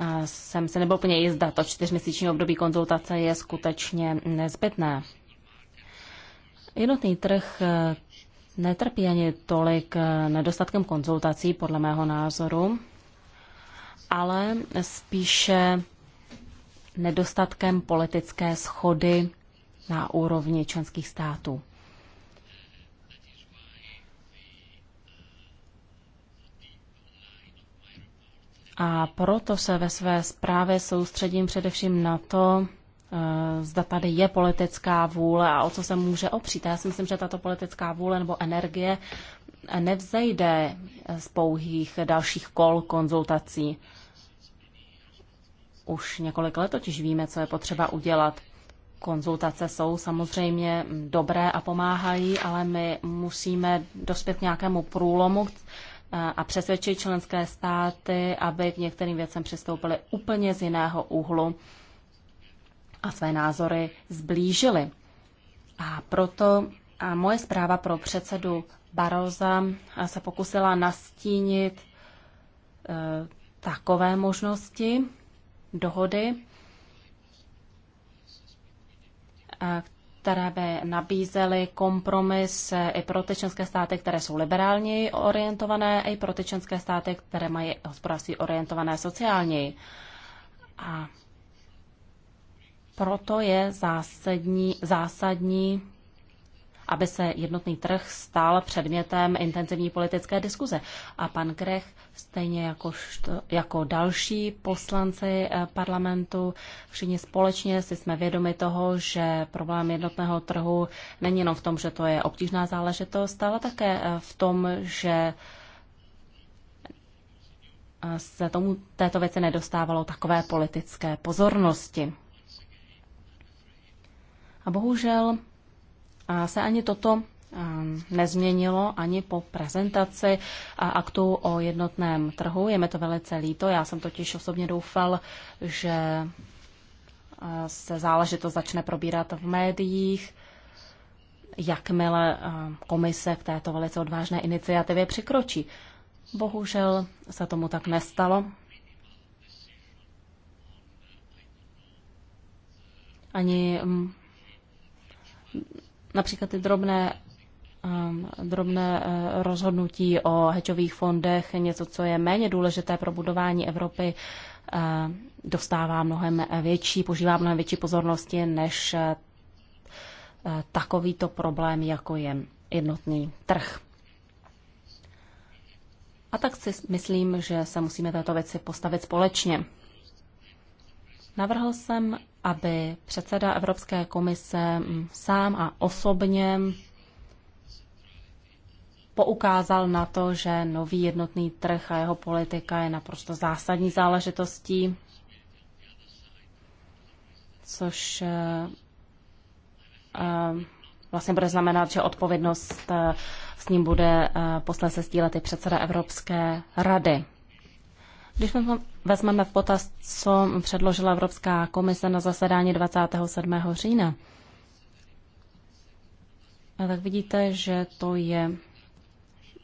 eh, jsem se nebo úplně jistá, to čtyřměsíční období konzultace je skutečně nezbytné. Jednotný trh netrpí ani tolik nedostatkem konzultací, podle mého názoru, ale spíše nedostatkem politické schody na úrovni členských států. A proto se ve své zprávě soustředím především na to, eh, zda tady je politická vůle a o co se může opřít. Já si myslím, že tato politická vůle nebo energie nevzejde z pouhých dalších kol konzultací už několik let totiž víme, co je potřeba udělat. Konzultace jsou samozřejmě dobré a pomáhají, ale my musíme dospět nějakému průlomu eh, a přesvědčit členské státy, aby k některým věcem přistoupili úplně z jiného úhlu a své názory zblížili. A proto a moje zpráva pro předsedu Baroza se pokusila nastínit eh, takové možnosti, dohody, které by nabízely kompromis i pro ty členské státy, které jsou liberálně orientované, i pro ty členské státy, které mají hospodářství orientované sociálně. A proto je zásadní, zásadní aby se jednotný trh stal předmětem intenzivní politické diskuze. A pan Grech stejně jako, jako další poslanci eh, parlamentu. Všichni společně si jsme vědomi toho, že problém jednotného trhu není jenom v tom, že to je obtížná záležitost, ale také eh, v tom, že eh, se tomu této věci nedostávalo takové politické pozornosti. A bohužel se ani toto Ehm, nezměnilo ani po prezentaci aktu o jednotném trhu. Je mi to velice líto. Já jsem totiž osobně doufal, že eh, se záležitost začne probírat v médiích, jakmile ehm, komise k této velice odvážné iniciativě přikročí. Bohužel se tomu tak nestalo. Ani mm, například ty drobné Ehm, drobné eh, rozhodnutí o hečových fondech, něco, co je méně důležité pro budování Evropy, eh, dostává mnohem větší, požívá mnohem větší pozornosti než eh, takovýto problém, jako je jednotný trh. A tak si myslím, že se musíme této věci postavit společně. Navrhl jsem, aby předseda Evropské komise hm, sám a osobně poukázal na to, že nový jednotný trh a jeho politika je naprosto zásadní záležitostí, což eh, eh, vlastně bude znamenat, že odpovědnost eh, s ním bude posléze sdílet i předseda Evropské rady. Když vezmeme v potaz, co předložila Evropská komise na zasedání 27. října, tak vidíte, že to je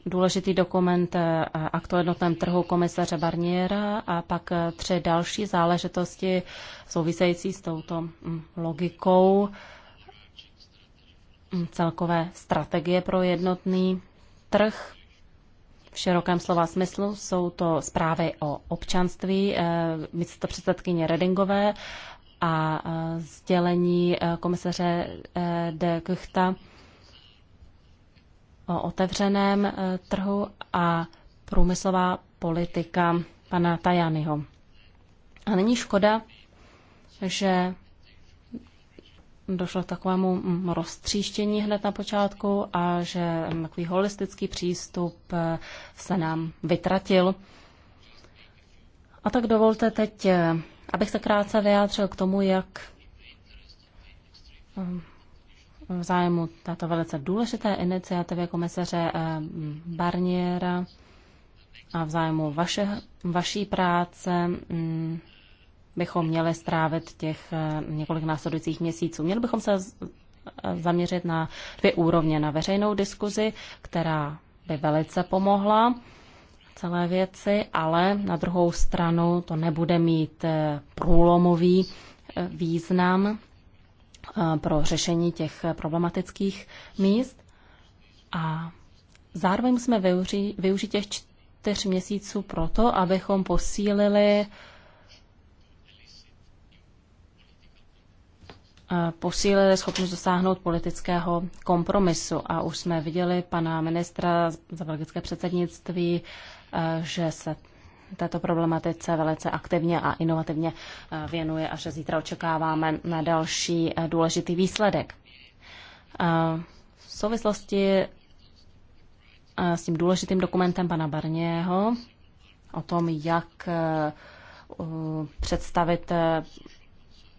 důležitý dokument eh, aktuálnotném trhu komisaře Barniera a pak eh, tři další záležitosti související s touto mm, logikou mm, celkové strategie pro jednotný trh. V širokém slova smyslu jsou to zprávy o občanství eh, místo předsedkyně Redingové a sdělení komisaře de Kuchta o otevřeném eh, trhu a průmyslová politika pana Tajányho. A není škoda, že došlo k takovému mm, roztříštění hned na počátku a že mm, takový holistický přístup eh, se nám vytratil. A tak dovolte teď, eh, abych se krátce vyjádřil k tomu, jak mm, v zájmu této velice důležité iniciativy komisaře eh, Barniera a v zájmu vaše, vaší práce mm, bychom měli strávit těch eh, několik následujících měsíců. Měli bychom se eh, zaměřit na dvě úrovně. Na veřejnou diskuzi, která by velice pomohla celé věci, ale na druhou stranu to nebude mít průlomový význam, pro řešení těch problematických míst a zároveň musíme využít, těch čtyř měsíců proto, abychom posílili posílili schopnost dosáhnout politického kompromisu. A už jsme viděli pana ministra za belgické předsednictví, že se této problematice velice aktivně a inovativně eh, věnuje a že zítra očekáváme na další eh, důležitý výsledek. Eh, v souvislosti s tím důležitým dokumentem pana Barněho o tom, jak představit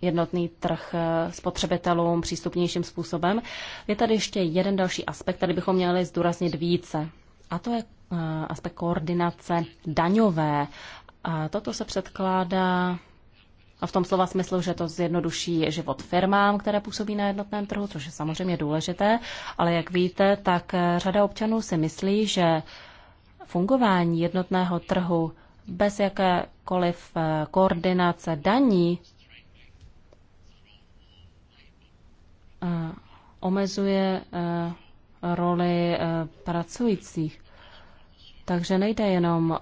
jednotný trh spotřebitelům přístupnějším způsobem. Je tady ještě jeden další aspekt, který bychom měli zdůraznit více a to je eh, aspekt koordinace daňové. A toto se předkládá a v tom slova smyslu, že to zjednoduší život firmám, které působí na jednotném trhu, což je samozřejmě důležité, ale jak víte, tak eh, řada občanů si myslí, že fungování jednotného trhu bez jakékoliv eh, koordinace daní omezuje roli eh, pracujících. Takže nejde jenom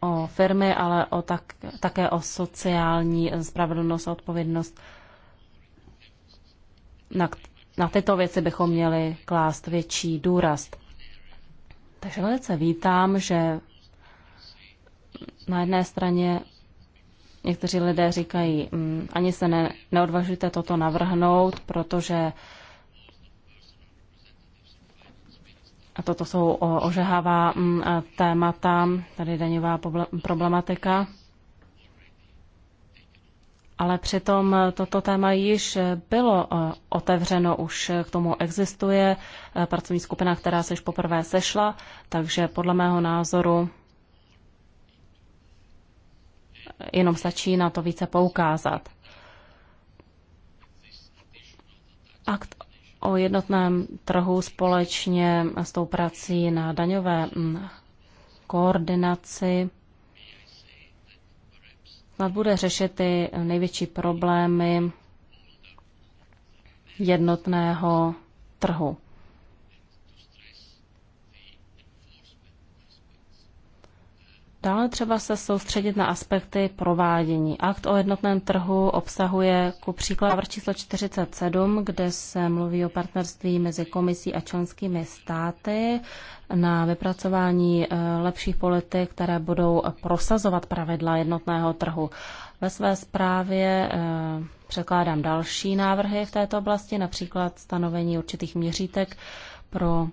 o firmy, ale o tak, také o sociální eh, spravedlnost a odpovědnost. Na, na tyto věci bychom měli klást větší důraz. Takže velice vítám, že na jedné straně někteří lidé říkají, mm, ani se ne, neodvažujte toto navrhnout, protože A toto jsou ožehává mm, témata, tady daňová problematika. Ale přitom toto téma již bylo otevřeno, už k tomu existuje e, pracovní skupina, která se již poprvé sešla, takže podle mého názoru jenom stačí na to více poukázat. Akt o jednotném trhu společně s tou prací na daňové mm, koordinaci snad bude řešit ty největší problémy jednotného trhu. Dále třeba se soustředit na aspekty provádění. Akt o jednotném trhu obsahuje ku příkladu návrh číslo 47, kde se mluví o partnerství mezi komisí a členskými státy na vypracování eh, lepších politik, které budou prosazovat pravidla jednotného trhu. Ve své zprávě eh, překládám další návrhy v této oblasti, například stanovení určitých měřítek pro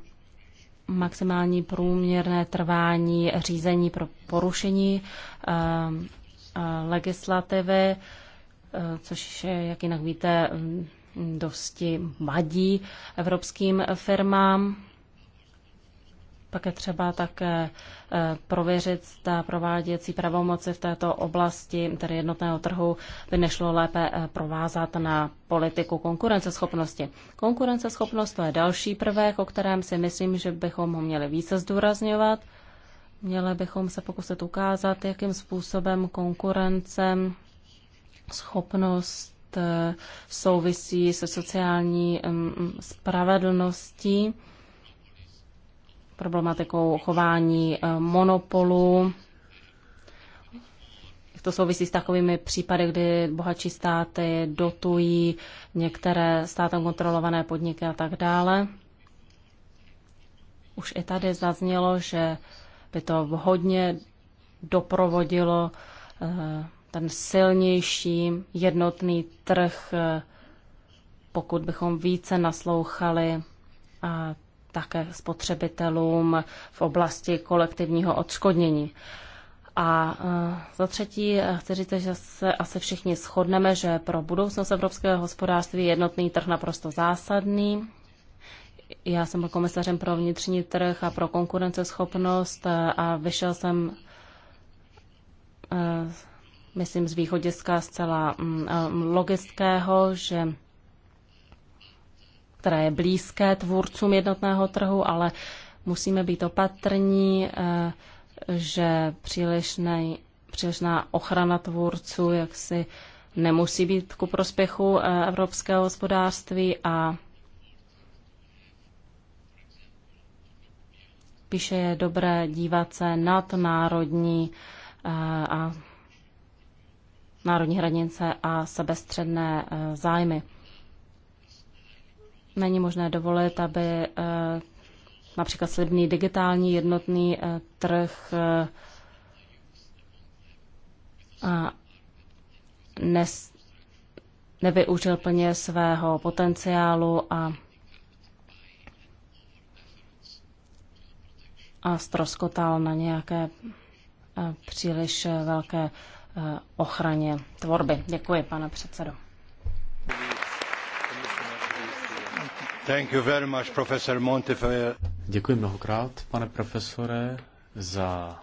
maximální průměrné trvání řízení pro porušení ehm, eh, legislativy, eh, což, jak jinak víte, mm, dosti vadí evropským firmám. Pak je třeba také eh, prověřit, zda prováděcí pravomoci v této oblasti, tedy jednotného trhu, by nešlo lépe eh, provázat na politiku konkurenceschopnosti. Konkurenceschopnost to je další prvek, o kterém si myslím, že bychom ho měli více zdůrazňovat. Měli bychom se pokusit ukázat, jakým způsobem konkurence schopnost eh, souvisí se sociální mm, spravedlností problematikou chování eh, monopolu. To souvisí s takovými případy, kdy bohatší státy dotují některé státem kontrolované podniky a tak dále. Už i tady zaznělo, že by to vhodně doprovodilo eh, ten silnější jednotný trh, eh, pokud bychom více naslouchali a také spotřebitelům v oblasti kolektivního odškodnění. A e, za třetí e, chci říct, že se asi všichni shodneme, že pro budoucnost evropského hospodářství je jednotný trh naprosto zásadný. Já jsem byl komisařem pro vnitřní trh a pro konkurenceschopnost e, a vyšel jsem, myslím, z východiska zcela mm, logického, že které je blízké tvůrcům jednotného trhu, ale musíme být opatrní, eh, že přílišnej, přílišná ochrana tvůrců jaksi nemusí být ku prospěchu eh, evropského hospodářství a píše je dobré dívat se nad národní eh, a národní hranice a sebestředné zájmy. Není možné dovolit, aby eh, například slibný digitální jednotný eh, trh eh, a nes, nevyužil plně svého potenciálu a, a stroskotal na nějaké příliš velké ochraně tvorby. Děkuji, pane předsedo.
Děkuji mnohokrát, pane profesore, za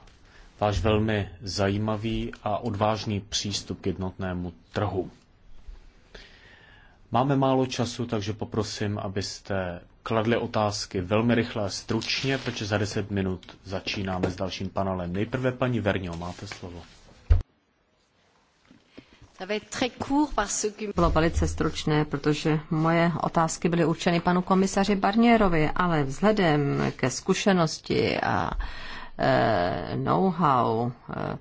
váš velmi zajímavý a odvážný přístup k jednotnému trhu. Máme málo času, takže poprosím, abyste kladli otázky velmi rychle a stručně, protože za 10 minut začínáme s dalším panelem. Nejprve paní Vernio, máte slovo.
Bylo velice stručné, protože moje otázky byly určeny panu komisaři Barnierovi, ale vzhledem ke zkušenosti a eh, know-how eh,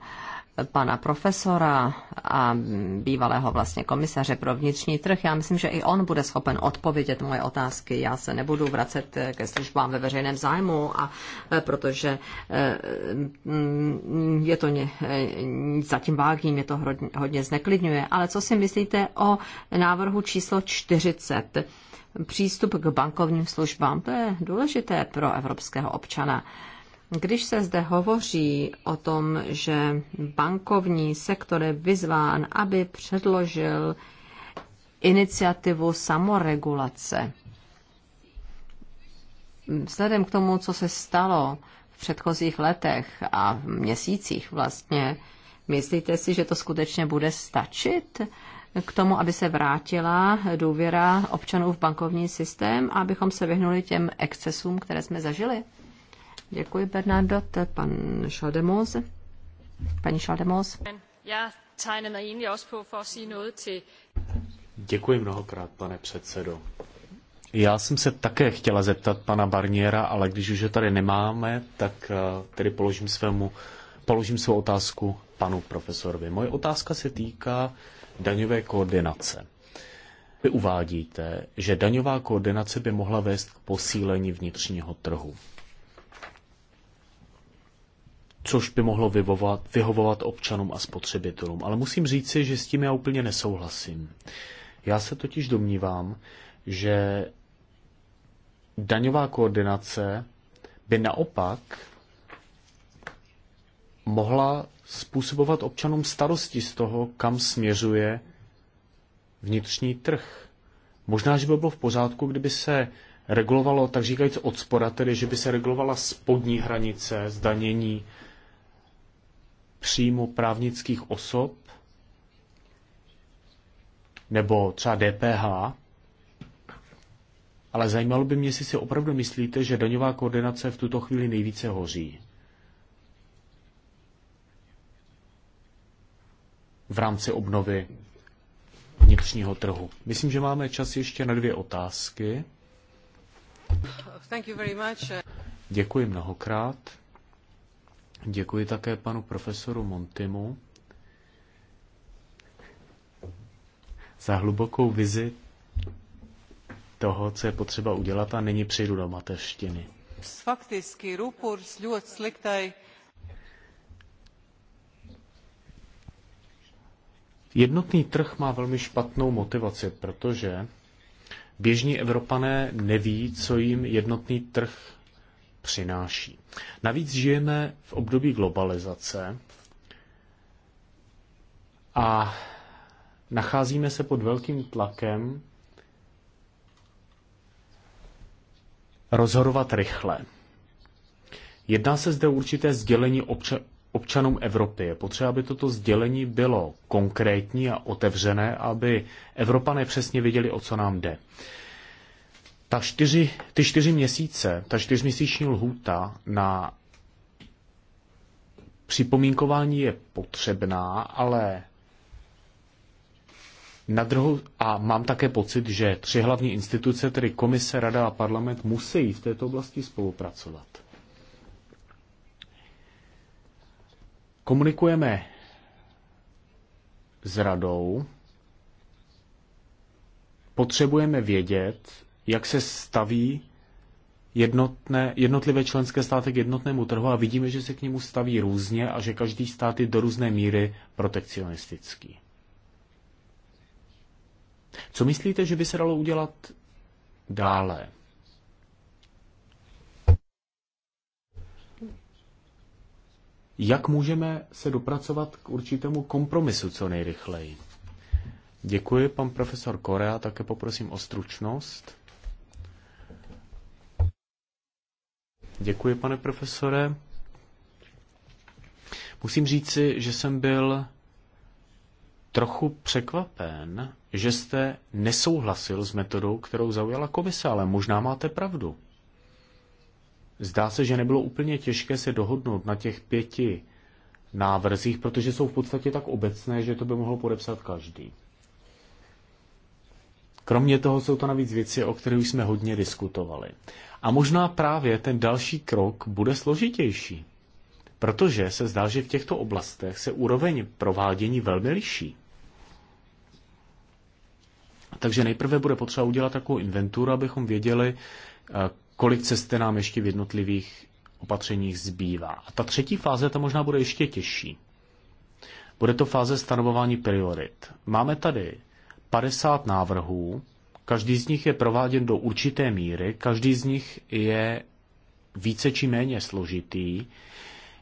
pana profesora a bývalého vlastně komisaře pro vnitřní trh. Já myslím, že i on bude schopen odpovědět moje otázky. Já se nebudu vracet ke službám ve veřejném zájmu, a, eh, protože eh, je to ně, eh, zatím vágní, mě to hodně, zneklidňuje. Ale co si myslíte o návrhu číslo 40? Přístup k bankovním službám, to je důležité pro evropského občana. Když se zde hovoří o tom, že bankovní sektor je vyzván, aby předložil iniciativu samoregulace, vzhledem k tomu, co se stalo v předchozích letech a v měsících vlastně, myslíte si, že to skutečně bude stačit k tomu, aby se vrátila důvěra občanů v bankovní systém a abychom se vyhnuli těm excesům, které jsme zažili? Děkuji, Bernardot. Pan
Schaldemose. Paní Schaldemose. Děkuji mnohokrát, pane předsedo. Já jsem se také chtěla zeptat pana Barniera, ale když už ho tady nemáme, tak eh, tedy položím, svému, položím svou otázku panu profesorovi. Moje otázka se týká daňové koordinace. Vy uvádíte, že daňová koordinace by mohla vést k posílení vnitřního trhu což by mohlo vyvovat, vyhovovat občanům a spotřebitelům. Ale musím říci, že s tím já úplně nesouhlasím. Já se totiž domnívám, že daňová koordinace by naopak mohla způsobovat občanům starosti z toho, kam směřuje vnitřní trh. Možná, že by bylo v pořádku, kdyby se regulovalo, tak říkajíc od spora, tedy že by se regulovala spodní hranice zdanění příjmu právnických osob nebo třeba DPH, ale zajímalo by mě, jestli si opravdu myslíte, že daňová koordinace v tuto chvíli nejvíce hoří. v rámci obnovy vnitřního trhu. Myslím, že máme čas ještě na dvě otázky. Děkuji mnohokrát. Děkuji také panu profesoru Montimu za hlubokou vizi toho, co je potřeba udělat a nyní přijdu do mateřštiny.
Fakticky rupurs ļoti sliktai.
Jednotný trh má velmi špatnou motivaci, protože běžní Evropané neví, co jim jednotný trh přináší. Navíc žijeme v období globalizace a nacházíme se pod velkým tlakem rozhodovat rychle. Jedná se zde určité sdělení obča- občanům Evropy. Je potřeba, aby toto sdělení bylo konkrétní a otevřené, aby Evropané přesně viděli, o co nám jde ta čtyři, ty čtyři měsíce, ta čtyřměsíční lhůta na připomínkování je potřebná, ale na druhou, a mám také pocit, že tři hlavní instituce, tedy komise, rada a parlament, musí v této oblasti spolupracovat. Komunikujeme s radou, potřebujeme vědět, jak se staví jednotné, jednotlivé členské státy k jednotnému trhu a vidíme, že se k němu staví různě a že každý stát je do různé míry protekcionistický. Co myslíte, že by se dalo udělat dále? Jak můžeme se dopracovat k určitému kompromisu co nejrychleji? Děkuji, pan profesor Korea, také poprosím o stručnost. Děkuji, pane profesore. Musím říci, že jsem byl trochu překvapen, že jste nesouhlasil s metodou, kterou zaujala komise, ale možná máte pravdu. Zdá se, že nebylo úplně těžké se dohodnout na těch pěti návrzích, protože jsou v podstatě tak obecné, že to by mohl podepsat každý. Kromě toho jsou to navíc věci, o kterých jsme hodně diskutovali. A možná právě ten další krok bude složitější, protože se zdá, že v těchto oblastech se úroveň provádění velmi liší. Takže nejprve bude potřeba udělat takovou inventuru, abychom věděli, eh, kolik cesty nám ještě v jednotlivých opatřeních zbývá. A ta třetí fáze, ta možná bude ještě těžší. Bude to fáze stanovování priorit. Máme tady 50 návrhů, každý z nich je prováděn do určité míry, každý z nich je více či méně složitý.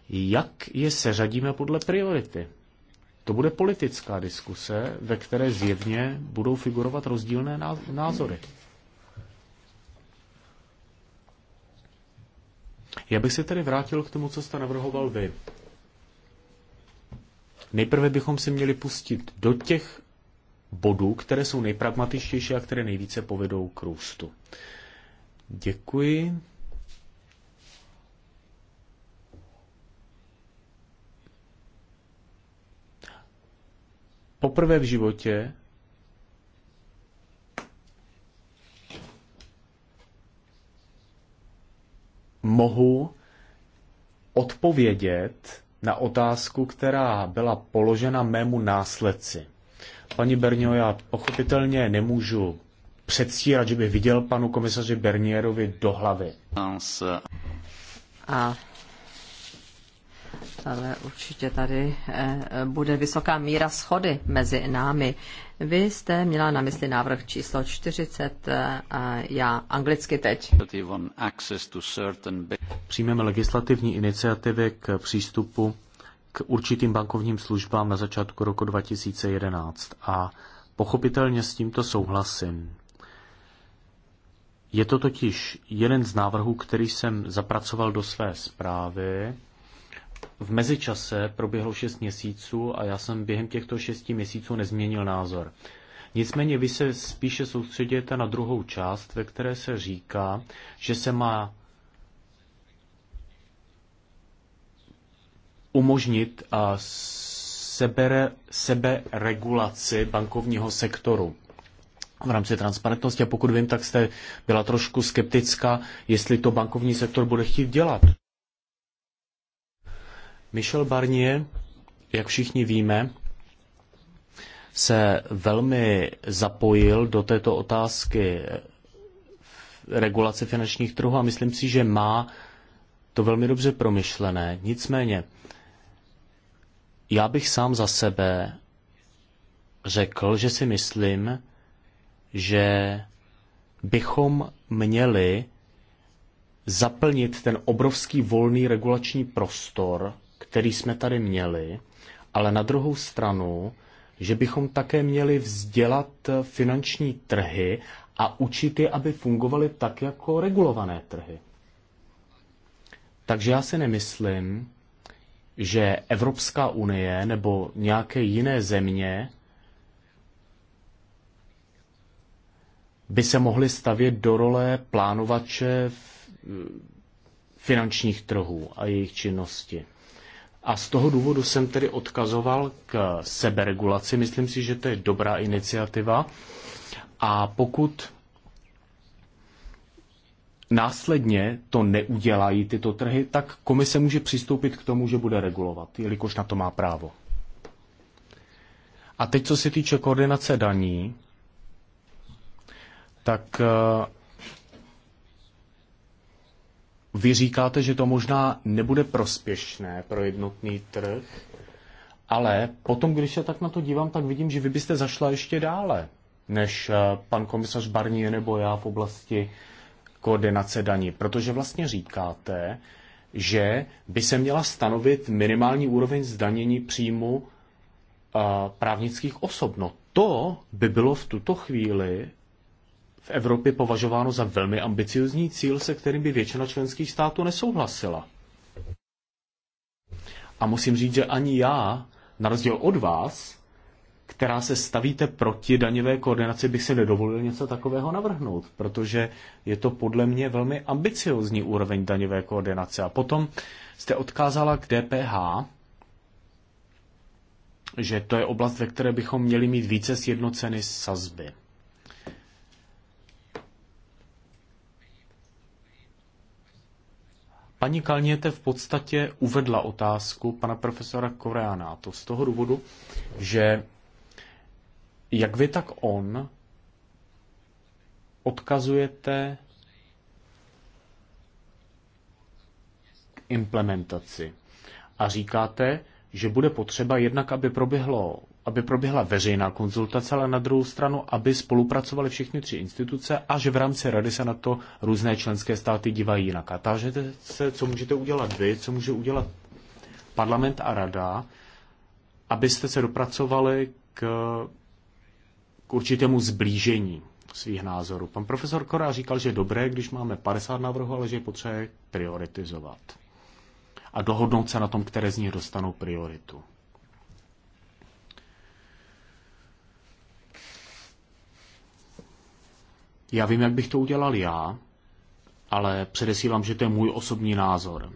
Jak je seřadíme podle priority? To bude politická diskuse, ve které zjevně budou figurovat rozdílné názory. Já bych se tedy vrátil k tomu, co jste navrhoval vy. Nejprve bychom si měli pustit do těch bodů, které jsou nejpragmatičtější a které nejvíce povedou k růstu. Děkuji. Poprvé v životě mohu odpovědět na otázku, která byla položena mému následci. Pani Bernio, já pochopitelně nemůžu předstírat, že bych viděl panu komisaři Bernierovi do hlavy. A
ale určitě tady eh, bude vysoká míra schody mezi námi. Vy jste měla na mysli návrh číslo 40 eh, a já
anglicky teď. Přijmeme legislativní iniciativy k přístupu k určitým bankovním službám na začátku roku 2011 a pochopitelně s tímto souhlasím. Je to totiž jeden z návrhů, který jsem zapracoval do své zprávy. V mezičase proběhlo 6 měsíců a já jsem během těchto 6 měsíců nezměnil názor. Nicméně vy se spíše soustředíte na druhou část, ve které se říká, že se má umožnit sebere, seberegulaci bankovního sektoru v rámci transparentnosti. A pokud vím, tak jste byla trošku skeptická, jestli to bankovní sektor bude chtít dělat. Michel Barnier, jak všichni víme, se velmi zapojil do této otázky regulace finančních trhů a myslím si, že má to velmi dobře promyšlené. Nicméně já bych sám za sebe řekl, že si myslím, že bychom měli zaplnit ten obrovský volný regulační prostor, který jsme tady měli, ale na druhou stranu, že bychom také měli vzdělat finanční trhy a učit je, aby fungovaly tak jako regulované trhy. Takže já si nemyslím, že Evropská unie nebo nějaké jiné země by se mohly stavět do role plánovače eh, finančních trhů a jejich činnosti. A z toho důvodu jsem tedy odkazoval k seberegulaci. Myslím si, že to je dobrá iniciativa. A pokud následně to neudělají tyto trhy, tak komise může přistoupit k tomu, že bude regulovat, jelikož na to má právo. A teď, co se týče koordinace daní, tak eh, vy říkáte, že to možná nebude prospěšné pro jednotný trh, ale potom, když se tak na to dívám, tak vidím, že vy byste zašla ještě dále než eh, pan komisař Barnier nebo já v oblasti uh, koordinace daní, protože vlastně říkáte, že by se měla stanovit minimální úroveň zdanění příjmu eh, právnických osob. No to by bylo v tuto chvíli v Evropě považováno za velmi ambiciozní cíl, se kterým by většina členských států nesouhlasila. A musím říct, že ani já, na rozdíl od vás, která se stavíte proti daňové koordinaci, bych si nedovolil něco takového navrhnout, protože je to podle mě velmi ambiciozní úroveň daňové koordinace. A potom jste odkázala k DPH, že to je oblast, ve které bychom měli mít více sjednoceny sazby. Paní Kalněte v podstatě uvedla otázku pana profesora Koreana, to z toho důvodu, že jak vy, tak on odkazujete k implementaci a říkáte, že bude potřeba jednak, aby, proběhlo, aby proběhla veřejná konzultace, ale na druhou stranu, aby spolupracovaly všechny tři instituce a že v rámci rady se na to různé členské státy dívají jinak. A tážete se, co můžete udělat vy, co může udělat parlament a rada, abyste se dopracovali k k určitému zblížení svých názorů. Pan profesor Korá říkal, že je dobré, když máme 50 návrhů, ale že je potřeba prioritizovat a dohodnout se na tom, které z nich dostanou prioritu. Já vím, jak bych to udělal já, ale předesílám, že to je můj osobní názor.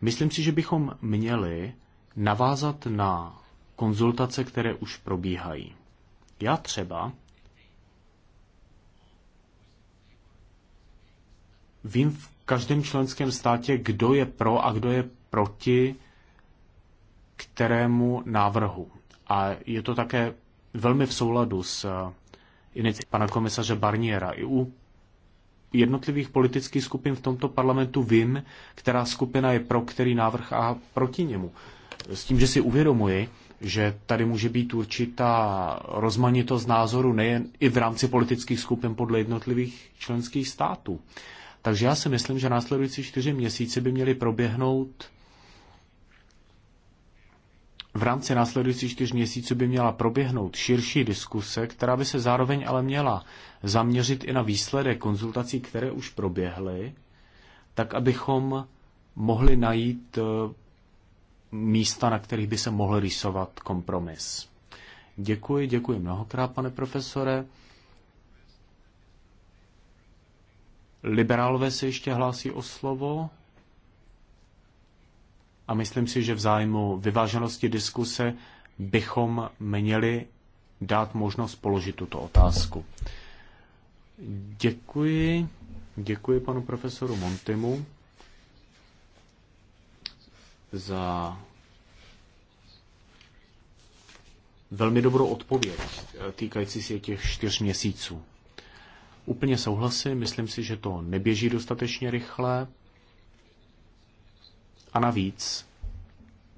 Myslím si, že bychom měli navázat na konzultace, které už probíhají. Já třeba vím v každém členském státě, kdo je pro a kdo je proti kterému návrhu. A je to také velmi v souladu s eh, iniciativou pana komisaře Barniera. I u jednotlivých politických skupin v tomto parlamentu vím, která skupina je pro který návrh a proti němu. S tím, že si uvědomuji, že tady může být určitá rozmanitost názorů nejen i v rámci politických skupin podle jednotlivých členských států. Takže já si myslím, že následující čtyři měsíce by měly proběhnout v rámci následujících čtyř měsíců by měla proběhnout širší diskuse, která by se zároveň ale měla zaměřit i na výsledek konzultací, které už proběhly, tak abychom mohli najít eh, místa, na kterých by se mohl rýsovat kompromis. Děkuji, děkuji mnohokrát, pane profesore. Liberálové se ještě hlásí o slovo a myslím si, že v zájmu vyváženosti diskuse bychom měli dát možnost položit tuto otázku. Děkuji, děkuji panu profesoru Montimu za velmi dobrou odpověď eh, týkající se těch čtyř měsíců. Úplně souhlasím, myslím si, že to neběží dostatečně rychle a navíc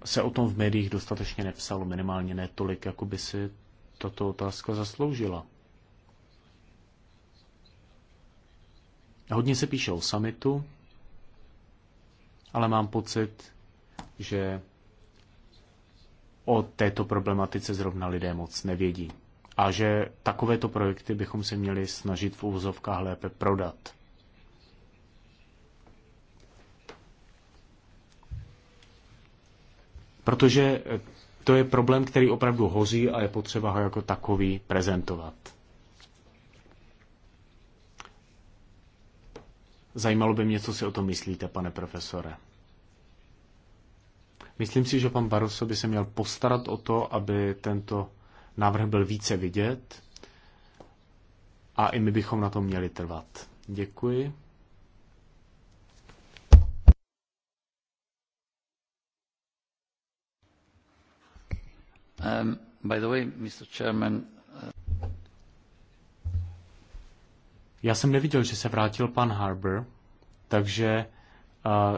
se o tom v médiích dostatečně nepsalo, minimálně ne tolik, jako by si tato otázka zasloužila. Hodně se píše o samitu, ale mám pocit, že o této problematice zrovna lidé moc nevědí. A že takovéto projekty bychom se měli snažit v úvozovkách lépe prodat. Protože to je problém, který opravdu hoří a je potřeba ho jako takový prezentovat. Zajímalo by mě, co si o tom myslíte, pane profesore. Myslím si, že pan Barroso by se měl postarat o to, aby tento návrh byl více vidět a i my bychom na tom měli trvat. Děkuji.
Um, by the way, Mr. Chairman, uh...
Já jsem neviděl, že se vrátil pan Harbour, takže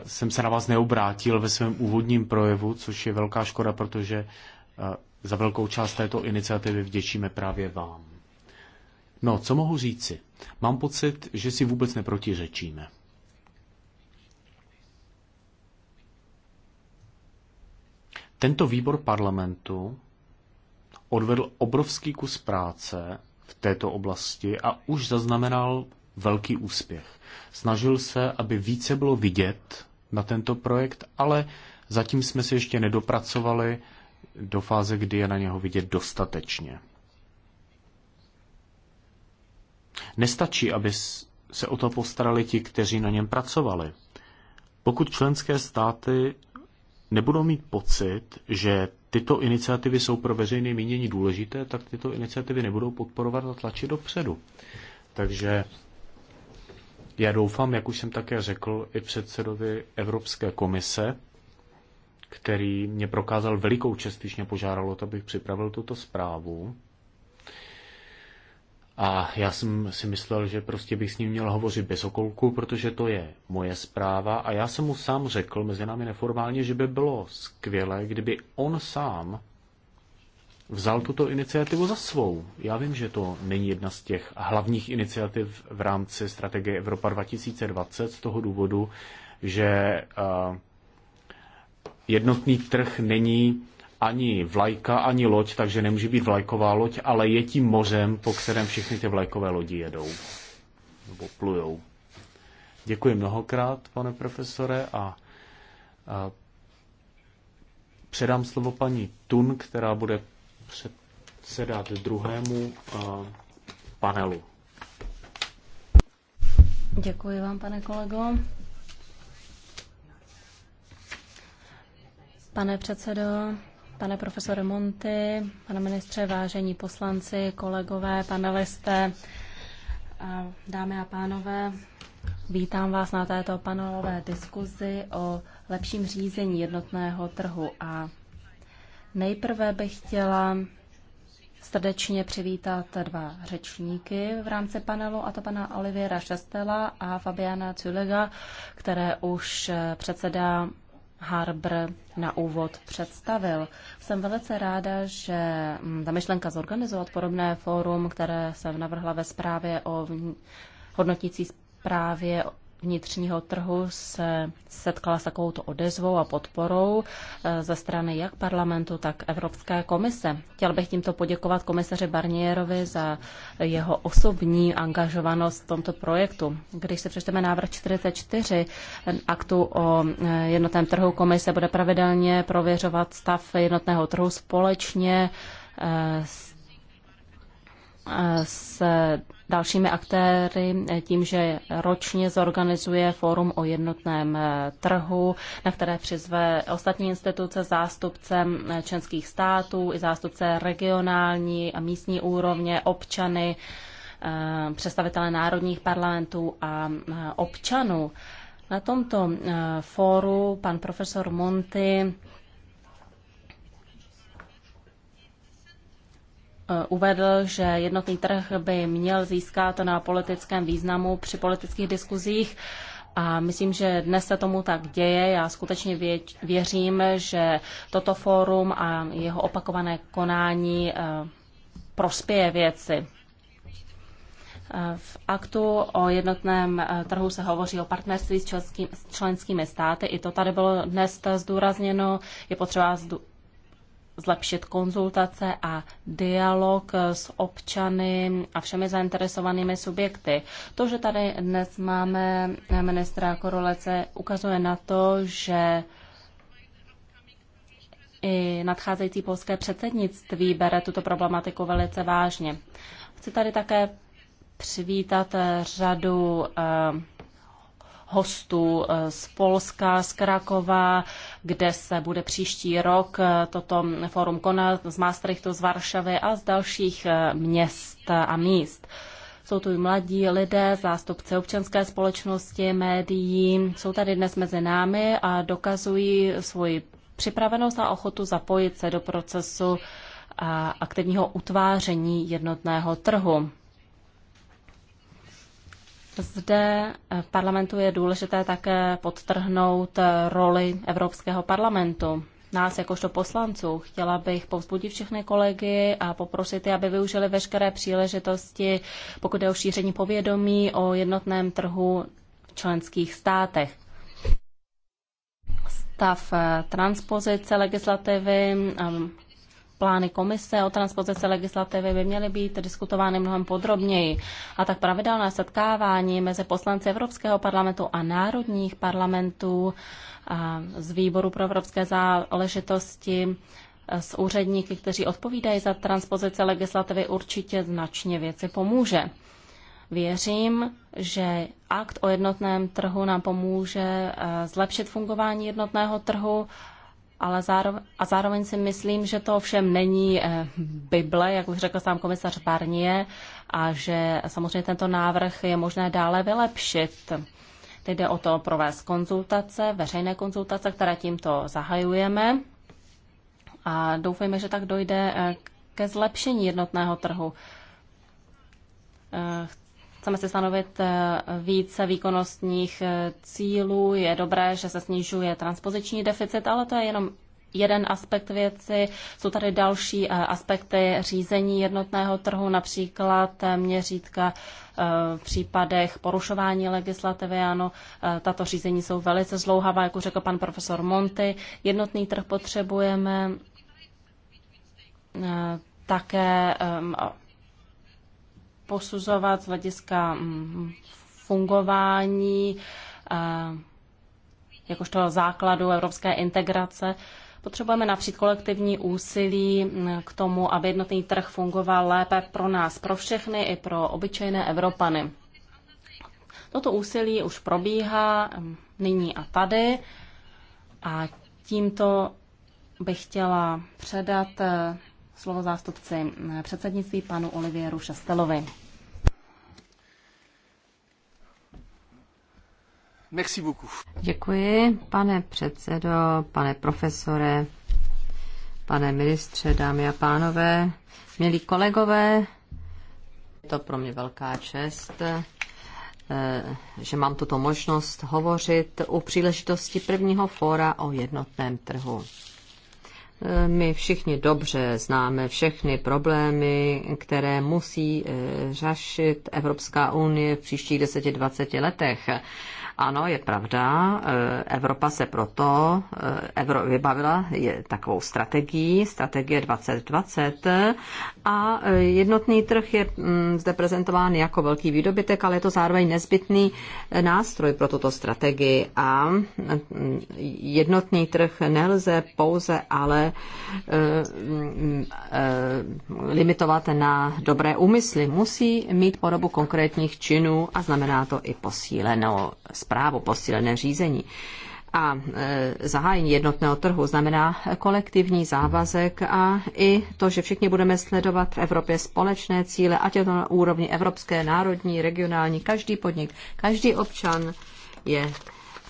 jsem se na vás neobrátil ve svém úvodním projevu, což je velká škoda, protože e, za velkou část této iniciativy vděčíme právě vám. No, co mohu říci? Mám pocit, že si vůbec neprotiřečíme. Tento výbor parlamentu odvedl obrovský kus práce v této oblasti a už zaznamenal velký úspěch. Snažil se, aby více bylo vidět na tento projekt, ale zatím jsme se ještě nedopracovali do fáze, kdy je na něho vidět dostatečně. Nestačí, aby se o to postarali ti, kteří na něm pracovali. Pokud členské státy nebudou mít pocit, že tyto iniciativy jsou pro veřejné mínění důležité, tak tyto iniciativy nebudou podporovat a tlačit dopředu. Takže já doufám, jak už jsem také řekl, i předsedovi Evropské komise, který mě prokázal velikou čest, když mě požádal o to, abych připravil tuto zprávu. A já jsem si myslel, že prostě bych s ním měl hovořit bez okolku, protože to je moje zpráva. A já jsem mu sám řekl, mezi námi neformálně, že by bylo skvělé, kdyby on sám vzal tuto iniciativu za svou. Já vím, že to není jedna z těch hlavních iniciativ v rámci strategie Evropa 2020 z toho důvodu, že eh, jednotný trh není ani vlajka, ani loď, takže nemůže být vlajková loď, ale je tím mořem, po kterém všechny ty vlajkové lodi jedou. Nebo plujou. Děkuji mnohokrát, pane profesore, a, a předám slovo paní Tun, která bude předsedat druhému eh, panelu.
Děkuji vám, pane kolego. Pane předsedo, pane profesore Monty, pane ministře, vážení poslanci, kolegové, panelisté, eh, dámy a pánové, vítám vás na této panelové diskuzi o lepším řízení jednotného trhu a Nejprve bych chtěla srdečně přivítat dva řečníky v rámci panelu, a to pana Oliviera Šestela a Fabiana Cülega, které už eh, předseda Harbr na úvod představil. Jsem velice ráda, že mm, ta myšlenka zorganizovat podobné fórum, které jsem navrhla ve zprávě o hodnotící zprávě vnitřního trhu se setkala s takovouto odezvou a podporou eh, ze strany jak parlamentu, tak Evropské komise. Chtěl bych tímto poděkovat komisaři Barnierovi za jeho osobní angažovanost v tomto projektu. Když se přečteme návrh 44 aktu o eh, jednotném trhu, komise bude pravidelně prověřovat stav jednotného trhu společně eh, s s dalšími aktéry eh, tím, že ročně zorganizuje fórum o jednotném eh, trhu, na které přizve ostatní instituce zástupce eh, členských států i zástupce regionální a místní úrovně, občany, představitele národních parlamentů a občanů. Na tomto fóru pan profesor Monty Eh, uvedl, že jednotný trh by měl získat na politickém významu při politických diskuzích. A myslím, že dnes se tomu tak děje. Já skutečně věřím, že toto fórum a jeho opakované konání eh, prospěje věci. Eh, v aktu o jednotném trhu se hovoří o partnerství s, členskými státy. I to tady bylo dnes zdůrazněno. Je potřeba zlepšit konzultace a dialog s občany a všemi zainteresovanými subjekty. To, že tady dnes máme ministra Korolece, ukazuje na to, že i nadcházející polské předsednictví bere tuto problematiku velice vážně. Chci tady také přivítat řadu eh, hostů eh, z Polska, z Krakova, kde se bude příští rok eh, toto fórum konat z Maastrichtu, z Varšavy a z dalších eh, měst a míst. Jsou tu i mladí lidé, zástupce občanské společnosti, médií, jsou tady dnes mezi námi a dokazují svoji připravenost a ochotu zapojit se do procesu aktivního utváření jednotného trhu. Zde v eh, parlamentu je důležité také podtrhnout eh, roli Evropského parlamentu. Nás jakožto poslanců chtěla bych povzbudit všechny kolegy a poprosit je, aby využili veškeré příležitosti, pokud je o šíření povědomí o jednotném trhu v členských státech stav eh, transpozice legislativy plány komise o transpozici legislativy by měly být diskutovány mnohem podrobněji. A tak pravidelné setkávání mezi poslanci Evropského parlamentu a národních parlamentů a z výboru pro evropské záležitosti s úředníky, kteří odpovídají za transpozici legislativy, určitě značně věci pomůže. Věřím, že akt o jednotném trhu nám pomůže zlepšit fungování jednotného trhu ale zároveň, a zároveň si myslím, že to ovšem není eh, Bible, jak už řekl sám komisař Barnier, a že samozřejmě tento návrh je možné dále vylepšit. Teď jde o to provést konzultace, veřejné konzultace, které tímto zahajujeme a doufejme, že tak dojde eh, ke zlepšení jednotného trhu. Eh, Chceme si stanovit eh, více výkonnostních eh, cílů. Je dobré, že se snižuje transpoziční deficit, ale to je jenom jeden aspekt věci. Jsou tady další eh, aspekty řízení jednotného trhu, například měřítka v případech porušování legislativy. Ano, tato řízení jsou velice zlouhavá, jak už řekl pan profesor Monty. Jednotný trh potřebujeme také posuzovat z hlediska mm, fungování eh, jakožto základu evropské integrace. Potřebujeme napřít kolektivní úsilí mm, k tomu, aby jednotný trh fungoval lépe pro nás, pro všechny i pro obyčejné Evropany. Toto úsilí už probíhá mm, nyní a tady a tímto bych chtěla předat eh, slovo zástupci předsednictví panu Olivieru Šastelovi.
Merci beaucoup.
Děkuji, pane předsedo, pane profesore, pane ministře, dámy a pánové, milí kolegové. Je to pro mě velká čest, eh, že mám tuto možnost hovořit u příležitosti prvního fóra o jednotném trhu. Eh, my všichni dobře známe všechny problémy, které musí eh, řešit Evropská unie v příštích 10-20 letech. Ano, je pravda, e, Evropa se proto e, Evro vybavila je takovou strategií, strategie 2020 a e, jednotný trh je mm, zde prezentován jako velký výdobytek, ale je to zároveň nezbytný nástroj pro tuto strategii a mm, jednotný trh nelze pouze ale mm, limitovat na dobré úmysly. Musí mít podobu konkrétních činů a znamená to i posílenou zprávu, posílené řízení. A e, zahájení jednotného trhu znamená kolektivní závazek a i to, že všichni budeme sledovat v Evropě společné cíle, ať je to na úrovni evropské, národní, regionální, každý podnik, každý občan je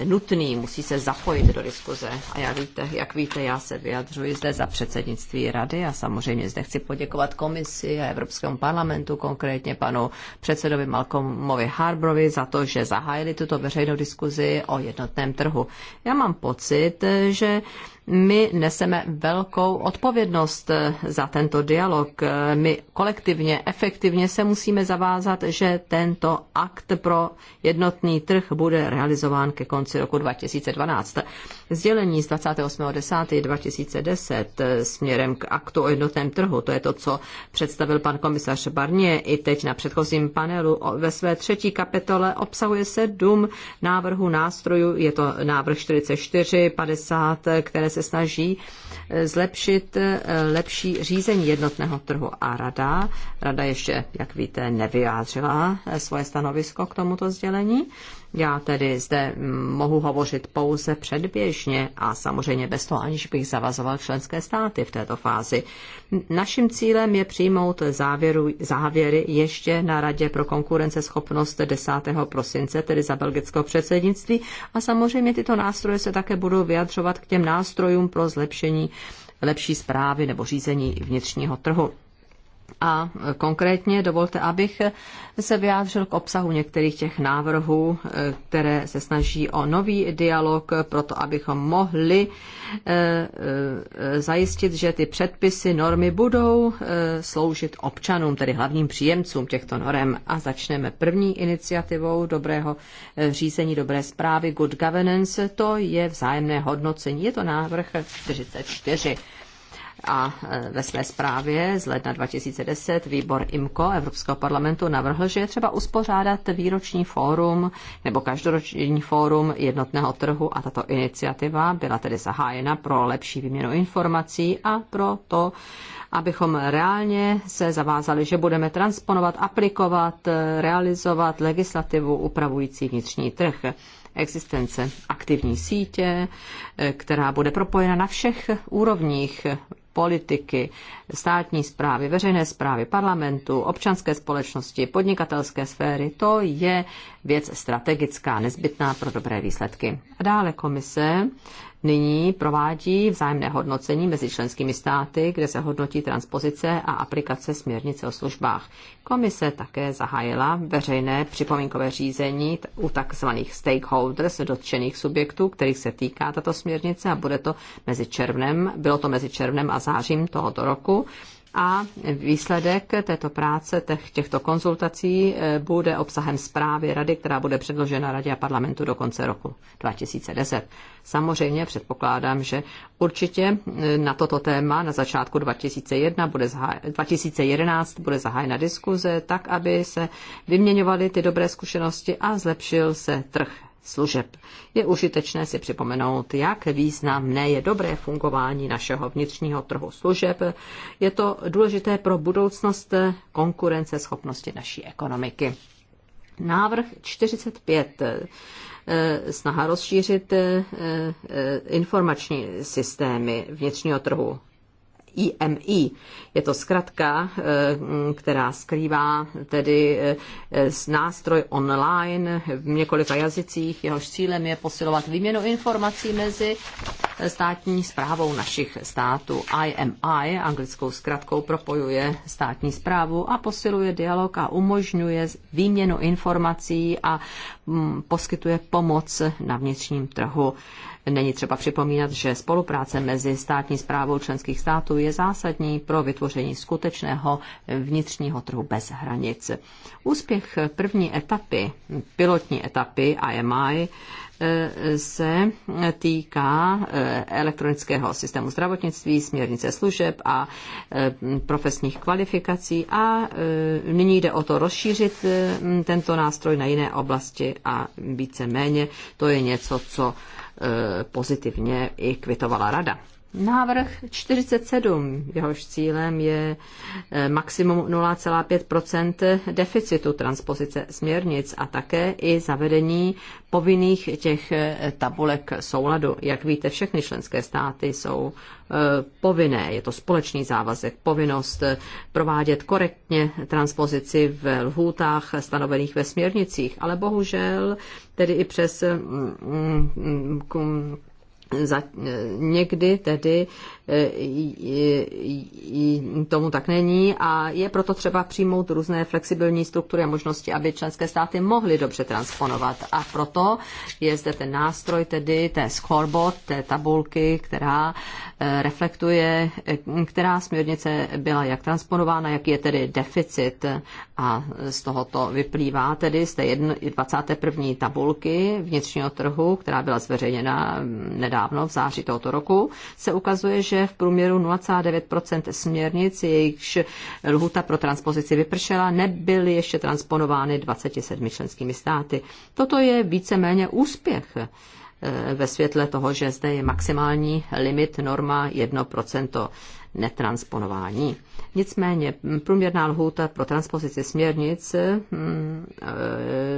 nutný, musí se zapojit do diskuze. A já víte, jak víte, já se vyjadřuji zde za předsednictví rady a samozřejmě zde chci poděkovat komisi a Evropskému parlamentu, konkrétně panu předsedovi Malcolmovi Harbrovi za to, že zahájili tuto veřejnou diskuzi o jednotném trhu. Já mám pocit, že my neseme velkou odpovědnost za tento dialog. My kolektivně, efektivně se musíme zavázat, že tento akt pro jednotný trh bude realizován ke konci roku 2012. Sdělení z 28.10.2010 směrem k aktu o jednotném trhu, to je to, co představil pan komisař Barnier i teď na předchozím panelu ve své třetí kapitole, obsahuje sedm návrhů nástrojů. Je to návrh 44, 50, které se se snaží eh, zlepšit eh, lepší řízení jednotného trhu. A rada, rada ještě, jak víte, nevyjádřila eh, svoje stanovisko k tomuto sdělení. Já tedy zde mm, mohu hovořit pouze předběžně a samozřejmě bez toho, aniž bych zavazoval členské státy v této fázi. Naším cílem je přijmout závěru, závěry ještě na Radě pro konkurenceschopnost 10. prosince, tedy za belgického předsednictví. A samozřejmě tyto nástroje se také budou vyjadřovat k těm nástrojům pro zlepšení lepší zprávy nebo řízení vnitřního trhu. A konkrétně dovolte, abych se vyjádřil k obsahu některých těch návrhů, které se snaží o nový dialog, proto abychom mohli eh, eh, zajistit, že ty předpisy, normy budou eh, sloužit občanům, tedy hlavním příjemcům těchto norem. A začneme první iniciativou dobrého řízení, dobré zprávy, good governance, to je vzájemné hodnocení. Je to návrh 44 a e, ve své zprávě z ledna 2010 výbor IMCO Evropského parlamentu navrhl, že je třeba uspořádat výroční fórum nebo každoroční fórum jednotného trhu a tato iniciativa byla tedy zahájena pro lepší výměnu informací a pro to, abychom reálně se zavázali, že budeme transponovat, aplikovat, e, realizovat legislativu upravující vnitřní trh existence aktivní sítě, e, která bude propojena na všech úrovních politiky, státní zprávy, veřejné zprávy, parlamentu, občanské společnosti, podnikatelské sféry, to je věc strategická, nezbytná pro dobré výsledky. A dále komise nyní provádí vzájemné hodnocení mezi členskými státy, kde se hodnotí transpozice a aplikace směrnice o službách. Komise také zahájila veřejné připomínkové řízení u tzv. stakeholders, dotčených subjektů, kterých se týká tato směrnice a bude to mezi červnem, bylo to mezi červnem a zářím tohoto roku a výsledek této práce, těchto konzultací, eh, bude obsahem zprávy Rady, která bude předložena Radě a parlamentu do konce roku 2010. Samozřejmě předpokládám, že určitě eh, na toto téma na začátku 2001 bude zahaj, 2011 bude zahájena diskuze, tak aby se vyměňovaly ty dobré zkušenosti a zlepšil se trh služeb. Je užitečné si připomenout, jak významné je dobré fungování našeho vnitřního trhu služeb. Je to důležité pro budoucnost konkurenceschopnosti naší ekonomiky. Návrh 45 eh, snaha rozšířit eh, eh, informační systémy vnitřního trhu IMI. Je to zkratka, eh, která skrývá tedy eh, nástroj online v několika jazycích. Jehož cílem je posilovat výměnu informací mezi eh, státní zprávou našich států. IMI, anglickou zkratkou, propojuje státní zprávu a posiluje dialog a umožňuje výměnu informací a mm, poskytuje pomoc na vnitřním trhu Není třeba připomínat, že spolupráce mezi státní zprávou členských států je zásadní pro vytvoření skutečného vnitřního trhu bez hranic. Úspěch první etapy, pilotní etapy IMI, eh, se týká eh, elektronického systému zdravotnictví, směrnice služeb a eh, profesních kvalifikací a nyní jde o to rozšířit tento nástroj na jiné oblasti a více méně to je něco, co Eh, pozitivně i kvitovala rada. Návrh 47, jehož cílem je eh, maximum 0,5 deficitu transpozice směrnic a také i zavedení povinných těch eh, tabulek souladu. Jak víte, všechny členské státy jsou eh, povinné, je to společný závazek, povinnost provádět korektně transpozici v lhůtách stanovených ve směrnicích, ale bohužel tedy i přes mm, mm, mm, za, e, někdy tedy e, tomu tak není a je proto třeba přijmout různé flexibilní struktury a možnosti, aby členské státy mohly dobře transponovat. A proto je zde ten nástroj tedy té scoreboard, té tabulky, která e, reflektuje, která směrnice byla jak transponována, jaký je tedy deficit a z tohoto vyplývá tedy z té 21. tabulky vnitřního trhu, která byla zveřejněna mm, nedávno v září tohoto roku, se ukazuje, že v průměru 0,9 směrnic, jejichž lhuta pro transpozici vypršela, nebyly ještě transponovány 27 členskými státy. Toto je víceméně úspěch Eh, ve světle toho, že zde je maximální limit norma 1% netransponování. Nicméně průměrná lhůta pro transpozici směrnic eh,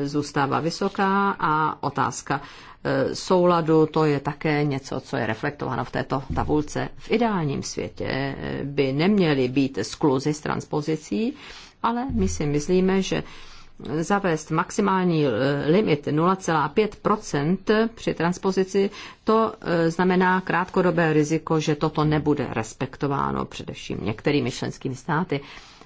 zůstává vysoká a otázka eh, souladu, to je také něco, co je reflektováno v této tabulce. V ideálním světě by neměly být skluzy s transpozicí, ale my si myslíme, že zavést maximální eh, limit 0,5 při transpozici, to eh, znamená krátkodobé riziko, že toto nebude respektováno především některými členskými státy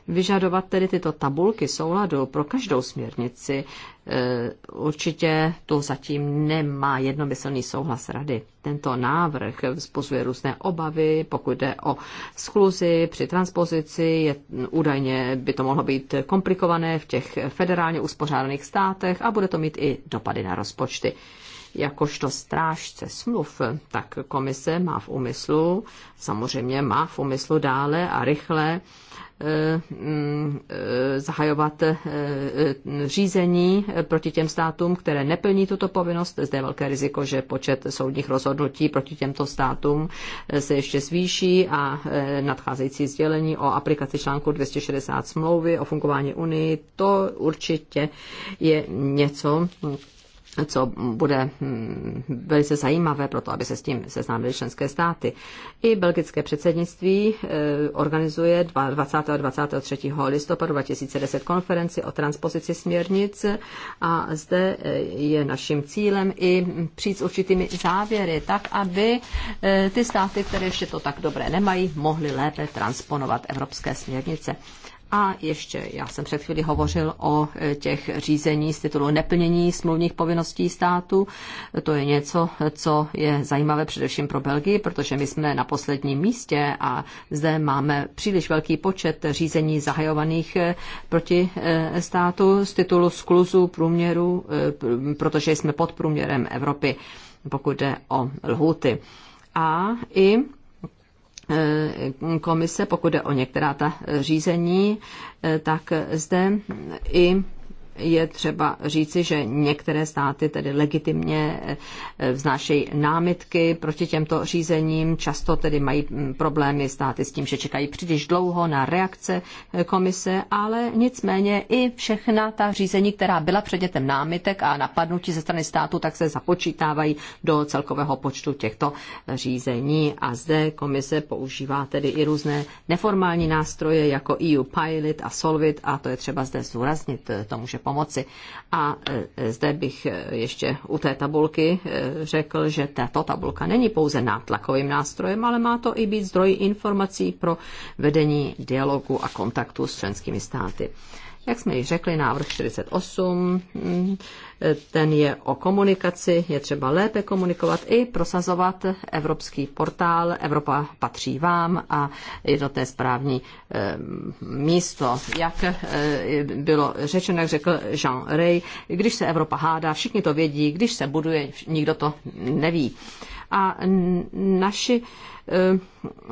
vyžadovat tedy tyto tabulky souladu pro každou směrnici. E, určitě to zatím nemá jednomyslný souhlas rady. Tento návrh vzbuzuje různé obavy, pokud jde o skluzi při transpozici, je, údajně by to mohlo být komplikované v těch federálně uspořádaných státech a bude to mít i dopady na rozpočty jakožto strážce smluv, tak komise má v úmyslu, samozřejmě má v úmyslu dále a rychle Eh, mm, eh, zahajovat eh, řízení proti těm státům, které neplní tuto povinnost. Zde je velké riziko, že počet soudních rozhodnutí proti těmto státům se ještě zvýší a nadcházející sdělení o aplikaci článku 260 smlouvy o fungování Unii, to určitě je něco, co bude hm, velice zajímavé pro to, aby se s tím seznámily členské státy. I belgické předsednictví eh, organizuje 20. a 23. listopadu 2010 konferenci o transpozici směrnic a zde eh, je naším cílem i přijít s určitými závěry, tak aby eh, ty státy, které ještě to tak dobré nemají, mohly lépe transponovat evropské směrnice. A ještě, já jsem před chvíli hovořil o e, těch řízení z titulu neplnění smluvních povinností státu. To je něco, co je zajímavé především pro Belgii, protože my jsme na posledním místě a zde máme příliš velký počet řízení zahajovaných e, proti e, státu z titulu skluzu průměru, protože jsme pod průměrem Evropy, pokud jde o lhuty. A i komise, pokud jde o některá ta řízení, eh, tak zde i je třeba říci, že některé státy tedy legitimně eh, vznášejí námitky proti těmto řízením, často tedy mají mm, problémy státy s tím, že čekají příliš dlouho na reakce eh, komise, ale nicméně i všechna ta řízení, která byla předmětem námitek a napadnutí ze strany státu, tak se započítávají do celkového počtu těchto řízení a zde komise používá tedy i různé neformální nástroje jako EU Pilot a Solvit a to je třeba zde zúraznit, to může pomoci. A e, zde bych e, ještě u té tabulky e, řekl, že tato tabulka není pouze nátlakovým nástrojem, ale má to i být zdroj informací pro vedení dialogu a kontaktu s členskými státy. Jak jsme již řekli, návrh 48, mm, ten je o komunikaci, je třeba lépe komunikovat i prosazovat evropský portál Evropa patří vám a jednotné správní eh, místo. Jak eh, bylo řečeno, jak řekl Jean Rey, když se Evropa hádá, všichni to vědí, když se buduje, nikdo to neví. A naši Eh,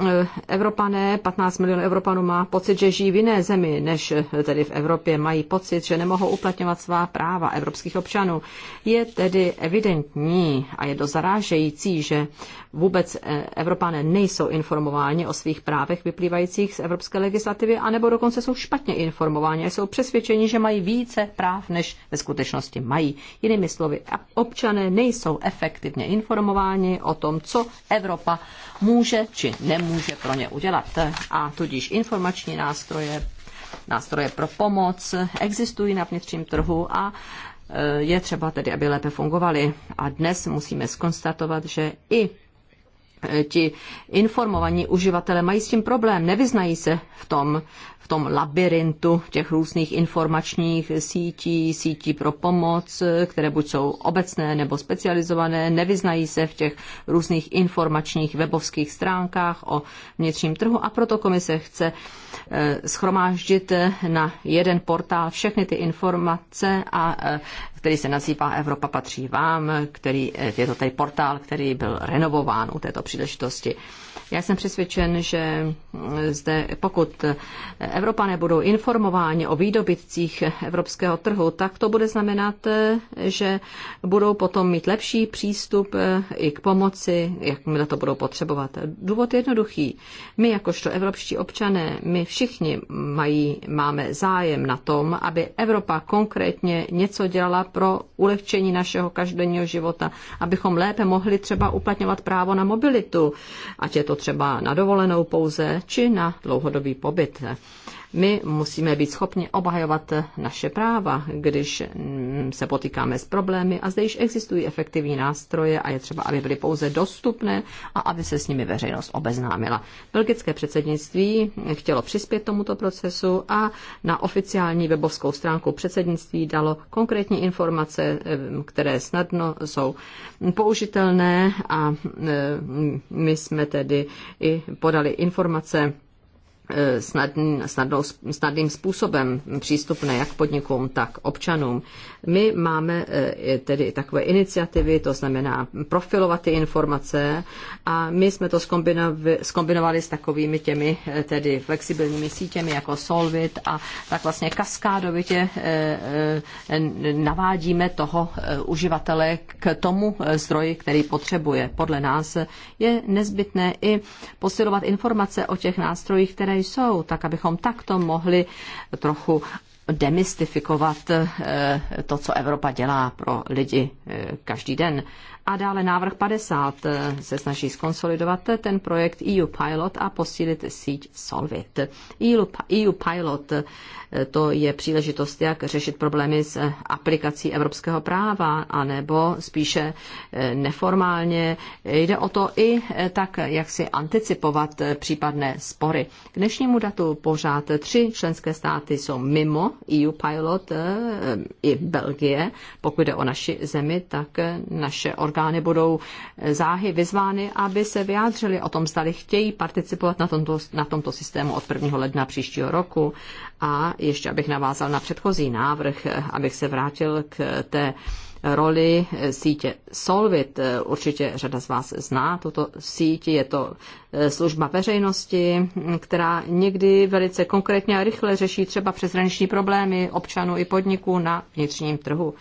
eh, Evropané, 15 milionů Evropanů má pocit, že žijí v jiné zemi, než eh, tedy v Evropě mají pocit, že nemohou uplatňovat svá práva evropských občanů. Je tedy evidentní a je dozarážející, že vůbec Evropané nejsou informováni o svých právech vyplývajících z evropské legislativy, anebo dokonce jsou špatně informováni a jsou přesvědčeni, že mají více práv, než ve skutečnosti mají. Jinými slovy, občané nejsou efektivně informováni o tom, co Evropa může může či nemůže pro ně udělat. A tudíž informační nástroje, nástroje pro pomoc existují na vnitřním trhu a e, je třeba tedy, aby lépe fungovaly. A dnes musíme skonstatovat, že i Eh, ti informovaní uživatelé mají s tím problém, nevyznají se v tom, v tom labirintu těch různých informačních sítí, sítí pro pomoc, eh, které buď jsou obecné nebo specializované, nevyznají se v těch různých informačních webovských stránkách o vnitřním trhu a proto komise chce eh, schromáždit na jeden portál všechny ty informace a který se nazývá Evropa patří vám, který, je to tady portál, který byl renovován u této příležitosti. Já jsem přesvědčen, že eh, zde, pokud Evropané budou informováni o výdobytcích evropského trhu, tak to bude znamenat, eh, že budou potom mít lepší přístup eh, i k pomoci, jakmile to budou potřebovat. Důvod je jednoduchý. My, jakožto evropští občané, my všichni mají, máme zájem na tom, aby Evropa konkrétně něco dělala pro ulehčení našeho každodenního života, abychom lépe mohli třeba uplatňovat právo na mobilitu, ať je je to třeba na dovolenou pouze či na dlouhodobý pobyt. My musíme být schopni obhajovat naše práva, když se potýkáme s problémy a zde již existují efektivní nástroje a je třeba, aby byly pouze dostupné a aby se s nimi veřejnost obeznámila. Belgické předsednictví chtělo přispět tomuto procesu a na oficiální webovskou stránku předsednictví dalo konkrétní informace, které snadno jsou použitelné a my jsme tedy i podali informace E, snadný, snadnou, snadným způsobem přístupné jak podnikům, tak občanům. My máme e, tedy takové iniciativy, to znamená profilovat ty informace a my jsme to skombinovali s takovými těmi e, tedy flexibilními sítěmi jako Solvit a tak vlastně kaskádovitě navádíme toho uživatele k tomu zdroji, který potřebuje. Podle nás je nezbytné i posilovat informace o těch nástrojích, které jsou tak abychom takto mohli trochu demystifikovat eh, to, co Evropa dělá pro lidi eh, každý den. A dále návrh 50 eh, se snaží skonsolidovat ten projekt EU Pilot a posílit síť Solvit. EU, e Pilot to je příležitost, jak řešit problémy s aplikací evropského práva, anebo spíše neformálně. Jde o to i tak, jak si anticipovat případné spory. K dnešnímu datu pořád tři členské státy jsou mimo EU Pilot eh, i Belgie. Pokud jde o naši zemi, tak eh, naše orgány budou eh, záhy vyzvány, aby se vyjádřili o tom, zdali chtějí participovat na tomto, na tomto systému od 1. ledna příštího roku. A ještě abych navázal na předchozí návrh, abych se vrátil k té roli sítě Solvit. Určitě řada z vás zná tuto síť. Je to eh, služba veřejnosti, mm, která někdy velice konkrétně a rychle řeší třeba přeshraniční problémy občanů i podniků na vnitřním trhu.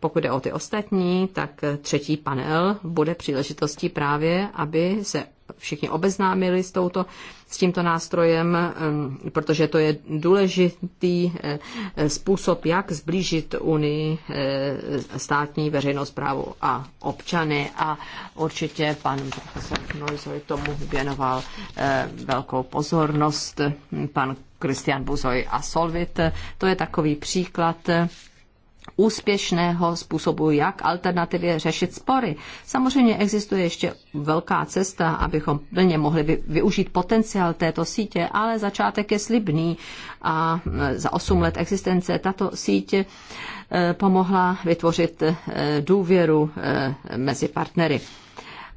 Pokud jde o ty ostatní, tak třetí panel bude příležitostí právě, aby se všichni obeznámili s, touto, s tímto nástrojem, eh, protože to je důležitý eh, způsob, jak zblížit Unii eh, státní veřejnost právu a občany. A určitě pan profesor Noizoj tomu věnoval velkou pozornost. Pan Kristian Buzoj a Solvit. To je takový příklad úspěšného způsobu, jak alternativě řešit spory. Samozřejmě existuje ještě velká cesta, abychom plně mohli využít potenciál této sítě, ale začátek je slibný a e, za 8 let existence tato síť e, pomohla vytvořit e, důvěru mezi partnery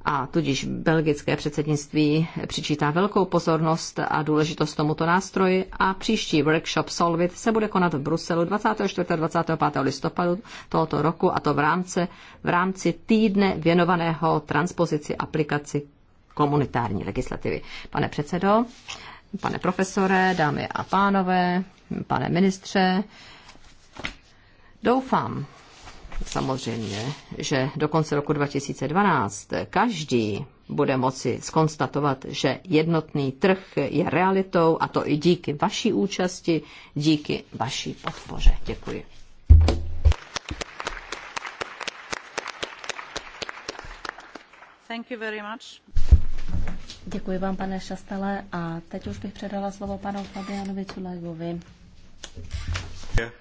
a tudíž belgické předsednictví přičítá velkou pozornost a důležitost tomuto nástroji a příští workshop Solvit se bude konat v Bruselu 24. a 25. listopadu tohoto roku a to v rámci, v rámci týdne věnovaného transpozici aplikaci komunitární legislativy. Pane předsedo, pane profesore, dámy a pánové, pane ministře, doufám, samozřejmě, že do konce roku 2012 každý bude moci skonstatovat, že jednotný trh je realitou a to i díky vaší účasti, díky vaší podpoře. Děkuji.
Thank you very much.
Děkuji vám, pane Šastele, a teď už bych předala slovo panu Fabianovi Culegovi. Yeah.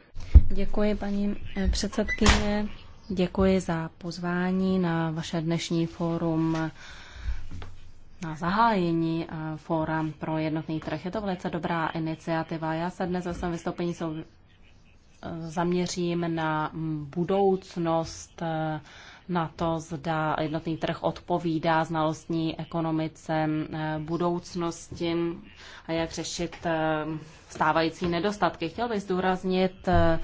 Děkuji, paní eh, předsedkyně. Děkuji za pozvání na vaše dnešní fórum eh, na zahájení eh, fóra pro jednotný trh. Je to velice dobrá iniciativa. Já se dnes ve svém vystoupení zaměřím na budoucnost na to, zda jednotný trh odpovídá znalostní ekonomice eh, budoucnosti a jak řešit eh, stávající nedostatky. Chtěl bych zdůraznit, eh,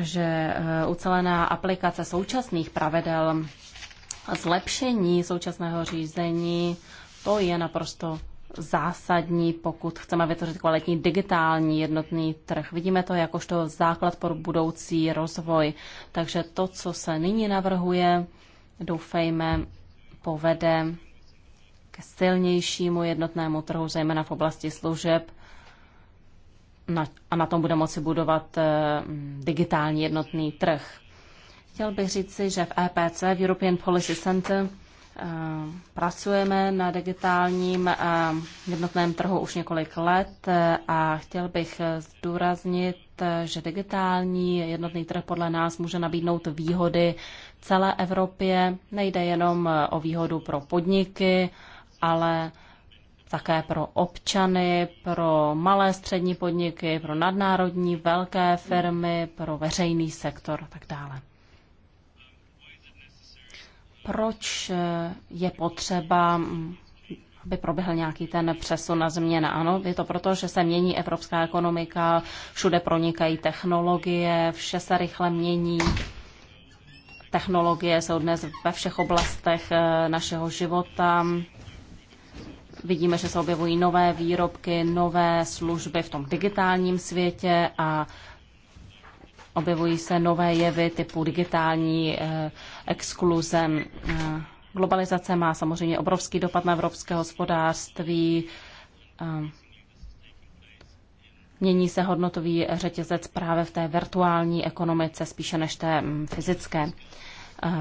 že ucelená aplikace současných pravidel zlepšení současného řízení, to je naprosto zásadní, pokud chceme vytvořit kvalitní digitální jednotný trh. Vidíme to jakožto základ pro budoucí rozvoj. Takže to, co se nyní navrhuje, doufejme, povede ke silnějšímu jednotnému trhu, zejména v oblasti služeb. A na tom bude moci budovat eh, digitální jednotný trh. Chtěl bych říci, že v EPC, v European Policy Center, Eh, pracujeme na digitálním eh, jednotném trhu už několik let eh, a chtěl bych zdůraznit, že digitální jednotný trh podle nás může nabídnout výhody celé Evropě. Nejde jenom o výhodu pro podniky, ale také pro občany, pro malé střední podniky, pro nadnárodní velké firmy, pro veřejný sektor a tak dále proč eh, je potřeba mm, aby proběhl nějaký ten přesun na změna. Ano, je to proto, že se mění evropská ekonomika, všude pronikají technologie, vše se rychle mění. Technologie jsou dnes ve všech oblastech eh, našeho života. Vidíme, že se objevují nové výrobky, nové služby v tom digitálním světě a objevují se nové jevy typu digitální eh, exkluze. Eh, globalizace má samozřejmě obrovský dopad na evropské hospodářství. Eh, mění se hodnotový řetězec právě v té virtuální ekonomice spíše než té mm, fyzické.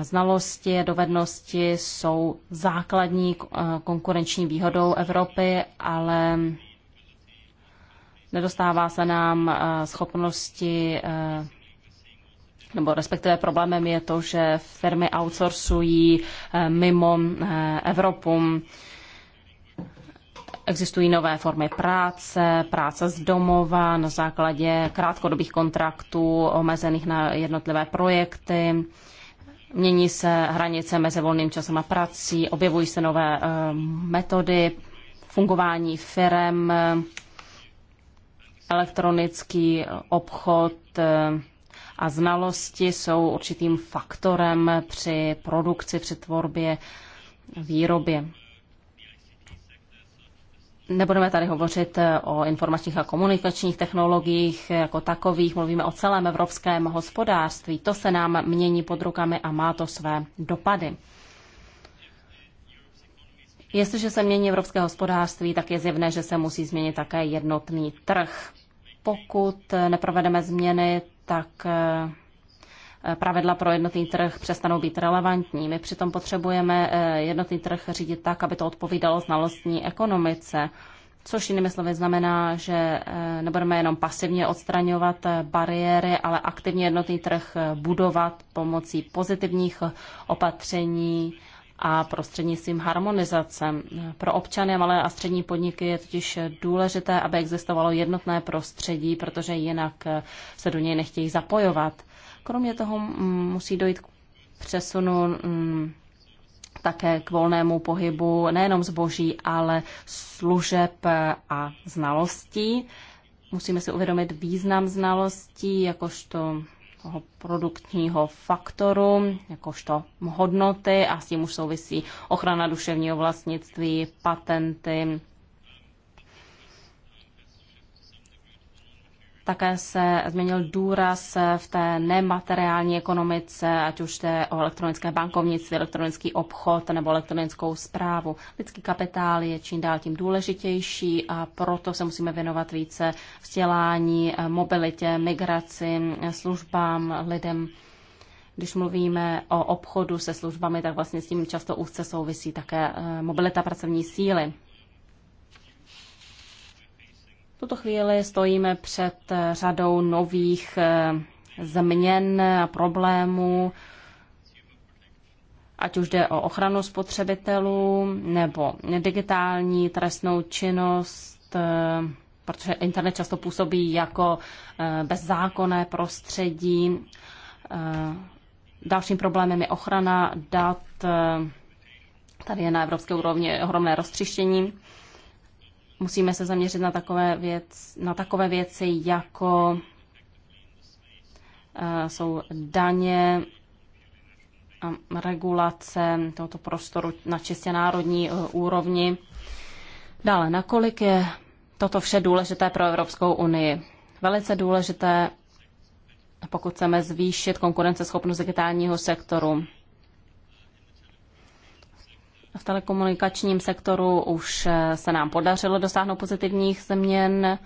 Znalosti, dovednosti jsou základní konkurenční výhodou Evropy, ale nedostává se nám schopnosti nebo respektive problémem je to, že firmy outsourcují eh, mimo eh, Evropu. Existují nové formy práce, práce z domova na základě krátkodobých kontraktů omezených na jednotlivé projekty. Mění se hranice mezi volným časem a prací, objevují se nové eh, metody fungování firem, elektronický obchod, a znalosti jsou určitým faktorem při produkci, při tvorbě, výrobě. Nebudeme tady hovořit o informačních a komunikačních technologiích jako takových, mluvíme o celém evropském hospodářství. To se nám mění pod rukami a má to své dopady. Jestliže se mění evropské hospodářství, tak je zjevné, že se musí změnit také jednotný trh. Pokud neprovedeme změny, tak eh, pravidla pro jednotný trh přestanou být relevantní. My přitom potřebujeme eh, jednotný trh řídit tak, aby to odpovídalo znalostní ekonomice. Což jinými slovy znamená, že eh, nebudeme jenom pasivně odstraňovat bariéry, ale aktivně jednotný trh budovat pomocí pozitivních opatření a prostřednictvím harmonizace. Pro občany, malé a střední podniky je totiž důležité, aby existovalo jednotné prostředí, protože jinak eh, se do něj nechtějí zapojovat. Kromě toho mm, musí dojít k přesunu mm, také k volnému pohybu nejenom zboží, ale služeb a znalostí. Musíme si uvědomit význam znalostí jakožto toho produktního faktoru, jakožto hodnoty a s tím už souvisí ochrana duševního vlastnictví, patenty, Také se změnil důraz v té nemateriální ekonomice, ať už jde o elektronické bankovnictví, elektronický obchod nebo elektronickou zprávu. Lidský kapitál je čím dál tím důležitější a proto se musíme věnovat více vzdělání, mobilitě, migraci, službám, lidem. Když mluvíme o obchodu se službami, tak vlastně s tím často úzce souvisí také eh, mobilita pracovní síly tuto chvíli stojíme před řadou nových eh, změn a problémů, ať už jde o ochranu spotřebitelů nebo digitální trestnou činnost, eh, protože internet často působí jako eh, bezzákonné prostředí. Dalším problémem je ochrana dat. Tady je na evropské úrovni ohromné roztřištění. Musíme se zaměřit na takové, věc, na takové věci, jako eh, jsou daně, regulace tohoto prostoru na čistě národní eh, úrovni. Dále, nakolik je toto vše důležité pro Evropskou unii? Velice důležité, pokud chceme zvýšit konkurenceschopnost digitálního sektoru v telekomunikačním sektoru už eh, se nám podařilo dosáhnout pozitivních změn.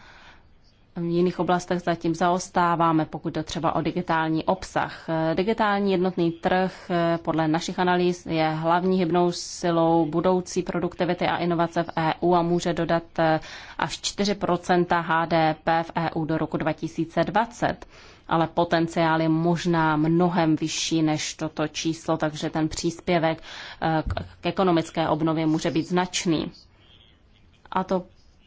V jiných oblastech zatím zaostáváme, pokud to třeba o digitální obsah. Eh, digitální jednotný trh eh, podle našich analýz je hlavní hybnou silou budoucí produktivity a inovace v EU a může dodat až 4 HDP v EU do roku 2020 ale potenciál je možná mnohem vyšší než toto číslo, takže ten příspěvek eh, k ekonomické obnově může být značný. A to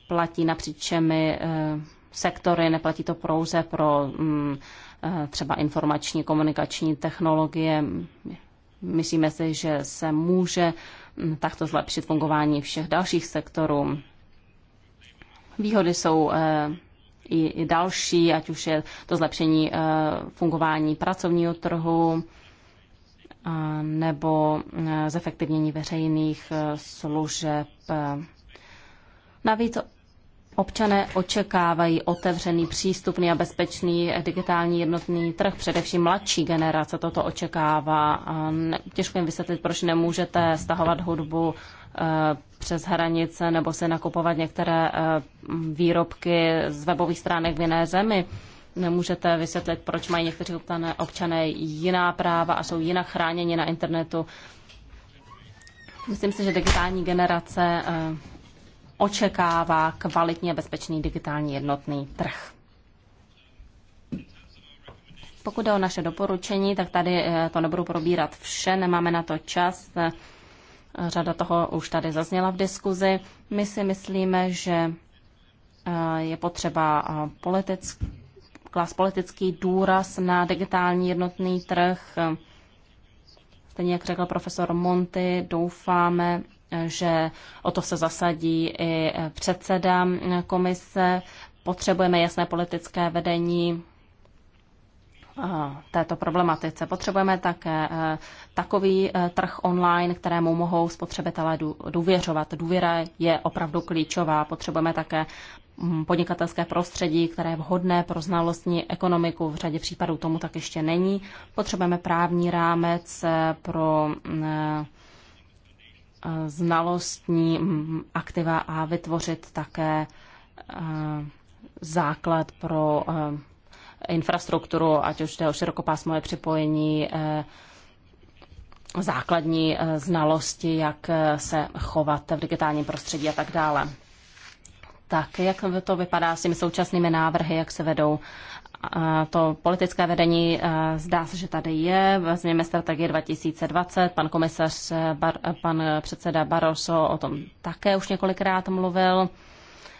platí napříč všemi eh, sektory, neplatí to pouze pro mm, eh, třeba informační komunikační technologie. Myslíme si, že se může mm, takto zlepšit fungování všech dalších sektorů. Výhody jsou i, i další, ať už je to zlepšení eh, fungování pracovního trhu eh, nebo eh, zefektivnění veřejných služeb. Navíc Občané očekávají otevřený, přístupný a bezpečný digitální jednotný trh, především mladší generace toto očekává. těžko jim vysvětlit, proč nemůžete stahovat hudbu Eh, přes hranice nebo si nakupovat některé eh, výrobky z webových stránek v jiné zemi. Nemůžete vysvětlit, proč mají někteří občané jiná práva a jsou jinak chráněni na internetu. Myslím si, že digitální generace eh, očekává kvalitní a bezpečný digitální jednotný trh. Pokud jde o naše doporučení, tak tady to nebudu probírat vše, nemáme na to čas. Řada toho už tady zazněla v diskuzi. My si myslíme, že eh, je potřeba eh, politick, klas politický důraz na digitální jednotný trh. Stejně jak řekl profesor Monty, doufáme, eh, že o to se zasadí i předseda komise. Potřebujeme jasné politické vedení Eh, této problematice. Potřebujeme také eh, takový eh, trh online, kterému mohou spotřebitelé důvěřovat. Důvěra je opravdu klíčová. Potřebujeme také mm, podnikatelské prostředí, které je vhodné pro znalostní ekonomiku. V řadě případů tomu tak ještě není. Potřebujeme právní rámec pro mm, znalostní mm, aktiva a vytvořit také základ pro infrastrukturu, ať už jde o širokopásmové připojení, eh, základní eh, znalosti, jak eh, se chovat v digitálním prostředí a tak dále. Tak jak to vypadá s těmi současnými návrhy, jak se vedou to politické vedení zdá se, že tady je. Vezměme strategie 2020. Pan komisař, Bar, pan předseda Barroso o tom také už několikrát mluvil.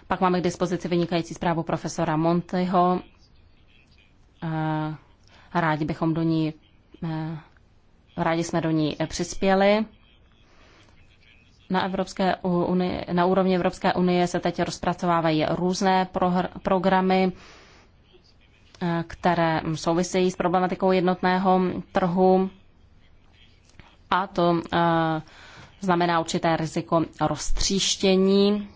Pak máme k dispozici vynikající zprávu profesora Monteho Eh, rádi bychom do ní, eh, rádi jsme do ní přispěli. Na, Evropské unii, na úrovni Evropské unie se teď rozpracovávají různé progr- programy, eh, které souvisejí s problematikou jednotného trhu a to znamená určité riziko roztříštění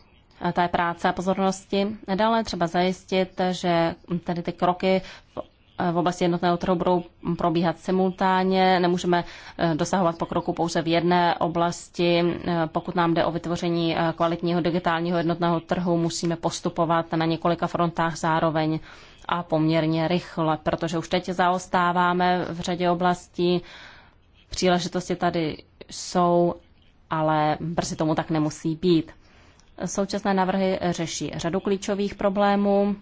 té práce a pozornosti. Dále třeba zajistit, že tedy ty kroky v v oblasti jednotného trhu budou probíhat simultánně. Nemůžeme eh, dosahovat pokroku pouze v jedné oblasti. Eh, pokud nám jde o vytvoření eh, kvalitního digitálního jednotného trhu, musíme postupovat na několika frontách zároveň a poměrně rychle, protože už teď zaostáváme v řadě oblastí. Příležitosti tady jsou, ale brzy tomu tak nemusí být. Současné návrhy řeší řadu klíčových problémů,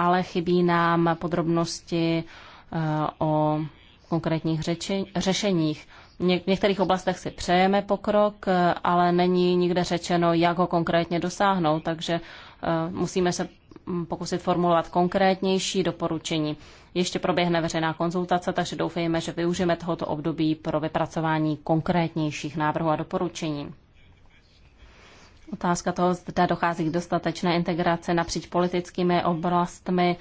ale chybí nám podrobnosti eh, o konkrétních řeči, řešeních. V některých oblastech si přejeme pokrok, eh, ale není nikde řečeno, jak ho konkrétně dosáhnout, takže eh, musíme se mm, pokusit formulovat konkrétnější doporučení. Ještě proběhne veřejná konzultace, takže doufejme, že využijeme tohoto období pro vypracování konkrétnějších návrhů a doporučení. Otázka toho, zda dochází k dostatečné integraci napříč politickými oblastmi,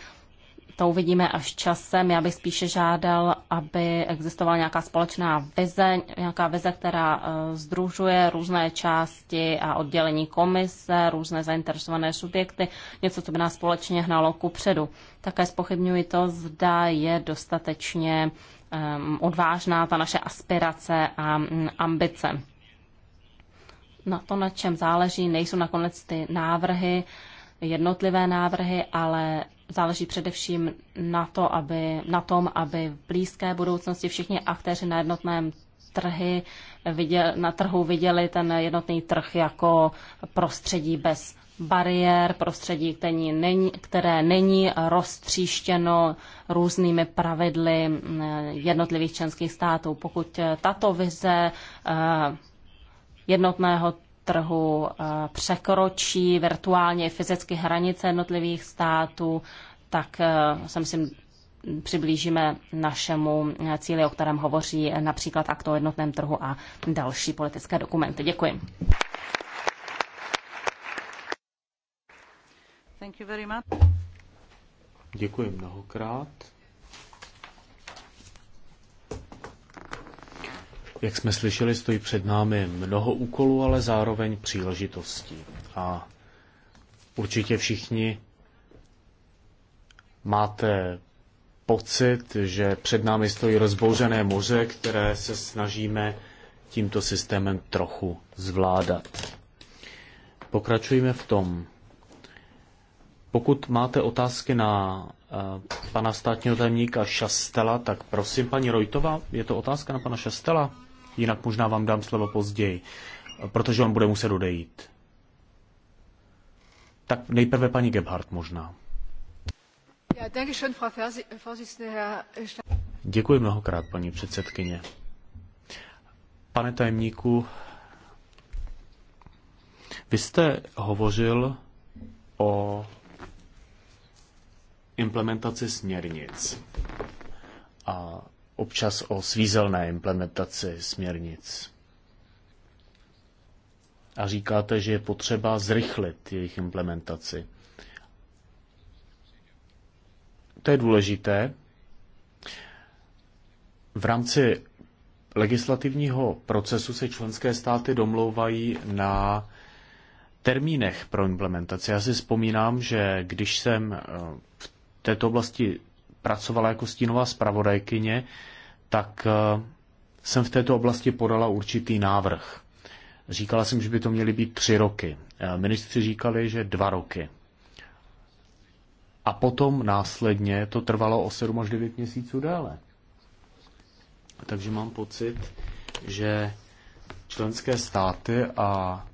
to uvidíme až časem. Já bych spíše žádal, aby existovala nějaká společná vize, nějaká vize, která združuje eh, různé části a oddělení komise, různé zainteresované subjekty, něco, co by nás společně hnalo ku předu. Také spochybňuji to, zda je dostatečně eh, odvážná ta naše aspirace a mm, ambice na to, na čem záleží, nejsou nakonec ty návrhy, jednotlivé návrhy, ale záleží především na, to, aby, na tom, aby v blízké budoucnosti všichni aktéři na jednotném trhy viděl, na trhu viděli ten jednotný trh jako prostředí bez bariér, prostředí, které není, které není roztříštěno různými pravidly jednotlivých členských států. Pokud tato vize eh, jednotného trhu eh, překročí virtuálně i fyzicky hranice jednotlivých států, tak eh, se myslím, přiblížíme našemu eh, cíli, o kterém hovoří například akt o jednotném trhu a další politické dokumenty. Děkuji.
Děkuji mnohokrát. Jak jsme slyšeli, stojí před námi mnoho úkolů, ale zároveň příležitostí. A určitě všichni máte pocit, že před námi stojí rozbouřené moře, které se snažíme tímto systémem trochu zvládat. Pokračujeme v tom. Pokud máte otázky na eh, pana státního tajemníka Šastela, tak prosím, paní Rojtová, je to otázka na pana Šastela? jinak možná vám dám slovo později, protože on bude muset odejít. Tak nejprve paní Gebhardt možná. Děkuji mnohokrát, paní předsedkyně. Pane tajemníku, vy jste hovořil o implementaci směrnic. A občas o svízelné implementaci směrnic. A říkáte, že je potřeba zrychlit jejich implementaci. To je důležité. V rámci legislativního procesu se členské státy domlouvají na termínech pro implementaci. Já si vzpomínám, že když jsem eh, v této oblasti pracovala jako stínová zpravodajkyně, tak eh, jsem v této oblasti podala určitý návrh. Říkala jsem, že by to měly být tři roky. Eh, ministři říkali, že dva roky. A potom následně to trvalo o 7 až 9 měsíců déle. Takže mám pocit, že členské státy a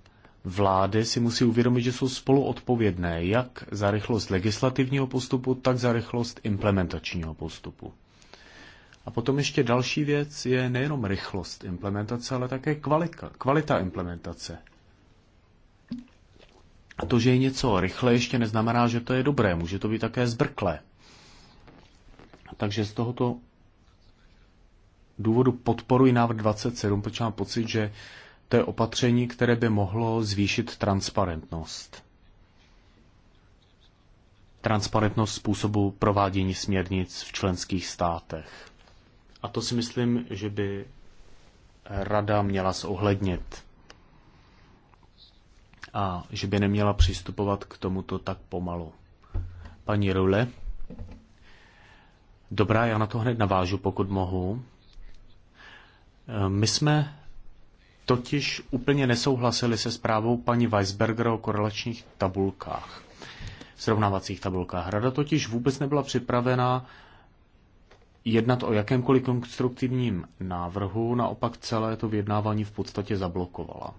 vlády si musí uvědomit, že jsou spolu odpovědné jak za rychlost legislativního postupu, tak za rychlost implementačního postupu. A potom ještě další věc je nejenom rychlost implementace, ale také kvalita, kvalita implementace. A to, že je něco rychle, ještě neznamená, že to je dobré. Může to být také zbrklé. Takže z tohoto důvodu podporuji návrh 27, protože mám pocit, že to je opatření, které by mohlo zvýšit transparentnost. Transparentnost způsobu provádění směrnic v členských státech. A to si myslím, že by rada měla souhlednit. A že by neměla přistupovat k tomuto tak pomalu. Paní Rule, dobrá, já na to hned navážu, pokud mohu. E, my jsme totiž úplně nesouhlasili se zprávou paní Weisberger o korelačních tabulkách, srovnávacích tabulkách. Rada totiž vůbec nebyla připravena jednat o jakémkoliv konstruktivním návrhu, naopak celé to vyjednávání v podstatě zablokovala.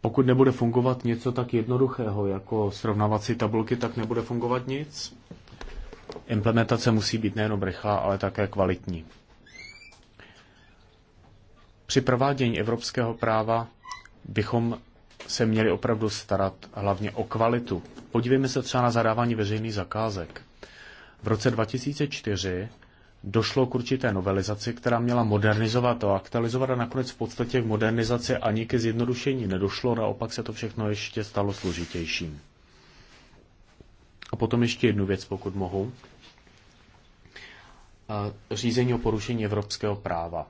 Pokud nebude fungovat něco tak jednoduchého jako srovnávací tabulky, tak nebude fungovat nic. Implementace musí být nejen rychlá, ale také kvalitní. Při provádění evropského práva bychom se měli opravdu starat hlavně o kvalitu. Podívejme se třeba na zadávání veřejných zakázek. V roce 2004 došlo k určité novelizaci, která měla modernizovat a aktualizovat a nakonec v podstatě k modernizaci ani ke zjednodušení nedošlo, naopak se to všechno ještě stalo složitějším. A potom ještě jednu věc, pokud mohu. Řízení o porušení evropského práva.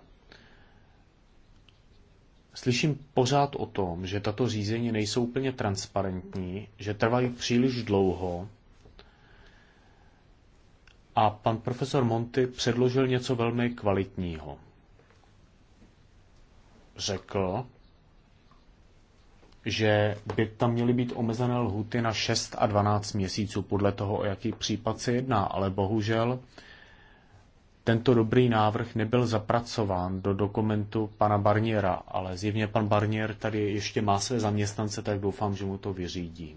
Slyším pořád o tom, že tato řízení nejsou úplně transparentní, že trvají příliš dlouho. A pan profesor Monty předložil něco velmi kvalitního. Řekl, že by tam měly být omezené lhuty na 6 a 12 měsíců podle toho, o jaký případ se jedná, ale bohužel tento dobrý návrh nebyl zapracován do dokumentu pana Barniera, ale zjevně pan Barnier tady ještě má své zaměstnance, tak doufám, že mu to vyřídí.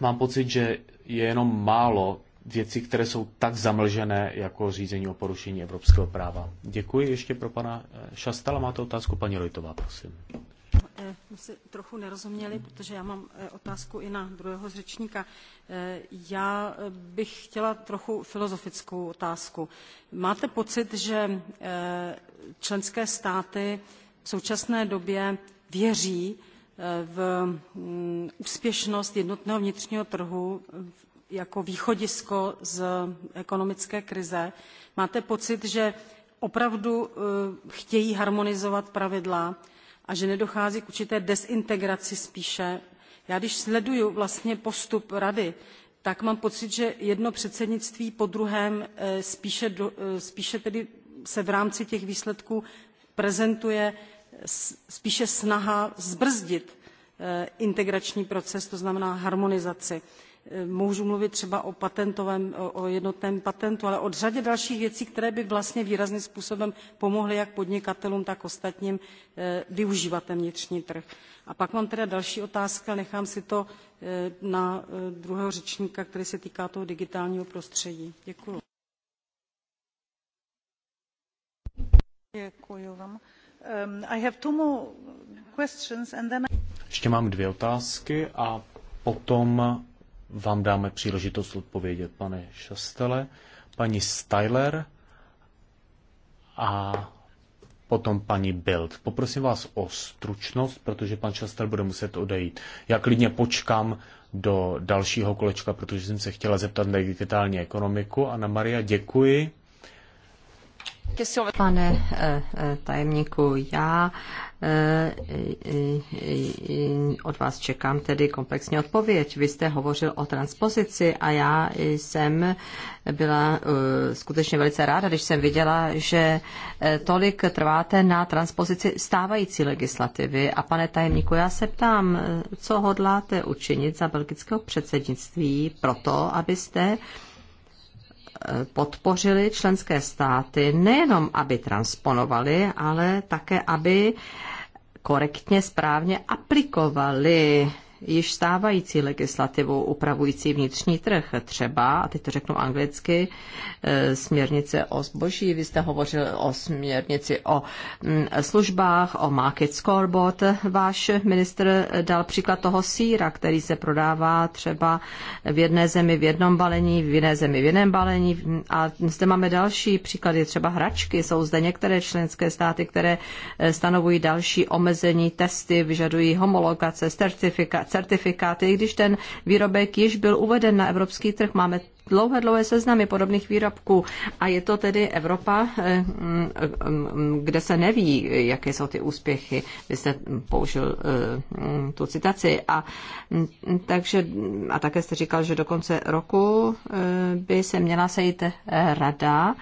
Mám pocit, že je jenom málo věcí, které jsou tak zamlžené jako řízení o porušení evropského práva. Děkuji ještě pro pana Šastala. Máte otázku, paní Rojtová, prosím.
My si trochu nerozuměli, protože já mám eh, otázku i na druhého řečníka. Eh, já eh, bych chtěla trochu filozofickou otázku. Máte pocit, že členské státy v současné době věří v mm, úspěšnost jednotného vnitřního trhu jako východisko z ekonomické krize? Máte pocit, že opravdu chtějí harmonizovat pravidla? a že nedochází k určité dezintegraci spíše. Já když sleduju vlastně postup rady, tak mám pocit, že jedno předsednictví po druhém eh, spíše, do, eh, spíše tedy se v rámci těch výsledků prezentuje spíše snaha zbrzdit eh, integrační proces, to znamená harmonizaci můžu mluvit třeba o, patentovém, o jednotném patentu, ale o řadě dalších věcí, které by vlastně výrazným způsobem pomohly jak podnikatelům, tak ostatním eh, využívat ten vnitřní trh. A pak mám teda další ale nechám si to eh, na eh, druhého řečníka, který se týká toho digitálního prostředí. Děkuji. Děkuji vám. Ehm, I have two more questions and then...
Ještě mám dvě otázky a potom vám dáme příležitost odpovědět, pane Šastele, paní Styler a potom paní Bild. Poprosím vás o stručnost, protože pan Šastel bude muset odejít. Já klidně počkám do dalšího kolečka, protože jsem se chtěla zeptat na digitální ekonomiku. A na Maria děkuji.
Pane eh, eh, tajemníku, já eh, od vás čekám tedy komplexní odpověď. Vy jste hovořil o transpozici a já jsem byla skutečně velice ráda, když jsem viděla, že tolik trváte na transpozici stávající legislativy. A pane tajemníku, já se ptám, co hodláte učinit za belgického předsednictví proto, abyste podpořili členské státy nejenom, aby transponovali, ale také, aby korektně, správně aplikovali již stávající legislativu upravující vnitřní trh, třeba, a teď to řeknu anglicky, e, směrnice o zboží, vy jste hovořil o směrnici o mm, službách, o market scoreboard. Váš ministr dal příklad toho síra, který se prodává třeba v jedné zemi v jednom balení, v jiné zemi v jiném balení. A zde máme další příklady, třeba hračky. Jsou zde některé členské státy, které e, stanovují další omezení, testy, vyžadují homologace, certifikace, certifikáty, i když ten výrobek již byl uveden na evropský trh. Máme dlouhé, dlouhé seznamy podobných výrobků a je to tedy Evropa, eh, mm, eh, mm, kde se neví, jaké jsou ty úspěchy. Vy jste použil eh, tu citaci. A, mm, takže, a také jste říkal, že do konce roku by se měla sejít rada,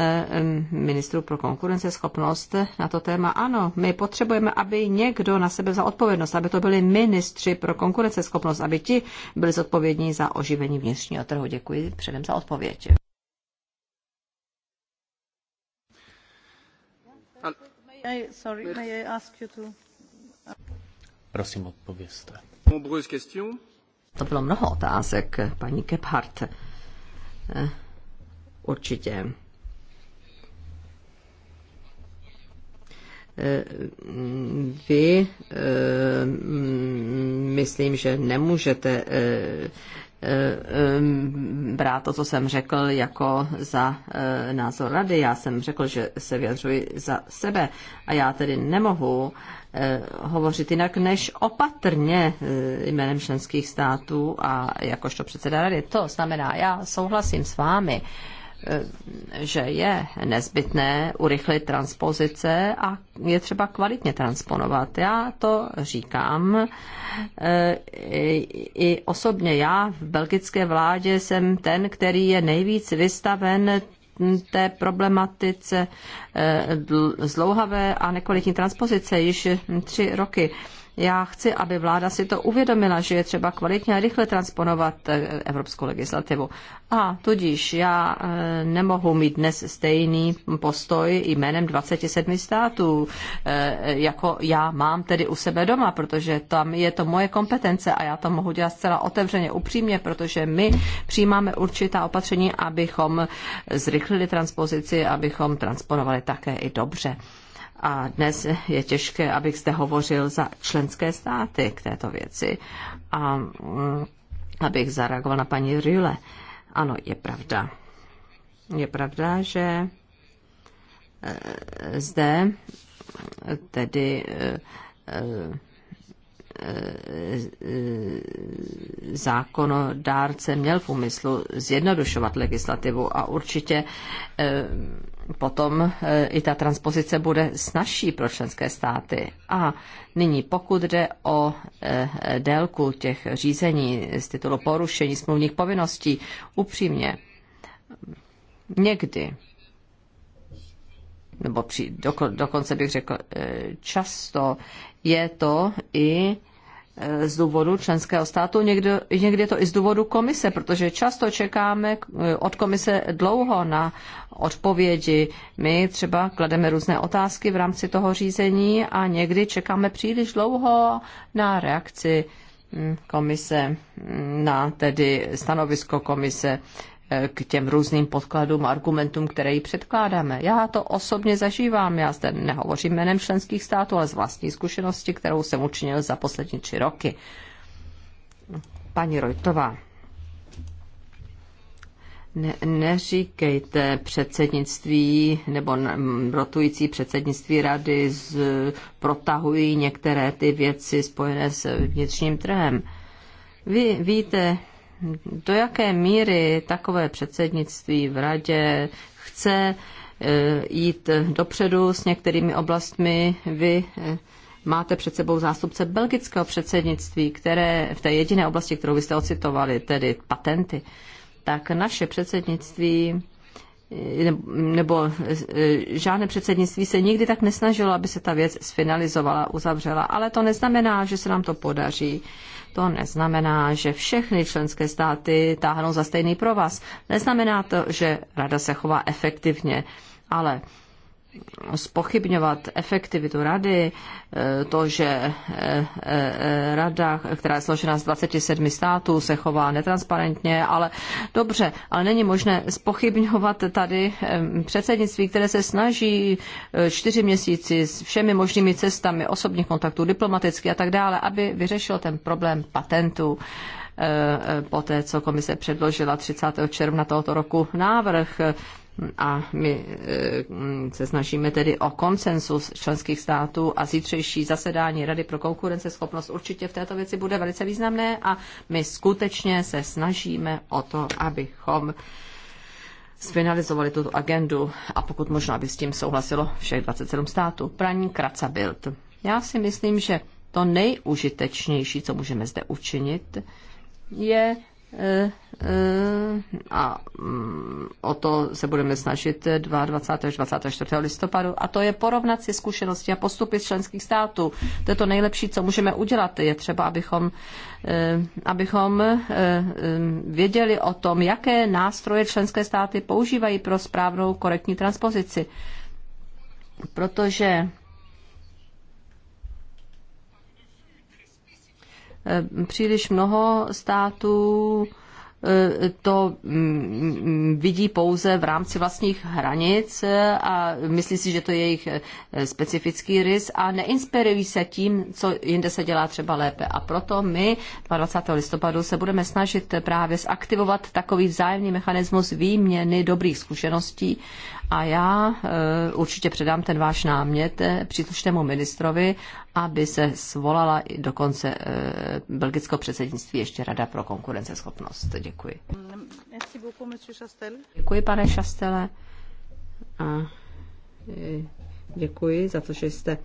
Eh, ministrů pro konkurenceschopnost na to téma. Ano, my potřebujeme, aby někdo na sebe za odpovědnost, aby to byli ministři pro konkurenceschopnost, aby ti byli zodpovědní za oživení vnitřního trhu. Děkuji předem za odpověď.
Prosím, odpovězte.
To bylo mnoho otázek, paní Kephart. Eh, určitě vy eh, myslím, že nemůžete eh, eh, brát to, co jsem řekl, jako za názor rady. Já jsem řekl, že se vyjadřuji za sebe a já tedy nemohu hovořit jinak než opatrně jménem členských států a jakožto předseda rady. To znamená, já souhlasím s vámi, že je nezbytné urychlit transpozice a je třeba kvalitně transponovat. Já to říkám eh, i osobně. Já v belgické vládě jsem ten, který je nejvíc vystaven té problematice eh, zlouhavé a nekvalitní transpozice již tři roky. Já chci, aby vláda si to uvědomila, že je třeba kvalitně a rychle transponovat eh, evropskou legislativu. A tudíž já eh, nemohu mít dnes stejný postoj jménem 27 států, eh, jako já mám tedy u sebe doma, protože tam je to moje kompetence a já to mohu dělat zcela otevřeně, upřímně, protože my přijímáme určitá opatření, abychom zrychlili transpozici, abychom transponovali také i dobře. A dnes je těžké, abych zde hovořil za členské státy k této věci a mm, abych zareagoval na paní Rüle. Ano, je pravda. Je pravda, že e, zde tedy e, e, zákonodárce měl v úmyslu zjednodušovat legislativu a určitě potom e, i ta transpozice bude snažší pro členské státy. A nyní, pokud jde o e, délku těch řízení z titulu porušení smluvních povinností, upřímně, někdy, nebo při, dokonce bych řekl e, často, je to i z důvodu členského státu, někdy, někdy je to i z důvodu komise, protože často čekáme eh, od komise dlouho na odpovědi. My třeba klademe různé otázky v rámci toho řízení a někdy čekáme příliš dlouho na reakci mm, komise, mm, na tedy stanovisko komise k těm různým podkladům, argumentům, které ji předkládáme. Já to osobně zažívám, já zde nehovořím jménem členských států, ale z vlastní zkušenosti, kterou jsem učinil za poslední tři roky. Paní Rojtová, ne, neříkejte předsednictví nebo rotující předsednictví rady z, protahují některé ty věci spojené s vnitřním trhem. Vy víte, do jaké míry takové předsednictví v radě chce eh, jít dopředu s některými oblastmi. Vy eh, máte před sebou zástupce belgického předsednictví, které v té jediné oblasti, kterou vy jste ocitovali, tedy patenty, tak naše předsednictví nebo e, žádné předsednictví se nikdy tak nesnažilo, aby se ta věc sfinalizovala, uzavřela. Ale to neznamená, že se nám to podaří. To neznamená, že všechny členské státy táhnou za stejný provaz. Neznamená to, že rada se chová efektivně. Ale spochybňovat efektivitu rady, eh, to, že eh, eh, rada, která je složena z 27 států, se chová netransparentně, ale dobře, ale není možné spochybňovat tady předsednictví, které se snaží čtyři měsíci s všemi možnými cestami osobních kontaktů, diplomaticky a tak dále, aby vyřešilo ten problém patentů té, co komise předložila 30. června tohoto roku návrh a my eh, se snažíme tedy o konsensus členských států a zítřejší zasedání Rady pro konkurenceschopnost určitě v této věci bude velice významné a my skutečně se snažíme o to, abychom sfinalizovali tuto agendu a pokud možno, aby s tím souhlasilo všech 27 států. Praní Kracabild. Já si myslím, že to nejužitečnější, co můžeme zde učinit, je Eh, eh, a mm, o to se budeme snažit 22. až 24. listopadu. A to je porovnat si zkušenosti a postupy z členských států. To je to nejlepší, co můžeme udělat. Je třeba, abychom, eh, abychom věděli o tom, jaké nástroje členské státy používají pro správnou korektní transpozici. Protože Eh, příliš mnoho států eh, to mm, mm, vidí pouze v rámci vlastních hranic eh, a myslí si, že to je jejich specifický rys a neinspirují se tím, co jinde se dělá třeba lépe. A proto my 22. listopadu se budeme snažit právě zaktivovat takový vzájemný mechanismus výměny dobrých zkušeností a já eh, určitě předám ten váš námět eh, příslušnému ministrovi, aby se svolala i dokonce eh, belgického předsednictví ještě Rada pro konkurenceschopnost. Děkuji. Děkuji, pane Šastele. A děkuji za to, že jste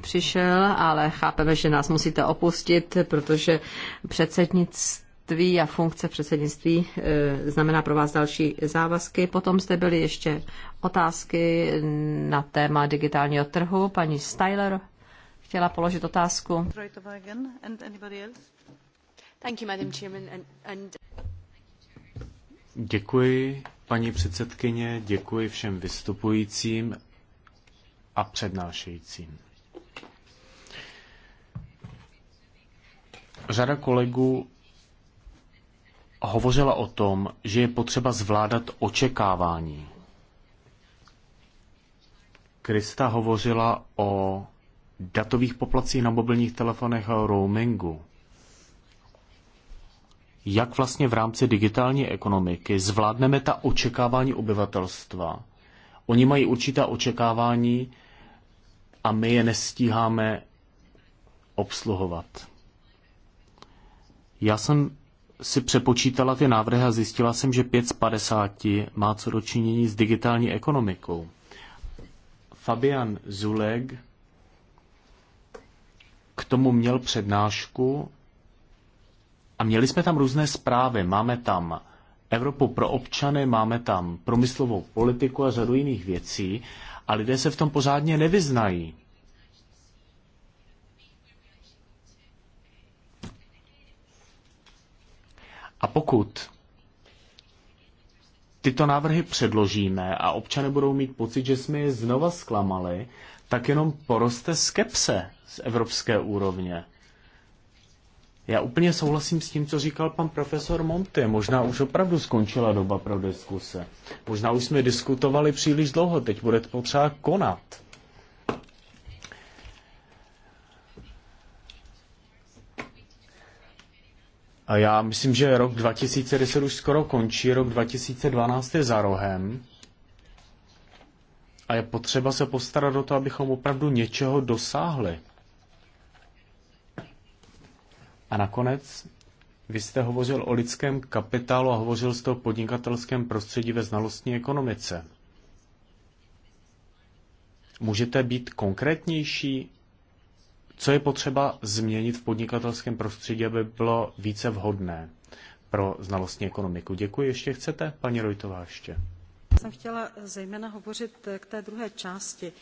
přišel, ale chápeme, že nás musíte opustit, protože předsednictví předsednictví a funkce předsednictví e, znamená pro vás další závazky. Potom jste byly ještě otázky na téma digitálního trhu. Paní Styler chtěla položit otázku.
Děkuji, paní předsedkyně, děkuji všem vystupujícím a přednášejícím. Řada kolegů hovořila o tom, že je potřeba zvládat očekávání. Krista hovořila o datových poplacích na mobilních telefonech a o roamingu. Jak vlastně v rámci digitální ekonomiky zvládneme ta očekávání obyvatelstva? Oni mají určitá očekávání a my je nestíháme obsluhovat. Já jsem si přepočítala ty návrhy a zjistila jsem, že 5 z 50 má co dočinění s digitální ekonomikou. Fabian Zuleg k tomu měl přednášku a měli jsme tam různé zprávy. Máme tam Evropu pro občany, máme tam promyslovou politiku a řadu jiných věcí a lidé se v tom pořádně nevyznají. A pokud tyto návrhy předložíme a občané budou mít pocit, že jsme je znova zklamali, tak jenom poroste skepse z evropské úrovně. Já úplně souhlasím s tím, co říkal pan profesor Monty. Možná už opravdu skončila doba pro diskuse. Možná už jsme diskutovali příliš dlouho, teď bude potřeba konat. A já myslím, že rok 2010 už skoro končí, rok 2012 je za rohem. A je potřeba se postarat o to, abychom opravdu něčeho dosáhli. A nakonec, vy jste hovořil o lidském kapitálu a hovořil jste o podnikatelském prostředí ve znalostní ekonomice. Můžete být konkrétnější? Co je potřeba změnit v podnikatelském prostředí, aby bylo více vhodné pro znalostní ekonomiku? Děkuji. Ještě chcete, paní Rojtová, ještě?
Jsem chtěla zejména hovořit k té druhé části.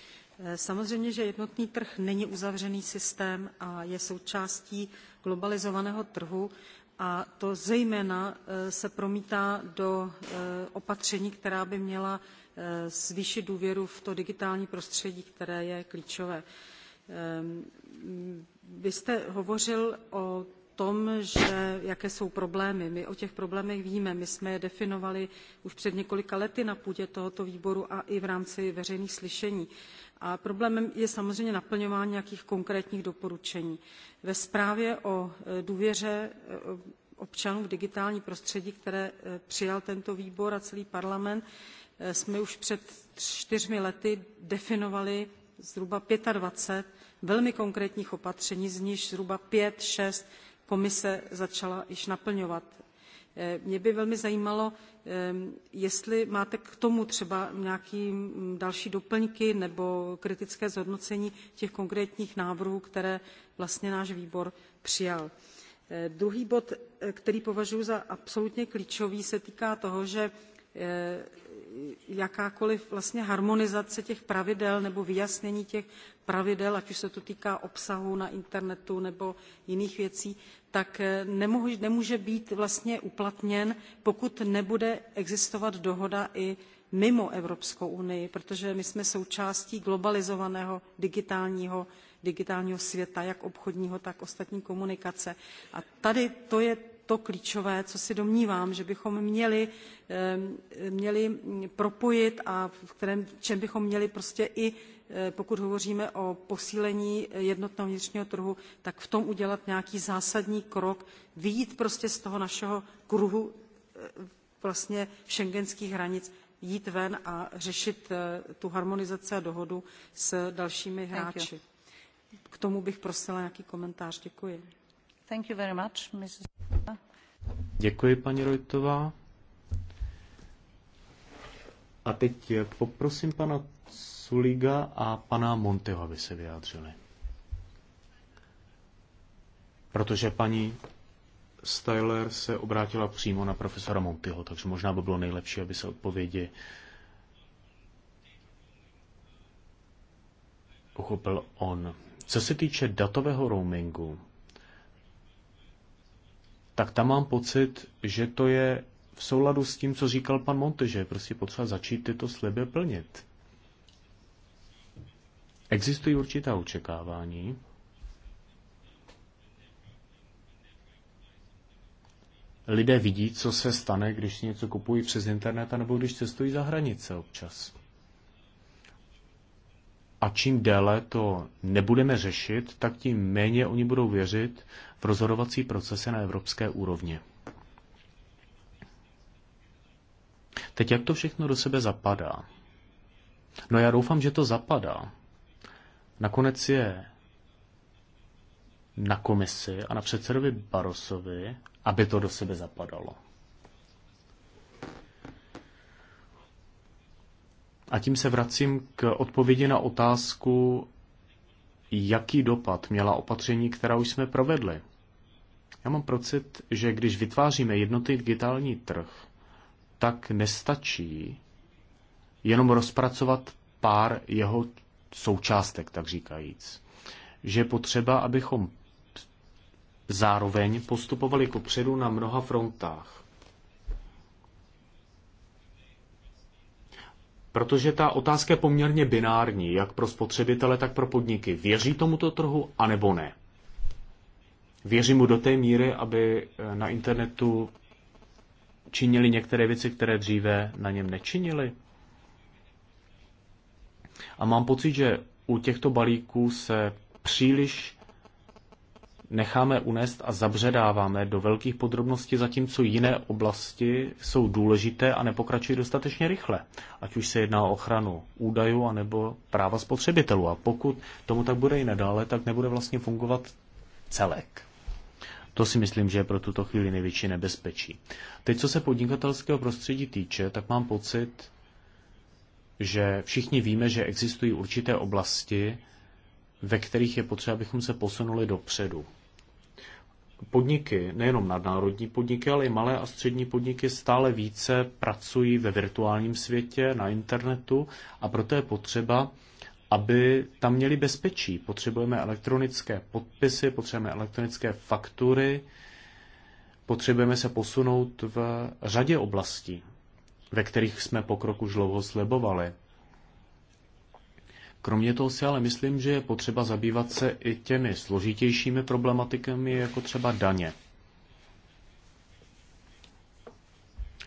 Samozřejmě, že jednotný trh není uzavřený systém a je součástí globalizovaného trhu a to zejména eh, se promítá do eh, opatření, která by měla eh, zvýšit důvěru v to digitální prostředí, které je klíčové Ehm, vy jste hovořil o tom, že jaké jsou problémy. My o těch problémech víme, my jsme je definovali už před několika lety na půdě tohoto výboru a i v rámci veřejných slyšení. A problémem je samozřejmě naplňování nějakých konkrétních doporučení. Ve zprávě o e, důvěře e, občanů v digitální prostředí, které e, přijal tento výbor a celý parlament, jsme už před čtyřmi lety definovali zhruba 25 velmi konkrétních opatření, z nichž zhruba pět, šest komise začala již naplňovat. Eh, mě by velmi zajímalo, eh, jestli máte k tomu třeba nějaké mm, další doplňky nebo kritické zhodnocení těch konkrétních návrhů, které vlastně náš výbor přijal. Eh, druhý bod, který považuji za absolutně klíčový, se týká toho, že jakákoliv vlastně harmonizace těch pravidel nebo vyjasnění těch pravidel, ať už se to týká obsahu na internetu nebo jiných věcí, tak eh, nemůže být vlastně uplatněn, pokud nebude existovat dohoda i mimo Evropskou unii, protože my jsme součástí globalizovaného digitálního digitálního světa, jak obchodního, tak ostatní komunikace. A tady to je to klíčové, co si domnívám, že bychom měli, měli propojit a v kterém, čem bychom měli prostě i eh, pokud hovoříme o posílení jednotného vnitřního trhu, tak v tom udělat nějaký zásadní krok, vyjít prostě z toho našeho kruhu eh, vlastně šengenských hranic, jít ven a řešit eh, tu harmonizaci a dohodu s dalšími hráči. K tomu bych prosila nějaký komentář. Děkuji. Thank you very much, Mrs.
Děkuji, paní Rojtová. A teď poprosím pana Suliga a pana Monteho, aby se vyjádřili. Protože paní Styler se obrátila přímo na profesora Montyho, takže možná by bylo nejlepší, aby se odpovědi uchopil on. Co se týče datového roamingu, tak tam mám pocit, že to je v souladu s tím, co říkal pan Monte, že je prostě potřeba začít tyto sliby plnit. Existují určitá očekávání, lidé vidí, co se stane, když něco kupují přes internet, nebo když cestují za hranice občas. A čím déle to nebudeme řešit, tak tím méně oni budou věřit, v rozhodovací procesy na evropské úrovni. Teď jak to všechno do sebe zapadá? No já doufám, že to zapadá. Nakonec je na komisi a na předsedovi Barosovi, aby to do sebe zapadalo. A tím se vracím k odpovědi na otázku, jaký dopad měla opatření, která už jsme provedli. Já mám pocit, že když vytváříme jednotný digitální trh, tak nestačí jenom rozpracovat pár jeho součástek, tak říkajíc. Že je potřeba, abychom zároveň postupovali kupředu na mnoha frontách. Protože ta otázka je poměrně binární, jak pro spotřebitele, tak pro podniky. Věří tomuto trhu, anebo ne? Věřím mu do té míry, aby eh, na internetu činili některé věci, které dříve na něm nečinili. A mám pocit, že u těchto balíků se příliš necháme unést a zabředáváme do velkých podrobností, zatímco jiné oblasti jsou důležité a nepokračují dostatečně rychle, ať už se jedná o ochranu údajů anebo práva spotřebitelů. A pokud tomu tak bude i nadále, tak nebude vlastně fungovat celek. To si myslím, že je pro tuto chvíli největší nebezpečí. Teď, co se podnikatelského prostředí týče, tak mám pocit, že všichni víme, že existují určité oblasti, ve kterých je potřeba, abychom se posunuli dopředu. Podniky, nejenom nadnárodní podniky, ale i malé a střední podniky stále více pracují ve virtuálním světě, na internetu a proto je potřeba, aby tam měli bezpečí. Potřebujeme elektronické podpisy, potřebujeme elektronické faktury, potřebujeme se posunout v řadě oblastí, ve kterých jsme pokrok už dlouho slibovali. Kromě toho si ale myslím, že je potřeba zabývat se i těmi složitějšími problematikami, jako třeba daně.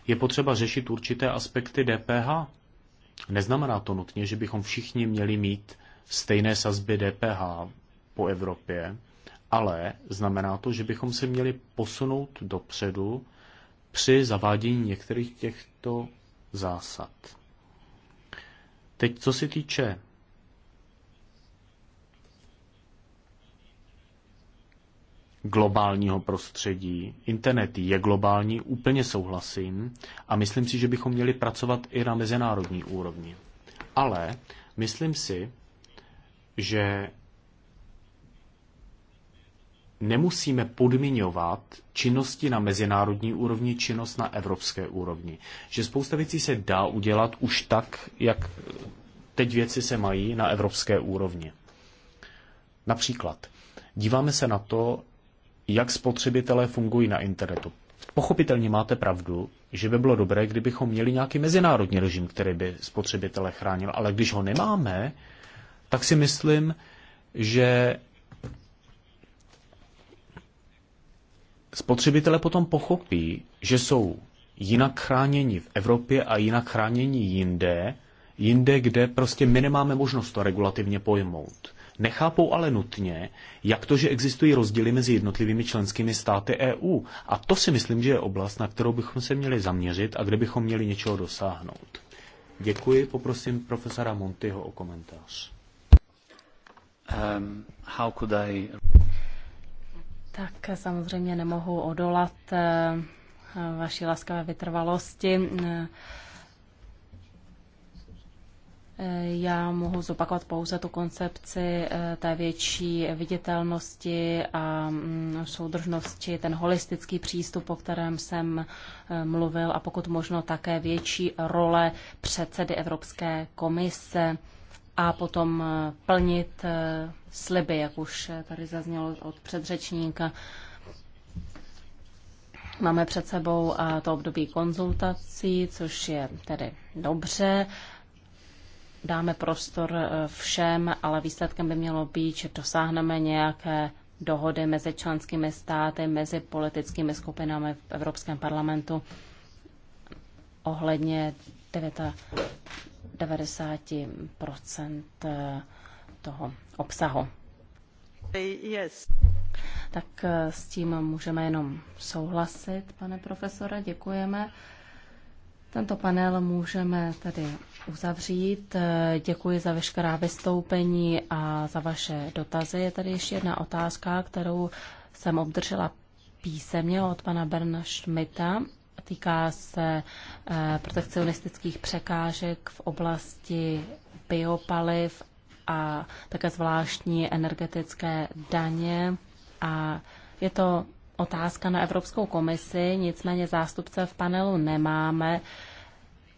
Je potřeba řešit určité aspekty DPH, Neznamená to nutně, že bychom všichni měli mít stejné sazby DPH po Evropě, ale znamená to, že bychom se měli posunout dopředu při zavádění některých těchto zásad. Teď, co se týče globálního prostředí. Internet je globální, úplně souhlasím a myslím si, že bychom měli pracovat i na mezinárodní úrovni. Ale myslím si, že nemusíme podmiňovat činnosti na mezinárodní úrovni, činnost na evropské úrovni. Že spousta věcí se dá udělat už tak, jak teď věci se mají na evropské úrovni. Například díváme se na to, jak spotřebitelé fungují na internetu. Pochopitelně máte pravdu, že by bylo dobré, kdybychom měli nějaký mezinárodní režim, který by spotřebitele chránil, ale když ho nemáme, tak si myslím, že spotřebitele potom pochopí, že jsou jinak chráněni v Evropě a jinak chráněni jinde, jinde, kde prostě my nemáme možnost to regulativně pojmout. Nechápou ale nutně, jak to, že existují rozdíly mezi jednotlivými členskými státy EU. A to si myslím, že je oblast, na kterou bychom se měli zaměřit a kde bychom měli něčeho dosáhnout. Děkuji, poprosím profesora Montyho o komentář. Um, how could I...
Tak samozřejmě nemohu odolat eh, vaší laskavé vytrvalosti. Já mohu zopakovat pouze tu koncepci eh, té větší viditelnosti a mm, soudržnosti, ten holistický přístup, o kterém jsem eh, mluvil, a pokud možno také větší role předsedy Evropské komise a potom eh, plnit sliby, jak už tady zaznělo od předřečníka. Máme před sebou to období konzultací, což je tedy dobře dáme prostor e, všem, ale výsledkem by mělo být, že dosáhneme nějaké dohody mezi členskými státy, mezi politickými skupinami v Evropském parlamentu ohledně 90 e, toho obsahu. Yes. Tak e, s tím můžeme jenom souhlasit, pane profesore, děkujeme. Tento panel můžeme tedy uzavřít. Eh, Děkuji za veškerá vystoupení a za vaše dotazy. Je tady ještě jedna otázka, kterou jsem obdržela písemně od pana Berna Schmidta. Týká se eh, protekcionistických překážek v oblasti biopaliv a také zvláštní energetické daně. A je to otázka na Evropskou komisi, nicméně zástupce v panelu nemáme. Uh,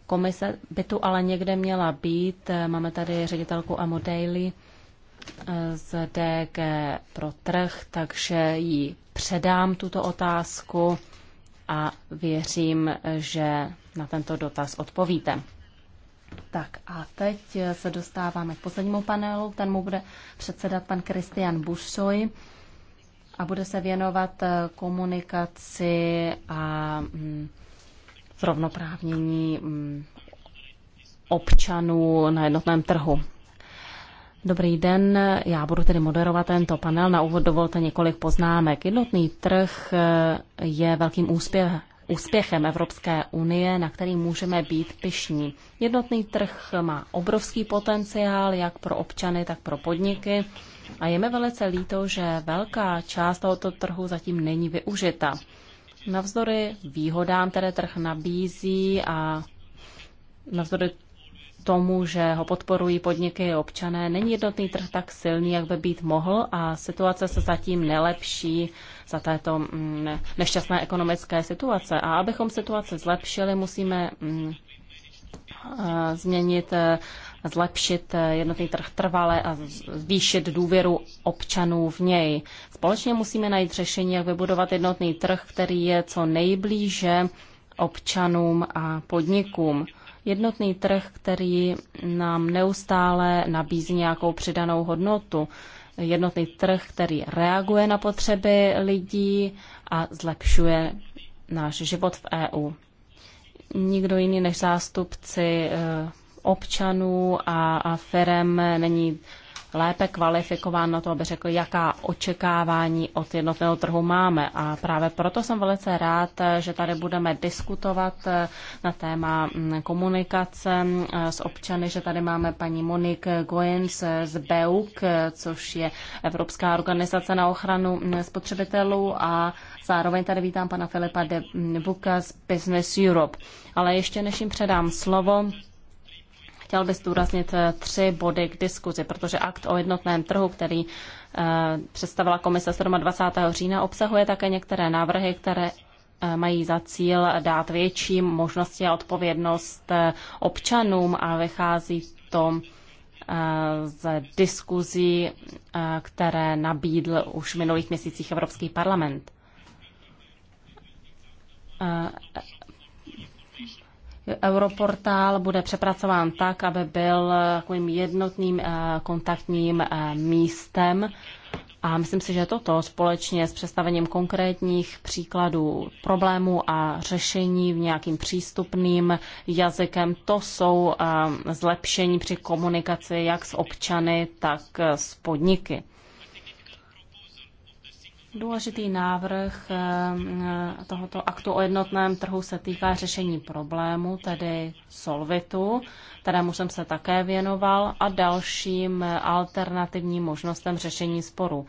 Komise by tu ale někde měla být. Máme tady ředitelku Amo Daily eh, z DG pro trh, takže jí předám tuto otázku a věřím, že na tento dotaz odpovíte. Tak a teď se dostáváme k poslednímu panelu. Ten mu bude předsedat pan Kristian Bušoj a bude se věnovat eh, komunikaci a mm, zrovnoprávnění mm, občanů na jednotném trhu. Dobrý den, já budu tedy moderovat tento panel. Na úvod dovolte několik poznámek. Jednotný trh eh, je velkým úspěchem úspěchem Evropské unie, na který můžeme být pyšní. Jednotný trh má obrovský potenciál jak pro občany, tak pro podniky a je mi velice líto, že velká část tohoto trhu zatím není využita. Navzdory výhodám, které trh nabízí a navzdory tomu, že ho podporují podniky i občané, není jednotný trh tak silný, jak by být mohl a situace se zatím nelepší za této mm, nešťastné ekonomické situace. A abychom situaci zlepšili, musíme mm, změnit eh, zlepšit eh, jednotný trh trvale a zvýšit důvěru občanů v něj. Společně musíme najít řešení, jak vybudovat jednotný trh, který je co nejblíže občanům a podnikům. Jednotný trh, který nám neustále nabízí nějakou přidanou hodnotu. Jednotný trh, který reaguje na potřeby lidí a zlepšuje náš život v EU. Nikdo jiný než zástupci eh, občanů a, a firem není lépe kvalifikován na to, aby řekl, jaká očekávání od jednotného trhu máme. A právě proto jsem velice rád, že tady budeme diskutovat eh, na téma mm, komunikace eh, s občany, že tady máme paní Monik Goins eh, z BEUK, což je Evropská organizace na ochranu mm, spotřebitelů a zároveň tady vítám pana Filipa de Buka z Business Europe. Ale ještě než jim předám slovo, Chtěl bych zdůraznit eh, tři body k diskuzi, protože akt o jednotném trhu, který eh, představila komise 27. října, obsahuje také některé návrhy, které eh, mají za cíl dát větší možnosti a odpovědnost občanům a vychází to z diskuzí, které nabídl už v minulých měsících Evropský parlament. Europortál bude přepracován tak, aby byl eh, takovým jednotným eh, kontaktním eh, místem. A myslím si, že toto společně s představením konkrétních příkladů problémů a řešení v nějakým přístupným jazykem, to jsou zlepšení při komunikaci jak s občany, tak s podniky. Důležitý návrh eh, eh, tohoto aktu o jednotném trhu se týká řešení problému, tedy solvitu, kterému jsem se také věnoval, a dalším alternativním možnostem řešení sporu.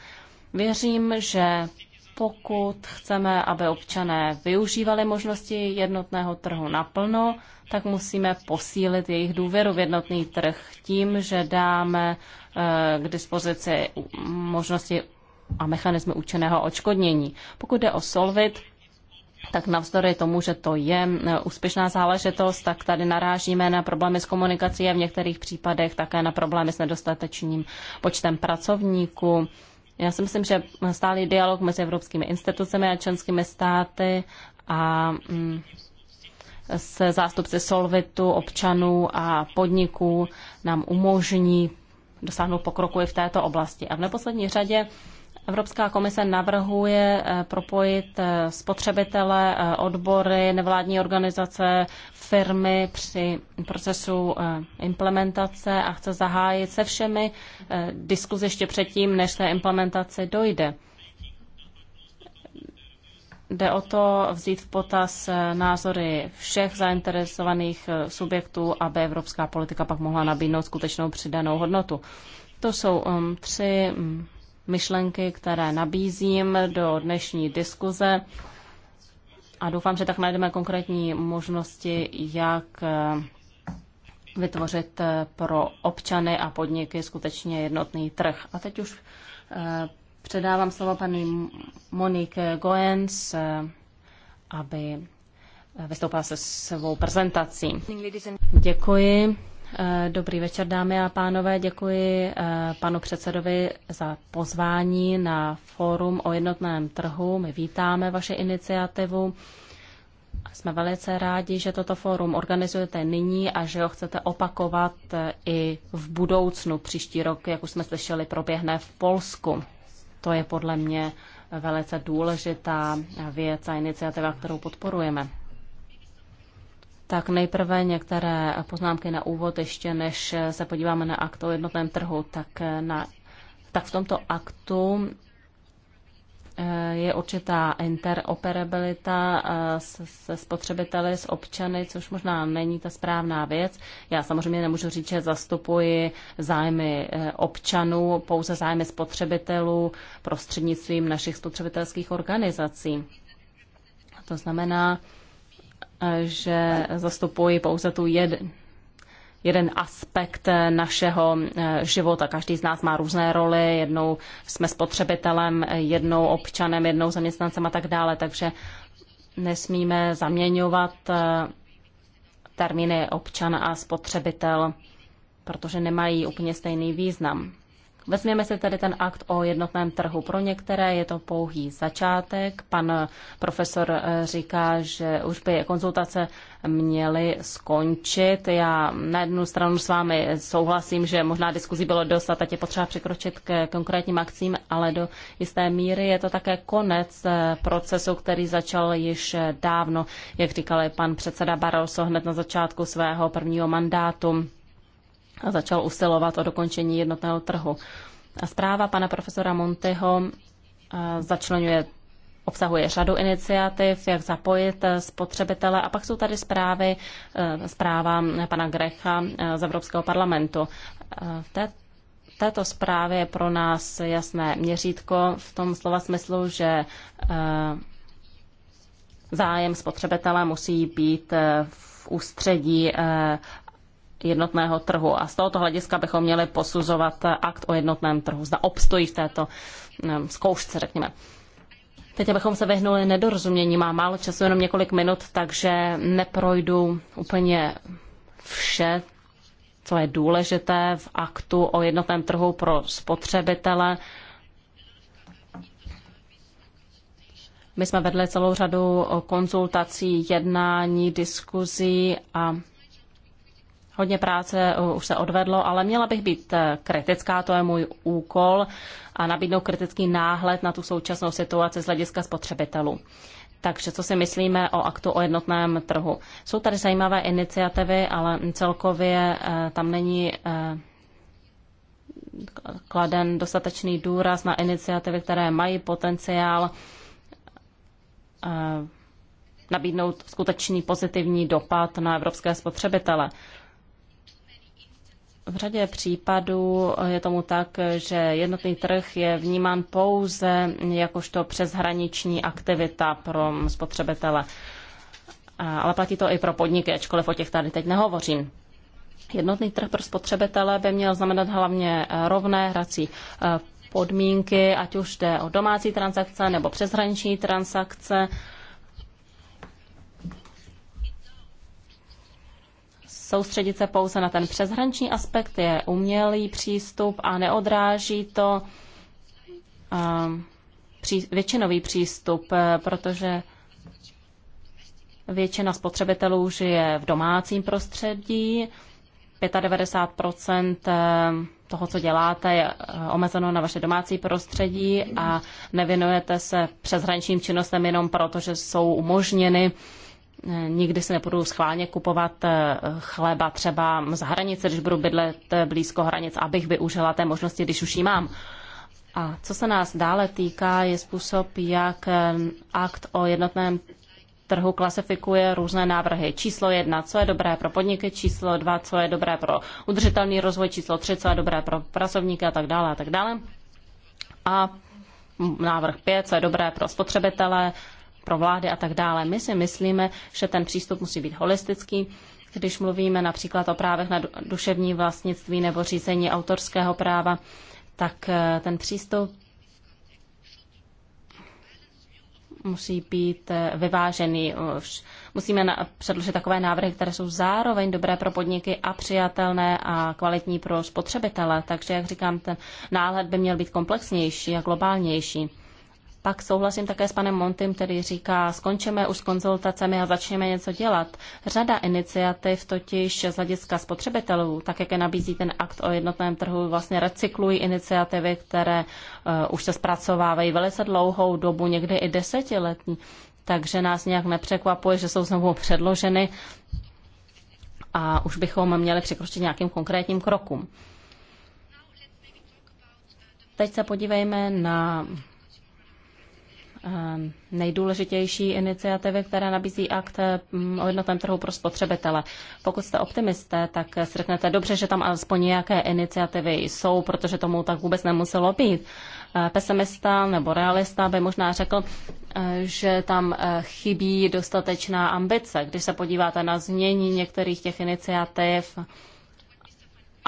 Věřím, že pokud chceme, aby občané využívali možnosti jednotného trhu naplno, tak musíme posílit jejich důvěru v jednotný trh tím, že dáme eh, k dispozici možnosti a mechanismy účinného odškodnění. Pokud jde o Solvit, tak navzdory tomu, že to je úspěšná záležitost, tak tady narážíme na problémy s komunikací a v některých případech také na problémy s nedostatečným počtem pracovníků. Já si myslím, že stálý dialog mezi evropskými institucemi a členskými státy a se zástupci Solvitu, občanů a podniků nám umožní dosáhnout pokroku i v této oblasti. A v neposlední řadě Evropská komise navrhuje eh, propojit eh, spotřebitele, eh, odbory, nevládní organizace, firmy při procesu implementace a chce zahájit se všemi diskuzi ještě předtím, než té implementace dojde. Jde o to vzít v potaz názory všech zainteresovaných subjektů, aby evropská politika pak mohla nabídnout skutečnou přidanou hodnotu. To jsou um, tři um, myšlenky, které nabízím do dnešní diskuze a doufám, že tak najdeme konkrétní možnosti, jak eh, vytvořit eh, pro občany a podniky skutečně jednotný trh. A teď už eh, předávám slovo paní Monique Goens, aby vystoupila se svou prezentací. Děkuji. Eh, dobrý večer, dámy a pánové. Děkuji eh, panu předsedovi za pozvání na fórum o jednotném trhu. My vítáme vaše iniciativu. Jsme velice rádi, že toto fórum organizujete nyní a že ho chcete opakovat eh, i v budoucnu. Příští rok, jak už jsme slyšeli, proběhne v Polsku. To je podle mě velice důležitá věc a iniciativa, kterou podporujeme tak nejprve některé poznámky na úvod, ještě než se podíváme na akt o jednotném trhu, tak, eh, na, tak v tomto aktu eh, je určitá interoperabilita eh, se spotřebiteli, s občany, což možná není ta správná věc. Já samozřejmě nemůžu říct, že zastupuji zájmy občanů, pouze zájmy spotřebitelů prostřednictvím našich spotřebitelských organizací. To znamená, že zastupuji pouze tu jed, jeden aspekt eh, našeho eh, života. Každý z nás má různé roli, jednou jsme spotřebitelem, jednou občanem, jednou zaměstnancem a tak dále, takže nesmíme zaměňovat eh, termíny občan a spotřebitel, protože nemají úplně stejný význam. Vezměme si tedy ten akt o jednotném trhu. Pro některé je to pouhý začátek. Pan profesor eh, říká, že už by konzultace měly skončit. Já na jednu stranu s vámi souhlasím, že možná diskuzí bylo dost a teď je potřeba překročit k konkrétním akcím, ale do jisté míry je to také konec eh, procesu, který začal již dávno, jak říkal pan předseda Barroso hned na začátku svého prvního mandátu a začal usilovat o dokončení jednotného trhu. A zpráva pana profesora Monteho eh, začlenuje obsahuje řadu iniciativ, jak zapojit eh, spotřebitele a pak jsou tady zprávy, eh, zpráva pana Grecha z Evropského parlamentu. V té, této zprávě je pro nás jasné měřítko v tom slova smyslu, že zájem spotřebitele musí být v ústředí jednotného trhu. A z tohoto hlediska bychom měli posuzovat akt o jednotném trhu. Zda obstojí v této zkoušce, řekněme. Teď abychom se vyhnuli nedorozumění, má málo času, jenom několik minut, takže neprojdu úplně vše, co je důležité v aktu o jednotném trhu pro spotřebitele. My jsme vedli celou řadu konzultací, jednání, diskuzí a Hodně práce eh, už se odvedlo, ale měla bych být eh, kritická, to je můj úkol, a nabídnout kritický náhled na tu současnou situaci z hlediska spotřebitelů. Takže co si myslíme o aktu o jednotném trhu? Jsou tady zajímavé iniciativy, ale celkově eh, tam není kladen dostatečný důraz na iniciativy, které mají potenciál nabídnout skutečný pozitivní dopad na evropské spotřebitele. V řadě případů je tomu tak, že jednotný trh je vnímán pouze jakožto přeshraniční aktivita pro spotřebitele. Ale platí to i pro podniky, ačkoliv o těch tady teď nehovořím. Jednotný trh pro spotřebitele by měl znamenat hlavně rovné hrací e, podmínky, ať už jde o domácí transakce nebo přeshraniční transakce soustředit se pouze na ten přeshraniční aspekt, je umělý přístup a neodráží to ehm, většinový přístup, eh, protože většina spotřebitelů žije v domácím prostředí, 95 eh, toho, co děláte, je eh, omezeno na vaše domácí prostředí a nevěnujete se přeshraničním činnostem jenom proto, že jsou umožněny Eh, nikdy si nebudu schválně kupovat eh, chleba třeba z hranice, když budu bydlet eh, blízko hranic, abych využila té možnosti, když už ji mám. A co se nás dále týká, je způsob, jak akt o jednotném trhu klasifikuje různé návrhy. Číslo jedna, co je dobré pro podniky, číslo dva, co je dobré pro udržitelný rozvoj, číslo tři, co je dobré pro pracovníky a tak dále a tak dále. A návrh pět, co je dobré pro spotřebitele, pro vlády a tak dále. My si myslíme, že ten přístup musí být holistický, když mluvíme například o právech na duševní vlastnictví nebo řízení autorského práva, tak eh, ten přístup musí být eh, vyvážený. Musíme předložit takové návrhy, které jsou zároveň dobré pro podniky a přijatelné a kvalitní pro spotřebitele. Takže, jak říkám, ten náhled by měl být komplexnější a globálnější pak souhlasím také s panem Montym, který říká, skončeme už s konzultacemi a začněme něco dělat. Řada iniciativ totiž z hlediska spotřebitelů, tak jak je nabízí ten akt o jednotném trhu, vlastně recyklují iniciativy, které uh, už se zpracovávají velice dlouhou dobu, někdy i desetiletní. Takže nás nějak nepřekvapuje, že jsou znovu předloženy a už bychom měli překročit nějakým konkrétním krokům. Teď se podívejme na Ehm, nejdůležitější iniciativy, které nabízí akt ehm, o jednotném trhu pro spotřebitele. Pokud jste optimisté, tak si řeknete, dobře, že tam alespoň nějaké iniciativy jsou, protože tomu tak vůbec nemuselo být. Eh, pesimista nebo realista by možná řekl, eh, že tam eh, chybí dostatečná ambice. Když se podíváte na změní některých těch iniciativ,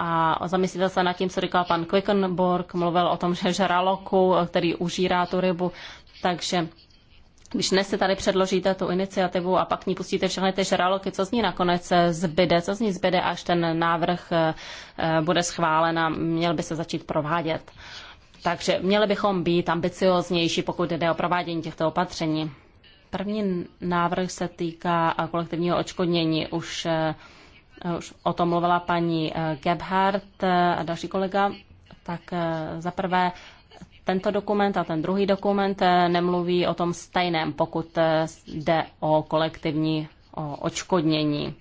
a zamyslíte se nad tím, co říkal pan Quickenborg, mluvil o tom, že žraloku, který užírá tu rybu, takže když dnes si tady předložíte tu iniciativu a pak ní pustíte všechny ty žraloky, co z ní nakonec zbyde, co z ní zbyde, až ten návrh eh, bude schválen a měl by se začít provádět. Takže měli bychom být ambicioznější, pokud jde o provádění těchto opatření. První návrh se týká kolektivního očkodnění. Už, eh, už o tom mluvila paní eh, Gebhardt a další kolega. Tak za prvé tento dokument a ten druhý dokument eh, nemluví o tom stejném, pokud eh, jde o kolektivní o očkodnění.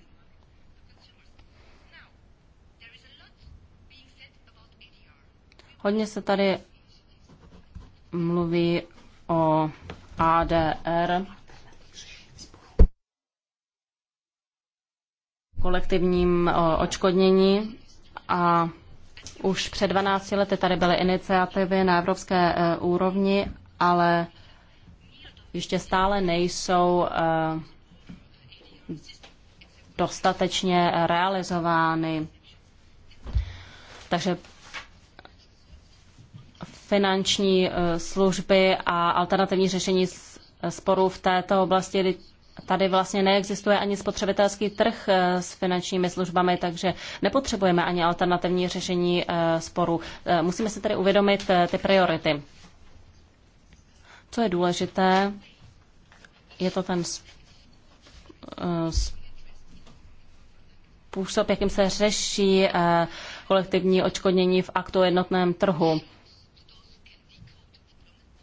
Hodně se tady mluví o ADR, kolektivním eh, očkodnění a už před 12 lety tady byly iniciativy na evropské eh, úrovni, ale ještě stále nejsou eh, dostatečně realizovány. Takže finanční eh, služby a alternativní řešení sporů v této oblasti tady vlastně neexistuje ani spotřebitelský trh eh, s finančními službami, takže nepotřebujeme ani alternativní řešení eh, sporu. Eh, musíme si tedy uvědomit ty priority. Co je důležité, je to ten způsob, jakým se řeší kolektivní očkodnění v aktu jednotném trhu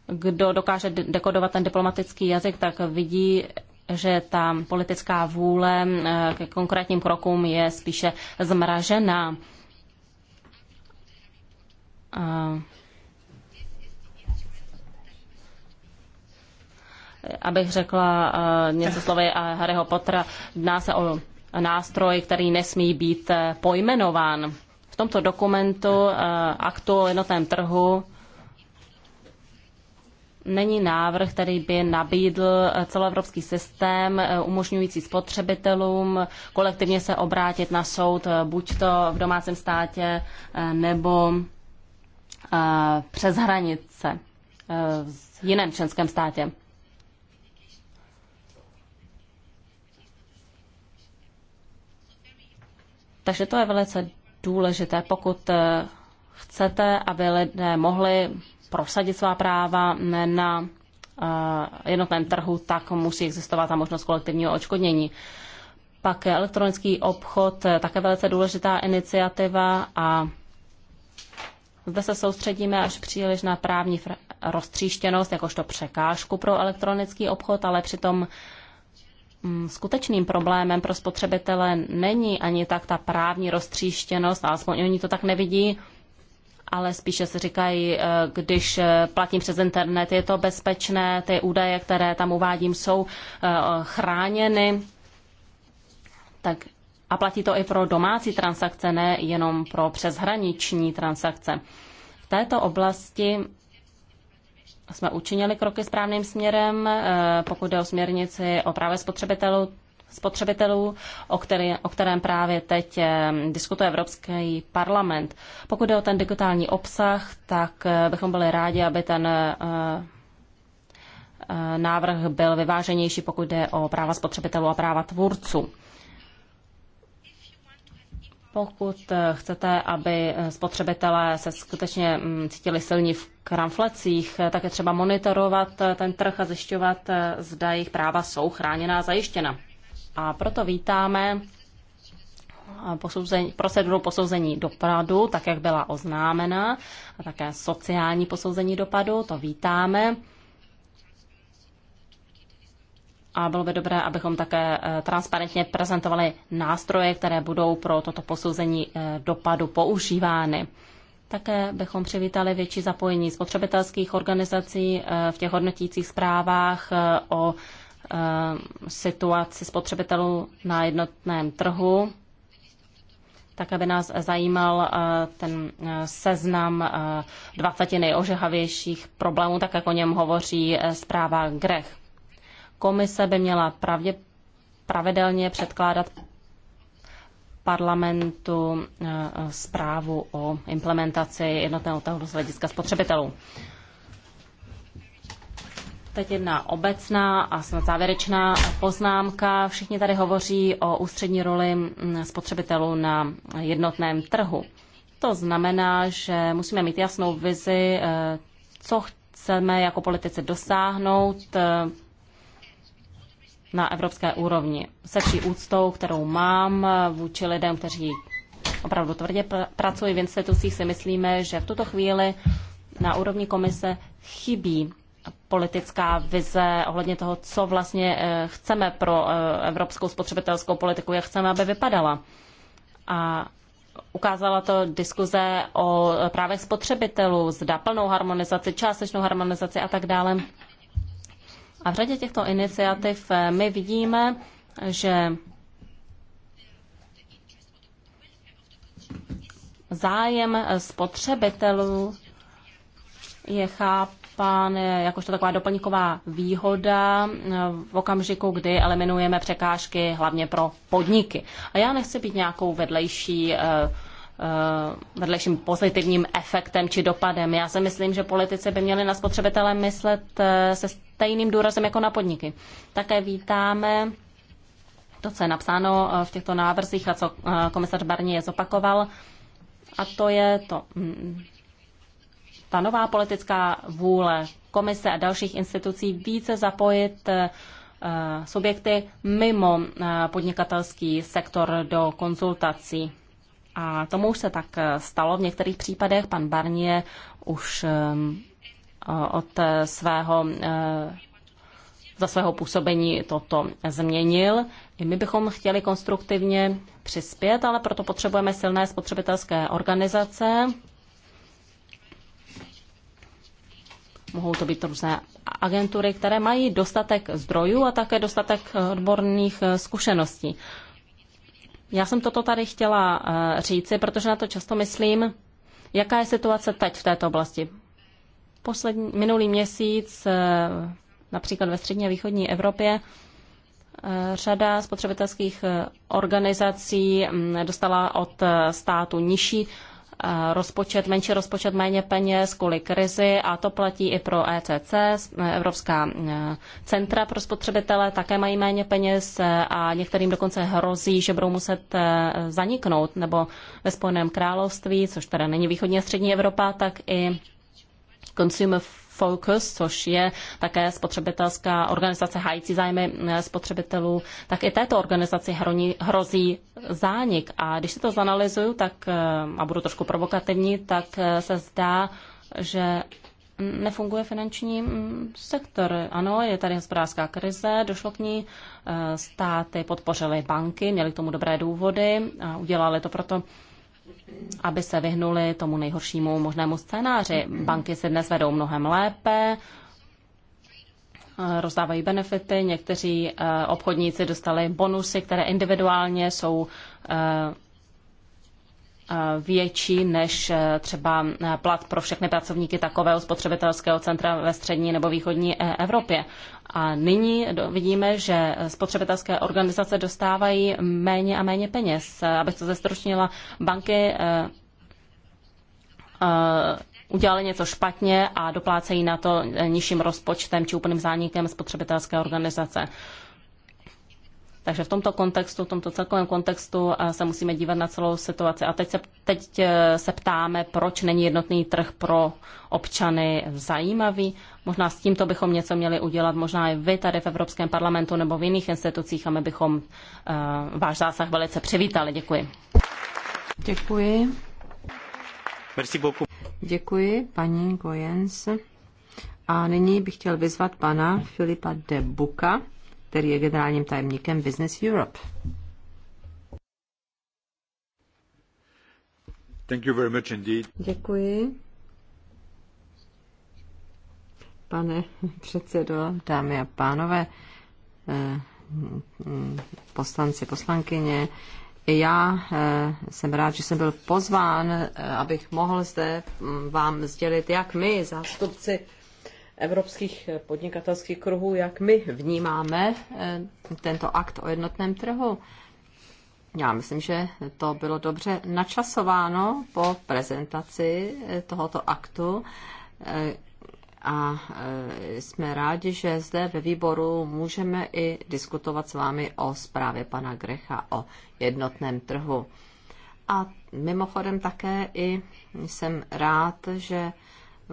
kdo dokáže dekodovat ten diplomatický jazyk, tak vidí, že ta politická vůle eh, ke konkrétním krokům je spíše zmražená. Eh, abych řekla eh, něco slovy Harryho Pottera, jedná se o nástroj, který nesmí být pojmenován. V tomto dokumentu aktu o jednotném trhu není návrh, který by nabídl celoevropský systém eh, umožňující spotřebitelům kolektivně se obrátit na soud eh, buď to v domácím státě eh, nebo přes hranice v jiném členském státě. Takže to je velice důležité, pokud chcete, aby lidé mohli prosadit svá práva na eh, jednotném trhu, tak musí existovat ta možnost kolektivního očkodnění. Pak elektronický obchod, eh, také velice důležitá iniciativa a zde se soustředíme až příliš na právní roztříštěnost jakožto překážku pro elektronický obchod, ale přitom mm, skutečným problémem pro spotřebitele není ani tak ta právní roztříštěnost, alespoň oni to tak nevidí, ale spíše se říkají, eh, když eh, platím přes internet, je to bezpečné, ty údaje, které tam uvádím, jsou eh, chráněny. Tak a platí to i pro domácí transakce, ne jenom pro přeshraniční transakce. V této oblasti jsme učinili kroky správným směrem, pokud jde o směrnici o právě spotřebitelů, spotřebitelů, o, který, o kterém právě teď eh, diskutuje Evropský parlament. Pokud jde o ten digitální obsah, tak eh, bychom byli rádi, aby ten eh, návrh byl vyváženější, pokud jde o práva spotřebitelů a práva tvůrců. Pokud chcete, aby spotřebitelé se skutečně mm, cítili silní v kramflecích, tak je třeba monitorovat ten trh a zjišťovat, zda jejich práva jsou chráněna, a zajištěna. A proto vítáme posouzení, proceduru posouzení dopadu, tak jak byla oznámena, a také sociální posouzení dopadu, to vítáme. A bylo by dobré, abychom také eh, transparentně prezentovali nástroje, které budou pro toto posouzení eh, dopadu používány. Také bychom přivítali větší zapojení spotřebitelských organizací eh, v těch hodnotících zprávách o Eh, situaci spotřebitelů na jednotném trhu, tak aby nás zajímal eh, ten eh, seznam 20 nejožehavějších problémů, tak jak o něm hovoří zpráva Grech. Komise by měla pravdě, pravidelně předkládat parlamentu zprávu o implementaci jednotného trhu z hlediska spotřebitelů. Teď jedna obecná a snad závěrečná poznámka. Všichni tady hovoří o ústřední roli mm, spotřebitelů na jednotném trhu. To znamená, že musíme mít jasnou vizi, eh, co chceme jako politici dosáhnout eh, na evropské úrovni. Se vší úctou, kterou mám eh, vůči lidem, kteří opravdu tvrdě pr- pracují v institucích, si myslíme, že v tuto chvíli na úrovni komise chybí politická vize ohledně toho, co vlastně eh, chceme pro eh, evropskou spotřebitelskou politiku, jak chceme, aby vypadala. A ukázala to diskuze o eh, právech spotřebitelů, zda plnou harmonizaci, částečnou harmonizaci a tak dále. A v řadě těchto iniciativ my vidíme, že zájem spotřebitelů je cháp chápán eh, jakožto taková doplňková výhoda eh, v okamžiku, kdy eliminujeme překážky hlavně pro podniky. A já nechci být nějakou vedlejší eh, vedlejším pozitivním efektem či dopadem. Já si myslím, že politici by měli na spotřebitele myslet se stejným důrazem jako na podniky. Také vítáme to, co je napsáno v těchto návrzích a co komisař Barnier zopakoval, a to je to mm, ta nová politická vůle komise a dalších institucí více zapojit eh, subjekty mimo eh, podnikatelský sektor do konzultací. A tomu už se tak eh, stalo v některých případech. Pan Barnier už od svého za svého působení toto změnil. I my bychom chtěli konstruktivně přispět, ale proto potřebujeme silné spotřebitelské organizace, Mohou to být různé agentury, které mají dostatek zdrojů a také dostatek odborných eh, zkušeností. Já jsem toto tady chtěla eh, říci, protože na to často myslím, jaká je situace teď v této oblasti. Poslední, minulý měsíc eh, například ve střední a východní Evropě řada spotřebitelských organizací mm, dostala od státu nižší rozpočet, menší rozpočet, méně peněz kvůli krizi a to platí i pro ECC, Evropská e, centra pro spotřebitele, také mají méně peněz e, a některým dokonce hrozí, že budou muset e, zaniknout nebo ve Spojeném království, což teda není východní a střední Evropa, tak i Consumer Focus, což je také spotřebitelská organizace hájící zájmy eh, spotřebitelů, tak i této organizaci hroní, hrozí zánik. A když se to zanalizuju, tak, eh, a budu trošku provokativní, tak eh, se zdá, že nefunguje finanční mm, sektor. Ano, je tady hospodářská krize, došlo k ní, státy podpořily banky, měly k tomu dobré důvody a udělali to proto, aby se vyhnuli tomu nejhoršímu možnému scénáři. Banky se dnes vedou mnohem lépe, rozdávají benefity, někteří eh, obchodníci dostali bonusy, které individuálně jsou eh, větší než eh, třeba eh, plat pro všechny pracovníky takového spotřebitelského centra ve střední nebo východní eh, Evropě. A nyní vidíme, že spotřebitelské organizace dostávají méně a méně peněz. Abych to zestručnila, banky udělali něco špatně a doplácejí na to nižším rozpočtem či úplným zánikem spotřebitelské organizace. Takže v tomto kontextu, v tomto celkovém kontextu eh, se musíme dívat na celou situaci. A teď se, teď eh, se ptáme, proč není jednotný trh pro občany zajímavý. Možná s tímto bychom něco měli udělat, možná i vy tady v Evropském parlamentu nebo v jiných institucích a my bychom uh, váš zásah velice přivítali. Děkuji. Děkuji.
Merci
beaucoup. Děkuji, paní Gojens. A nyní bych chtěl vyzvat pana Filipa de Buka který je generálním tajemníkem Business Europe. Thank you very much indeed. Děkuji. Pane *laughs* předsedo, dámy a pánové, eh, mm, poslanci, poslankyně, já eh, jsem rád, že jsem byl pozván, eh, abych mohl zde mm, vám sdělit, jak my, zástupci evropských podnikatelských kruhů, jak my vnímáme eh, tento akt o jednotném trhu. Já myslím, že to bylo dobře načasováno po prezentaci eh, tohoto aktu eh, a jsme rádi, že zde ve výboru můžeme i diskutovat s vámi o zprávě pana Grecha o jednotném trhu. A mimochodem také i jsem rád, že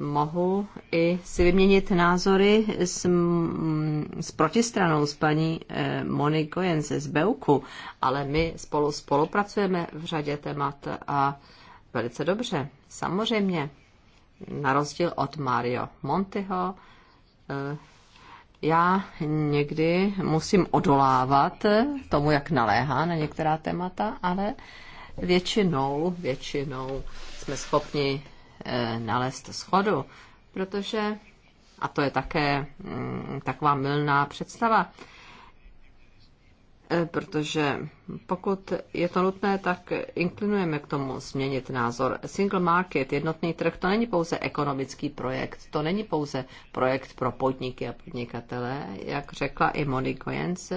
mohu i si vyměnit názory s, mm, s protistranou, s paní eh, Moniko Jense z Beuku, ale my spolu spolupracujeme v řadě témat a velice dobře. Samozřejmě, na rozdíl od Mario Montiho, eh, já někdy musím odolávat tomu, jak naléhá na některá témata, ale většinou, většinou jsme schopni Eh, nalézt schodu, protože, a to je také mm, taková mylná představa, eh, protože pokud je to nutné, tak inklinujeme k tomu změnit názor. Single market, jednotný trh, to není pouze ekonomický projekt, to není pouze projekt pro podniky a podnikatele, jak řekla i Monique Jens,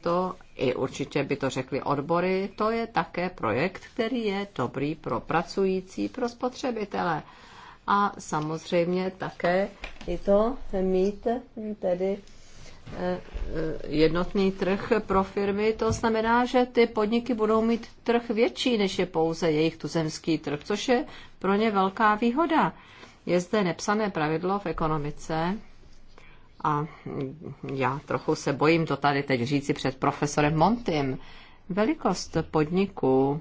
to i určitě by to řekli odbory, to je také projekt, který je dobrý pro pracující, pro spotřebitele. A samozřejmě také i to mít tedy eh, eh, jednotný trh pro firmy, to znamená, že ty podniky budou mít trh větší, než je pouze jejich tuzemský trh, což je pro ně velká výhoda. Je zde nepsané pravidlo v ekonomice, a já trochu se bojím to tady teď říci před profesorem Montym. Velikost podniku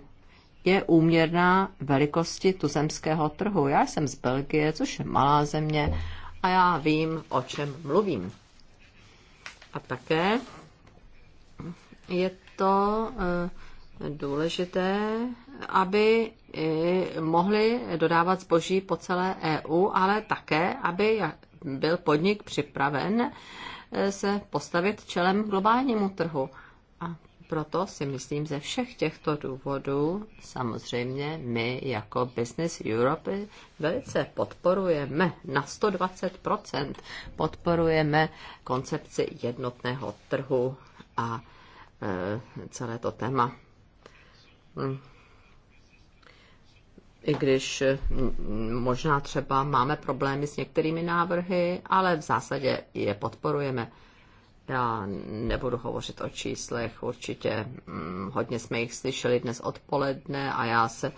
je úměrná velikosti tuzemského trhu. Já jsem z Belgie, což je malá země, a já vím, o čem mluvím. A také je to eh, důležité, aby mohli dodávat zboží po celé EU, ale také, aby byl podnik připraven eh, se postavit čelem globálnímu trhu. A proto si myslím, ze všech těchto důvodů samozřejmě my jako Business Europe velice podporujeme na 120% podporujeme koncepci jednotného trhu a eh, celé to téma hm i když mm, možná třeba máme problémy s některými návrhy, ale v zásadě je podporujeme. Já nebudu hovořit o číslech, určitě mm, hodně jsme jich slyšeli dnes odpoledne a já se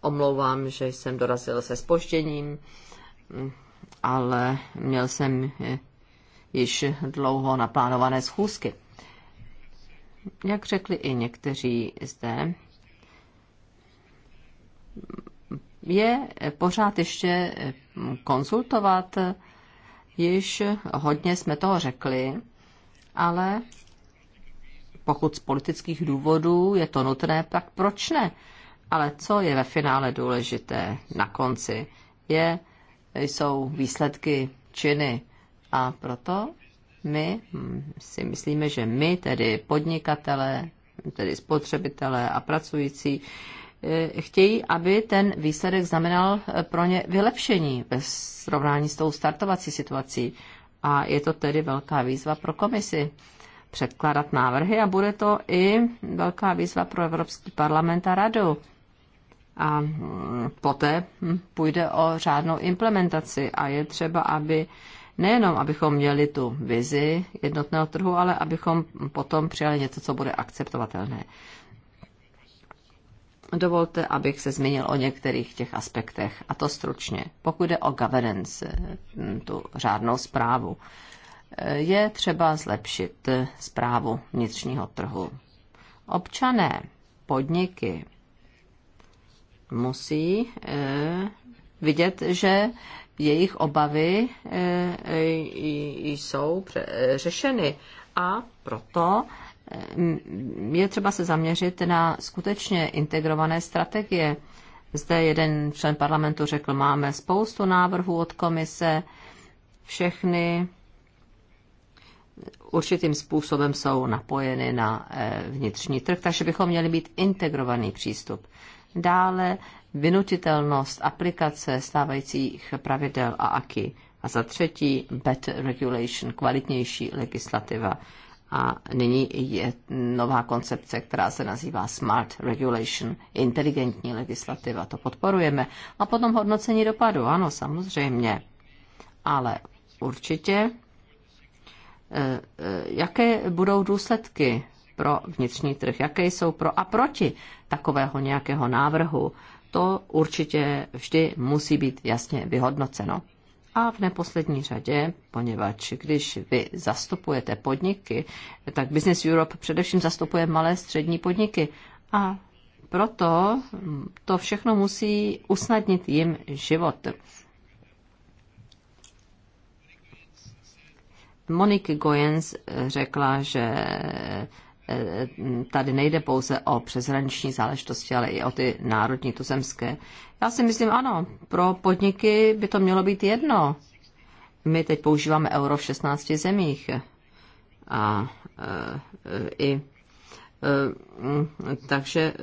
omlouvám, že jsem dorazil se spožděním, mm, ale měl jsem eh, již dlouho naplánované schůzky. Jak řekli i někteří zde, je pořád ještě eh, konzultovat. Již hodně jsme toho řekli, ale pokud z politických důvodů je to nutné, tak proč ne? Ale co je ve finále důležité na konci, je, jsou výsledky činy. A proto my hm, si myslíme, že my, tedy podnikatele, tedy spotřebitelé a pracující, Eh, chtějí, aby ten výsledek znamenal eh, pro ně vylepšení ve srovnání s tou startovací situací. A je to tedy velká výzva pro komisi předkládat návrhy a bude to i velká výzva pro Evropský parlament a radu. A mm, poté hm, půjde o řádnou implementaci a je třeba, aby nejenom abychom měli tu vizi jednotného trhu, ale abychom potom přijali něco, co bude akceptovatelné dovolte, abych se zmínil o některých těch aspektech, a to stručně. Pokud jde o governance, mm, tu řádnou zprávu, eh, je třeba zlepšit zprávu eh, vnitřního trhu. Občané, podniky musí eh, vidět, že jejich obavy jsou řešeny a proto Eh, je třeba se zaměřit na skutečně integrované strategie. Zde jeden člen parlamentu řekl, máme spoustu návrhů od komise, všechny určitým způsobem jsou napojeny na eh, vnitřní trh, takže bychom měli být integrovaný přístup. Dále vynutitelnost aplikace stávajících pravidel a aky. A za třetí, better regulation, kvalitnější legislativa. A nyní je nová koncepce, která se nazývá Smart Regulation, inteligentní legislativa, to podporujeme. A potom hodnocení dopadu, ano, samozřejmě. Ale určitě, e, e, jaké budou důsledky pro vnitřní trh, jaké jsou pro a proti takového nějakého návrhu, to určitě vždy musí být jasně vyhodnoceno. A v neposlední řadě, poněvadž když vy zastupujete podniky, tak Business Europe především zastupuje malé střední podniky. A proto to všechno musí usnadnit jim život. Monique Goyens řekla, že Eh, tady nejde pouze o přeshraniční záležitosti, ale i o ty národní tuzemské. Já si myslím, ano, pro podniky by to mělo být jedno. My teď používáme euro v 16 zemích a eh, i eh, takže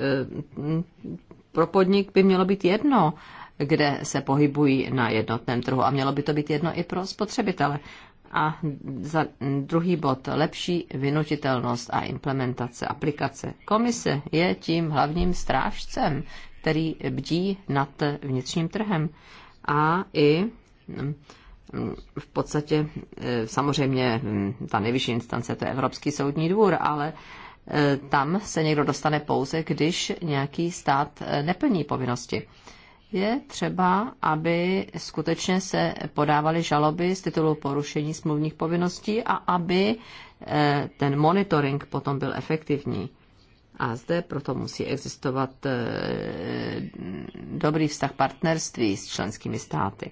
pro podnik by mělo být jedno, kde se pohybují na jednotném trhu a mělo by to být jedno i pro spotřebitele. A za druhý bod, lepší vynutitelnost a implementace aplikace. Komise je tím hlavním strážcem, který bdí nad vnitřním trhem a i mm, v podstatě e, samozřejmě mm, ta nejvyšší instance, to je Evropský soudní dvůr, ale e, tam se někdo dostane pouze, když nějaký stát e, neplní povinnosti je třeba, aby skutečně se podávaly žaloby z titulu porušení smluvních povinností a aby eh, ten monitoring potom byl efektivní. A zde proto musí existovat eh, dobrý vztah partnerství s členskými státy.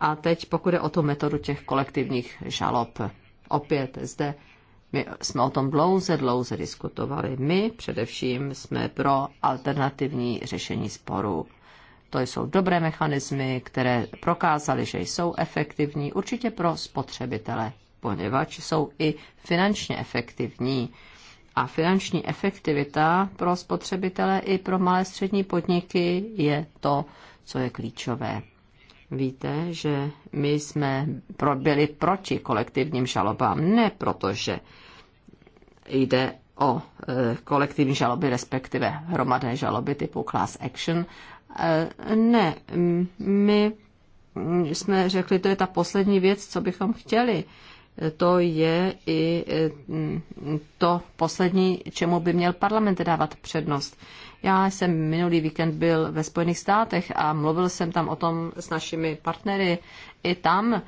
A teď pokud je o tu metodu těch kolektivních žalob. Opět zde my jsme o tom dlouze, dlouze diskutovali. My především jsme pro alternativní řešení sporů to jsou dobré mechanismy, které prokázaly, že jsou efektivní určitě pro spotřebitele, poněvadž jsou i finančně efektivní. A finanční efektivita pro spotřebitele i pro malé střední podniky je to, co je klíčové. Víte, že my jsme byli proti kolektivním žalobám, ne protože jde o eh, kolektivní žaloby, respektive hromadné žaloby typu class action, Eh, ne, mm, my jsme řekli, to je ta poslední věc, co bychom chtěli. To je i mm, to poslední, čemu by měl parlament dávat přednost. Já jsem minulý víkend byl ve Spojených státech a mluvil jsem tam o tom s našimi partnery. I tam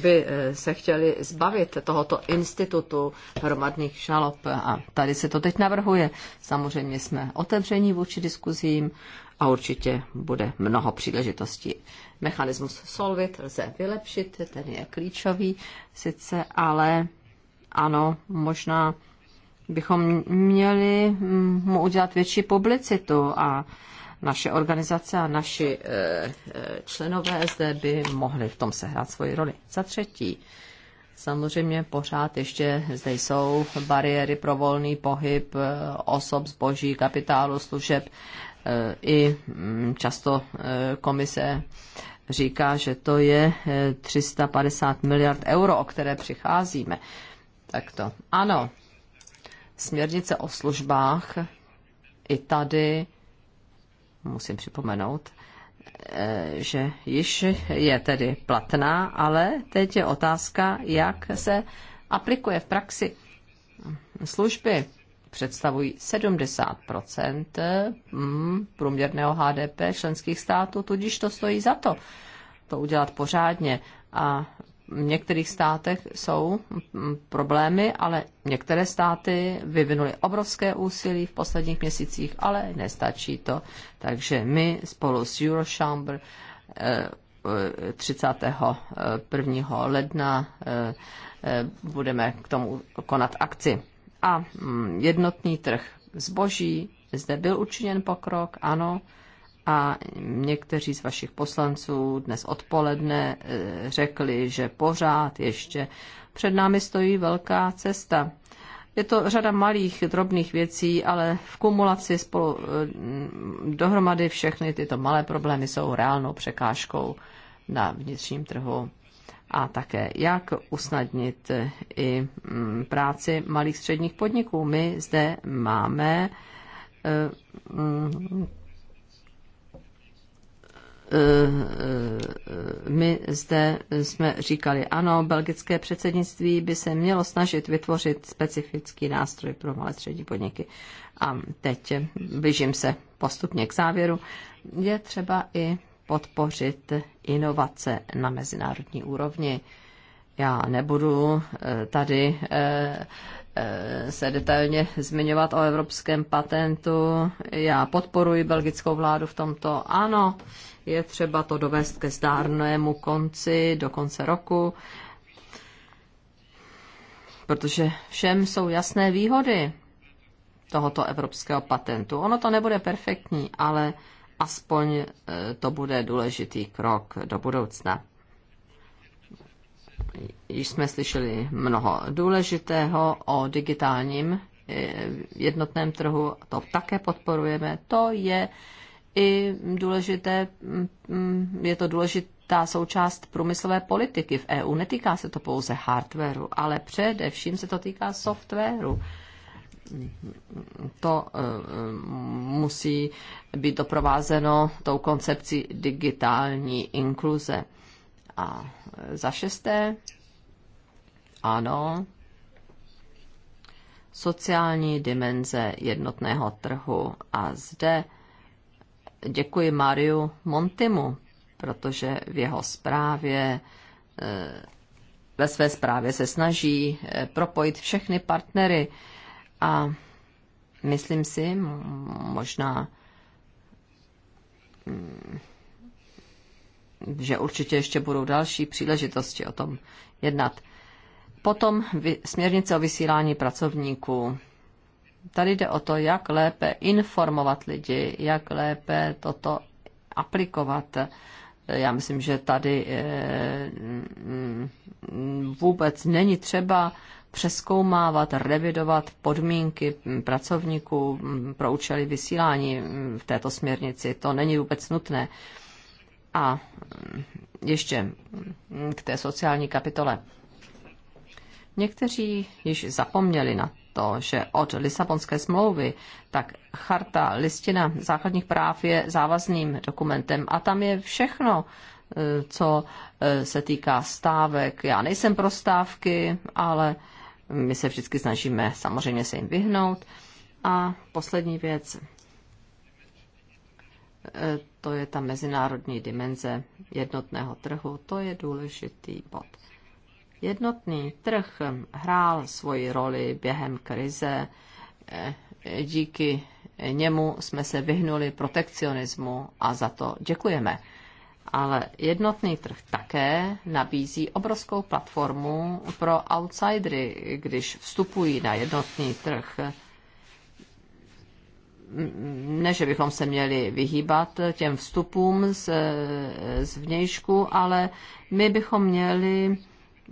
by eh, se chtěli zbavit tohoto institutu hromadných žalob. A tady se to teď navrhuje. Samozřejmě jsme otevření vůči diskuzím a určitě bude mnoho příležitostí. Mechanismus Solvit lze vylepšit, ten je klíčový sice, ale ano, možná bychom měli hm, mu udělat větší publicitu a naše organizace a naši eh, eh, členové zde by mohli v tom sehrát svoji roli. Za třetí, Samozřejmě pořád ještě zde jsou bariéry pro volný pohyb eh, osob, zboží, kapitálu, služeb. I mm, často komise říká, že to je 350 miliard euro, o které přicházíme. Tak to. Ano, směrnice o službách i tady musím připomenout, eh, že již je tedy platná, ale teď je otázka, jak se aplikuje v praxi. Služby představují 70 mm, průměrného HDP členských států, tudíž to stojí za to to udělat pořádně. A v některých státech jsou problémy, ale některé státy vyvinuly obrovské úsilí v posledních měsících, ale nestačí to. Takže my spolu s Eurochamber eh, eh, 31. ledna eh, budeme k tomu konat akci. A mm, jednotný trh zboží, zde byl učiněn pokrok, ano, a někteří z vašich poslanců dnes odpoledne e, řekli, že pořád ještě před námi stojí velká cesta. Je to řada malých, drobných věcí, ale v kumulaci spolu, e, dohromady všechny tyto malé problémy jsou reálnou překážkou na vnitřním trhu. A také, jak usnadnit e, i mm, práci malých středních podniků. My zde máme mm, Eh, eh, my zde jsme říkali, ano, belgické předsednictví by se mělo snažit vytvořit specifický nástroj pro malé střední podniky. A teď blížím se postupně k závěru. Je třeba i podpořit inovace na mezinárodní úrovni. Já nebudu eh, tady eh, eh, se detailně zmiňovat o evropském patentu. Já podporuji belgickou vládu v tomto. Ano, je třeba to dovést ke zdárnému konci, do konce roku, protože všem jsou jasné výhody tohoto evropského patentu. Ono to nebude perfektní, ale aspoň to bude důležitý krok do budoucna. Již jsme slyšeli mnoho důležitého o digitálním eh, jednotném trhu, to také podporujeme. To je i důležité, mm, mm, je to důležitá součást průmyslové politiky v EU. Netýká se to pouze hardwareu, ale především se to týká softwaru. To eh, eh, musí být doprovázeno tou koncepcí digitální inkluze. A za šesté, ano, sociální dimenze jednotného trhu. A zde děkuji Mariu Montimu, protože v jeho zprávě, eh, ve své zprávě se snaží eh, propojit všechny partnery a myslím si, možná mm, že určitě ještě budou další příležitosti o tom jednat. Potom směrnice o vysílání pracovníků. Tady jde o to, jak lépe informovat lidi, jak lépe toto aplikovat. Já myslím, že tady eh, mm, vůbec není třeba přeskoumávat, revidovat podmínky pracovníků mm, pro účely vysílání mm, v této směrnici. To není vůbec nutné. A mm, ještě k té sociální kapitole. Někteří již zapomněli na to, že od Lisabonské smlouvy, tak charta, listina základních práv je závazným dokumentem a tam je všechno, e, co e, se týká stávek. Já nejsem pro stávky, ale my se vždycky snažíme samozřejmě se jim vyhnout. A poslední věc, E, to je ta mezinárodní dimenze jednotného trhu. To je důležitý bod. Jednotný trh hrál svoji roli během krize. E, díky němu jsme se vyhnuli protekcionismu a za to děkujeme. Ale jednotný trh také nabízí obrovskou platformu pro outsidery, když vstupují na jednotný trh ne, že bychom se měli vyhýbat těm vstupům z, z vnějšku, ale my bychom měli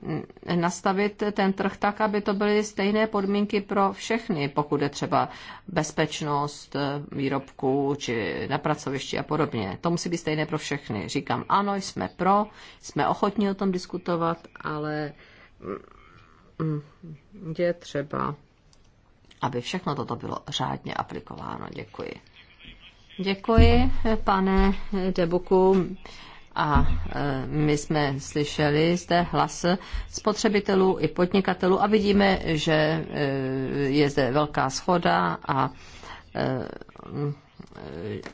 mm, nastavit ten trh tak, aby to byly stejné podmínky pro všechny, pokud je třeba bezpečnost výrobků či na pracovišti a podobně. To musí být stejné pro všechny. Říkám, ano, jsme pro, jsme ochotní o tom diskutovat, ale mm, mm, je třeba aby všechno toto bylo řádně aplikováno. Děkuji.
Děkuji,
pane Debuku. A e, my jsme slyšeli zde hlas spotřebitelů i podnikatelů a vidíme, že e, je zde velká schoda a e,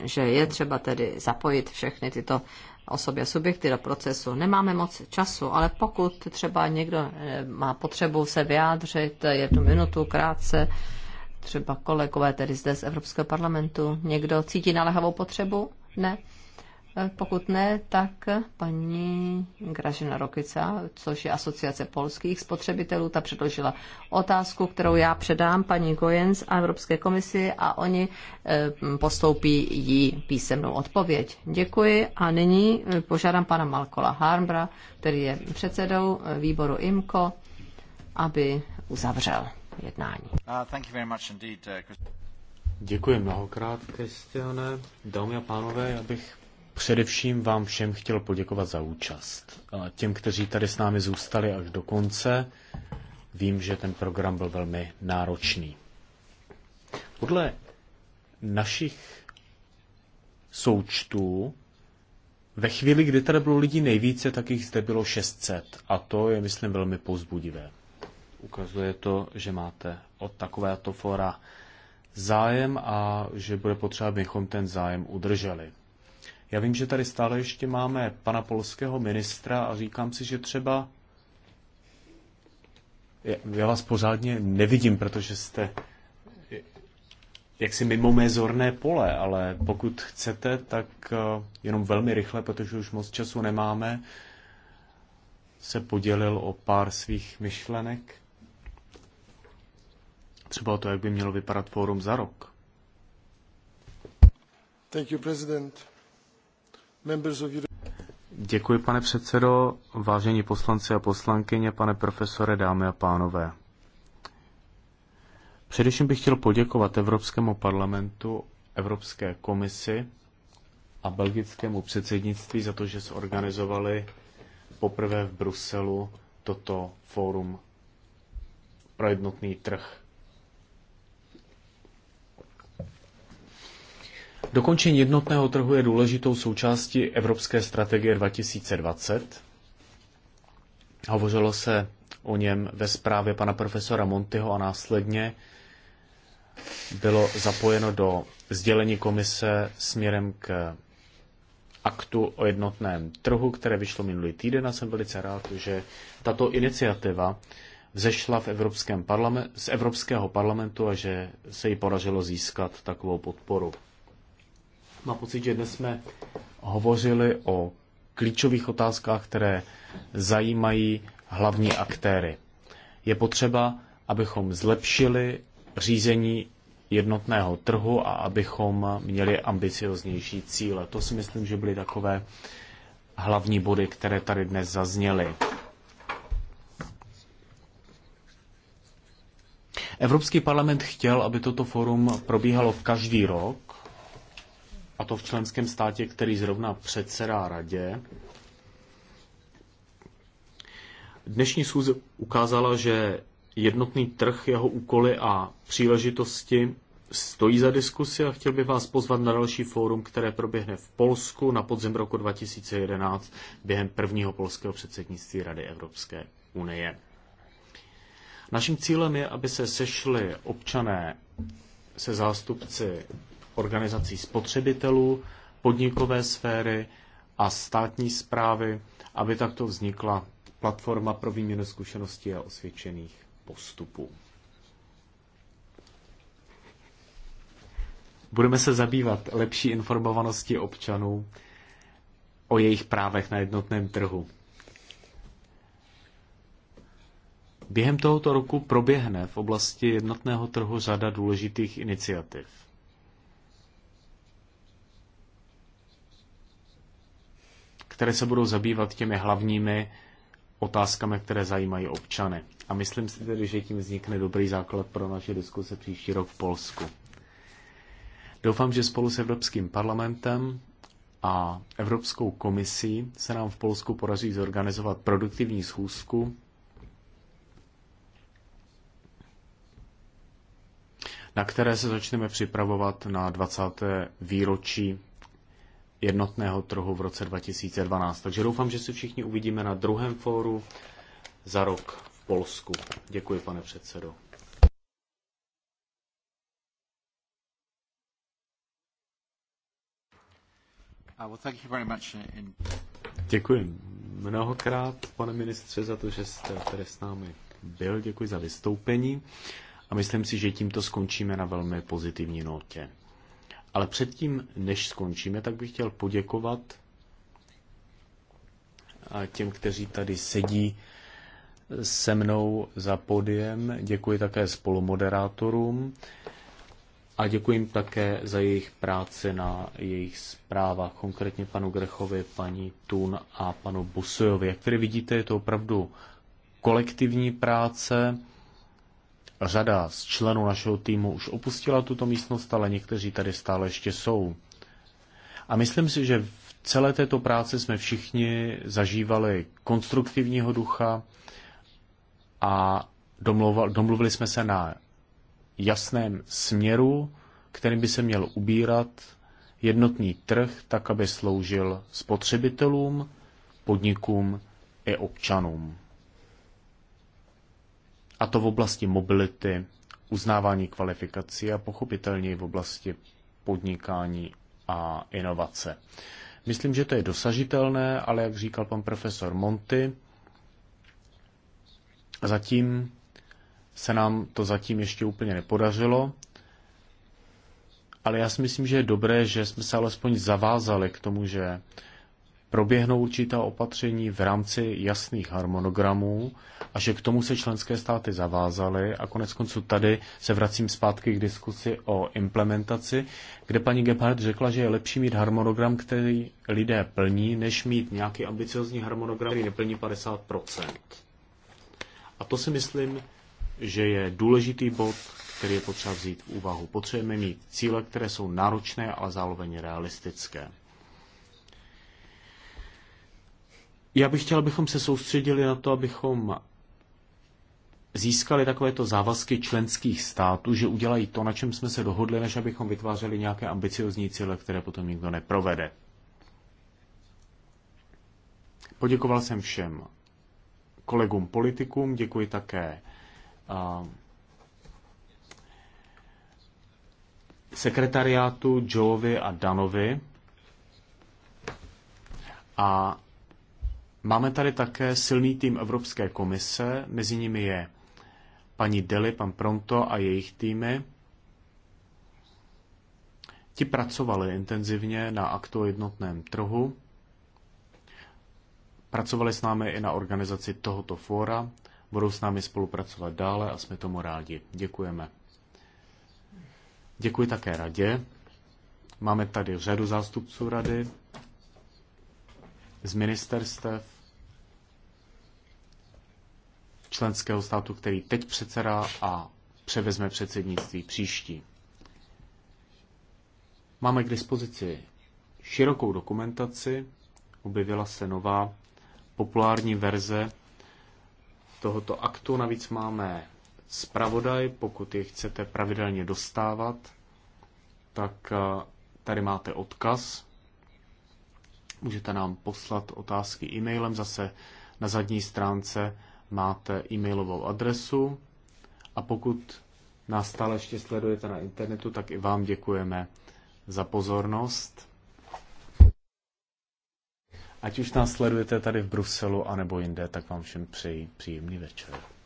že je třeba tedy zapojit všechny tyto osobě subjekty do procesu. Nemáme moc času, ale pokud třeba někdo eh, má potřebu se vyjádřit jednu minutu krátce, třeba kolegové tedy zde z Evropského parlamentu, někdo cítí naléhavou potřebu? Ne? Pokud ne, tak paní Gražina Rokica, což je asociace polských spotřebitelů, ta předložila otázku, kterou já předám paní Gojens a Evropské komisi a oni eh, postoupí jí písemnou odpověď. Děkuji a nyní eh, požádám pana Malkola Harmbra, který je předsedou eh, výboru IMCO, aby uzavřel
jednání. Uh, uh, Děkuji mnohokrát, Kristiane. Dámy a pánové, já bych Především vám všem chtěl poděkovat za účast. A těm, kteří tady s námi zůstali až do konce, vím, že ten program byl velmi náročný. Podle našich součtů, ve chvíli, kdy tady bylo lidí nejvíce, tak jich zde bylo 600. A to je, myslím, velmi pouzbudivé. Ukazuje to, že máte od takovéto fora zájem a že bude potřeba, abychom ten zájem udrželi. Já vím, že tady stále ještě máme pana polského ministra a říkám si, že třeba já vás pořádně nevidím, protože jste jaksi mimo mé zorné pole, ale pokud chcete, tak eh, jenom velmi rychle, protože už moc času nemáme, se podělil o pár svých myšlenek. Třeba o to, jak by mělo vypadat fórum za rok. Thank you, President. Děkuji, pane předsedo, vážení poslanci a poslankyně, pane profesore, dámy a pánové. Především bych chtěl poděkovat Evropskému parlamentu, Evropské komisi a belgickému předsednictví za to, že zorganizovali poprvé v Bruselu toto fórum pro jednotný trh. Dokončení jednotného trhu je důležitou součástí Evropské strategie 2020. Hovořilo se o něm ve zprávě pana profesora Montyho a následně bylo zapojeno do sdělení komise směrem k aktu o jednotném trhu, které vyšlo minulý týden a jsem velice rád, že tato iniciativa vzešla v Evropském z Evropského parlamentu a že se jí podařilo získat takovou podporu. Má pocit, že dnes jsme hovořili o klíčových otázkách, které zajímají hlavní aktéry. Je potřeba, abychom zlepšili řízení jednotného trhu a abychom měli ambicioznější cíle. To si myslím, že byly takové hlavní body, které tady dnes zazněly. Evropský parlament chtěl, aby toto forum probíhalo každý rok a to v členském státě, který zrovna předsedá radě. Dnešní schůze ukázala, že jednotný trh, jeho úkoly a příležitosti stojí za diskusi a chtěl bych vás pozvat na další fórum, které proběhne v Polsku na podzim roku 2011 během prvního polského předsednictví Rady Evropské unie. Naším cílem je, aby se sešli občané se zástupci organizací spotřebitelů, podnikové sféry a státní zprávy, aby takto vznikla platforma pro výměnu zkušeností a osvědčených postupů. Budeme se zabývat lepší informovaností občanů o jejich právech na jednotném trhu. Během tohoto roku proběhne v oblasti jednotného trhu řada důležitých iniciativ. které se budou zabývat těmi hlavními otázkami, které zajímají občany. A myslím si tedy, že tím vznikne dobrý základ pro naše diskuse příští rok v Polsku. Doufám, že spolu s Evropským parlamentem a Evropskou komisí se nám v Polsku podaří zorganizovat produktivní schůzku. na které se začneme připravovat na 20. výročí jednotného trhu v roce 2012. Takže doufám, že se všichni uvidíme na druhém fóru za rok v Polsku. Děkuji, pane předsedo.
Uh, uh,
Děkuji mnohokrát, pane ministře, za to, že jste tady s námi byl. Děkuji za vystoupení a myslím si, že tímto skončíme na velmi pozitivní notě. Ale předtím, než skončíme, tak bych chtěl poděkovat těm, kteří tady sedí se mnou za podiem. Děkuji také spolumoderátorům a děkuji jim také za jejich práci na jejich zprávách, konkrétně panu Grechovi, paní Tun a panu Busojovi. Jak tady vidíte, je to opravdu kolektivní práce. Řada z členů našeho týmu už opustila tuto místnost, ale někteří tady stále ještě jsou. A myslím si, že v celé této práci jsme všichni zažívali konstruktivního ducha a domluvili jsme se na jasném směru, kterým by se měl ubírat jednotný trh, tak aby sloužil spotřebitelům, podnikům i občanům a to v oblasti mobility, uznávání kvalifikací a pochopitelně i v oblasti podnikání a inovace. Myslím, že to je dosažitelné, ale jak říkal pan profesor Monty, zatím se nám to zatím ještě úplně nepodařilo, ale já si myslím, že je dobré, že jsme se alespoň zavázali k tomu, že proběhnou určitá opatření v rámci jasných harmonogramů a že k tomu se členské státy zavázaly. A konec konců tady se vracím zpátky k diskusi o implementaci, kde paní Gebhardt řekla, že je lepší mít harmonogram, který lidé plní, než mít nějaký ambiciozní harmonogram, který neplní 50%. A to si myslím, že je důležitý bod, který je potřeba vzít v úvahu. Potřebujeme mít cíle, které jsou náročné, ale zároveň realistické. Já bych chtěl, abychom se soustředili na to, abychom získali takovéto závazky členských států, že udělají to, na čem jsme se dohodli, než abychom vytvářeli nějaké ambiciozní cíle, které potom nikdo neprovede. Poděkoval jsem všem kolegům politikům, děkuji také uh, sekretariátu Joeovi a Danovi a Máme tady také silný tým Evropské komise, mezi nimi je paní Deli, pan Pronto a jejich týmy. Ti pracovali intenzivně na aktu jednotném trhu. Pracovali s námi i na organizaci tohoto fóra. Budou s námi spolupracovat dále a jsme tomu rádi. Děkujeme. Děkuji také radě. Máme tady řadu zástupců rady z ministerstev, členského státu, který teď předsedá a převezme předsednictví příští. Máme k dispozici širokou dokumentaci, objevila se nová populární verze tohoto aktu. Navíc máme zpravodaj, pokud je chcete pravidelně dostávat, tak eh, tady máte odkaz. Můžete nám poslat otázky e-mailem zase na zadní stránce máte e-mailovou adresu a pokud nás stále ještě sledujete na internetu, tak i vám děkujeme za pozornost. Ať už nás sledujete tady v Bruselu anebo jinde, tak vám všem přeji příjemný večer.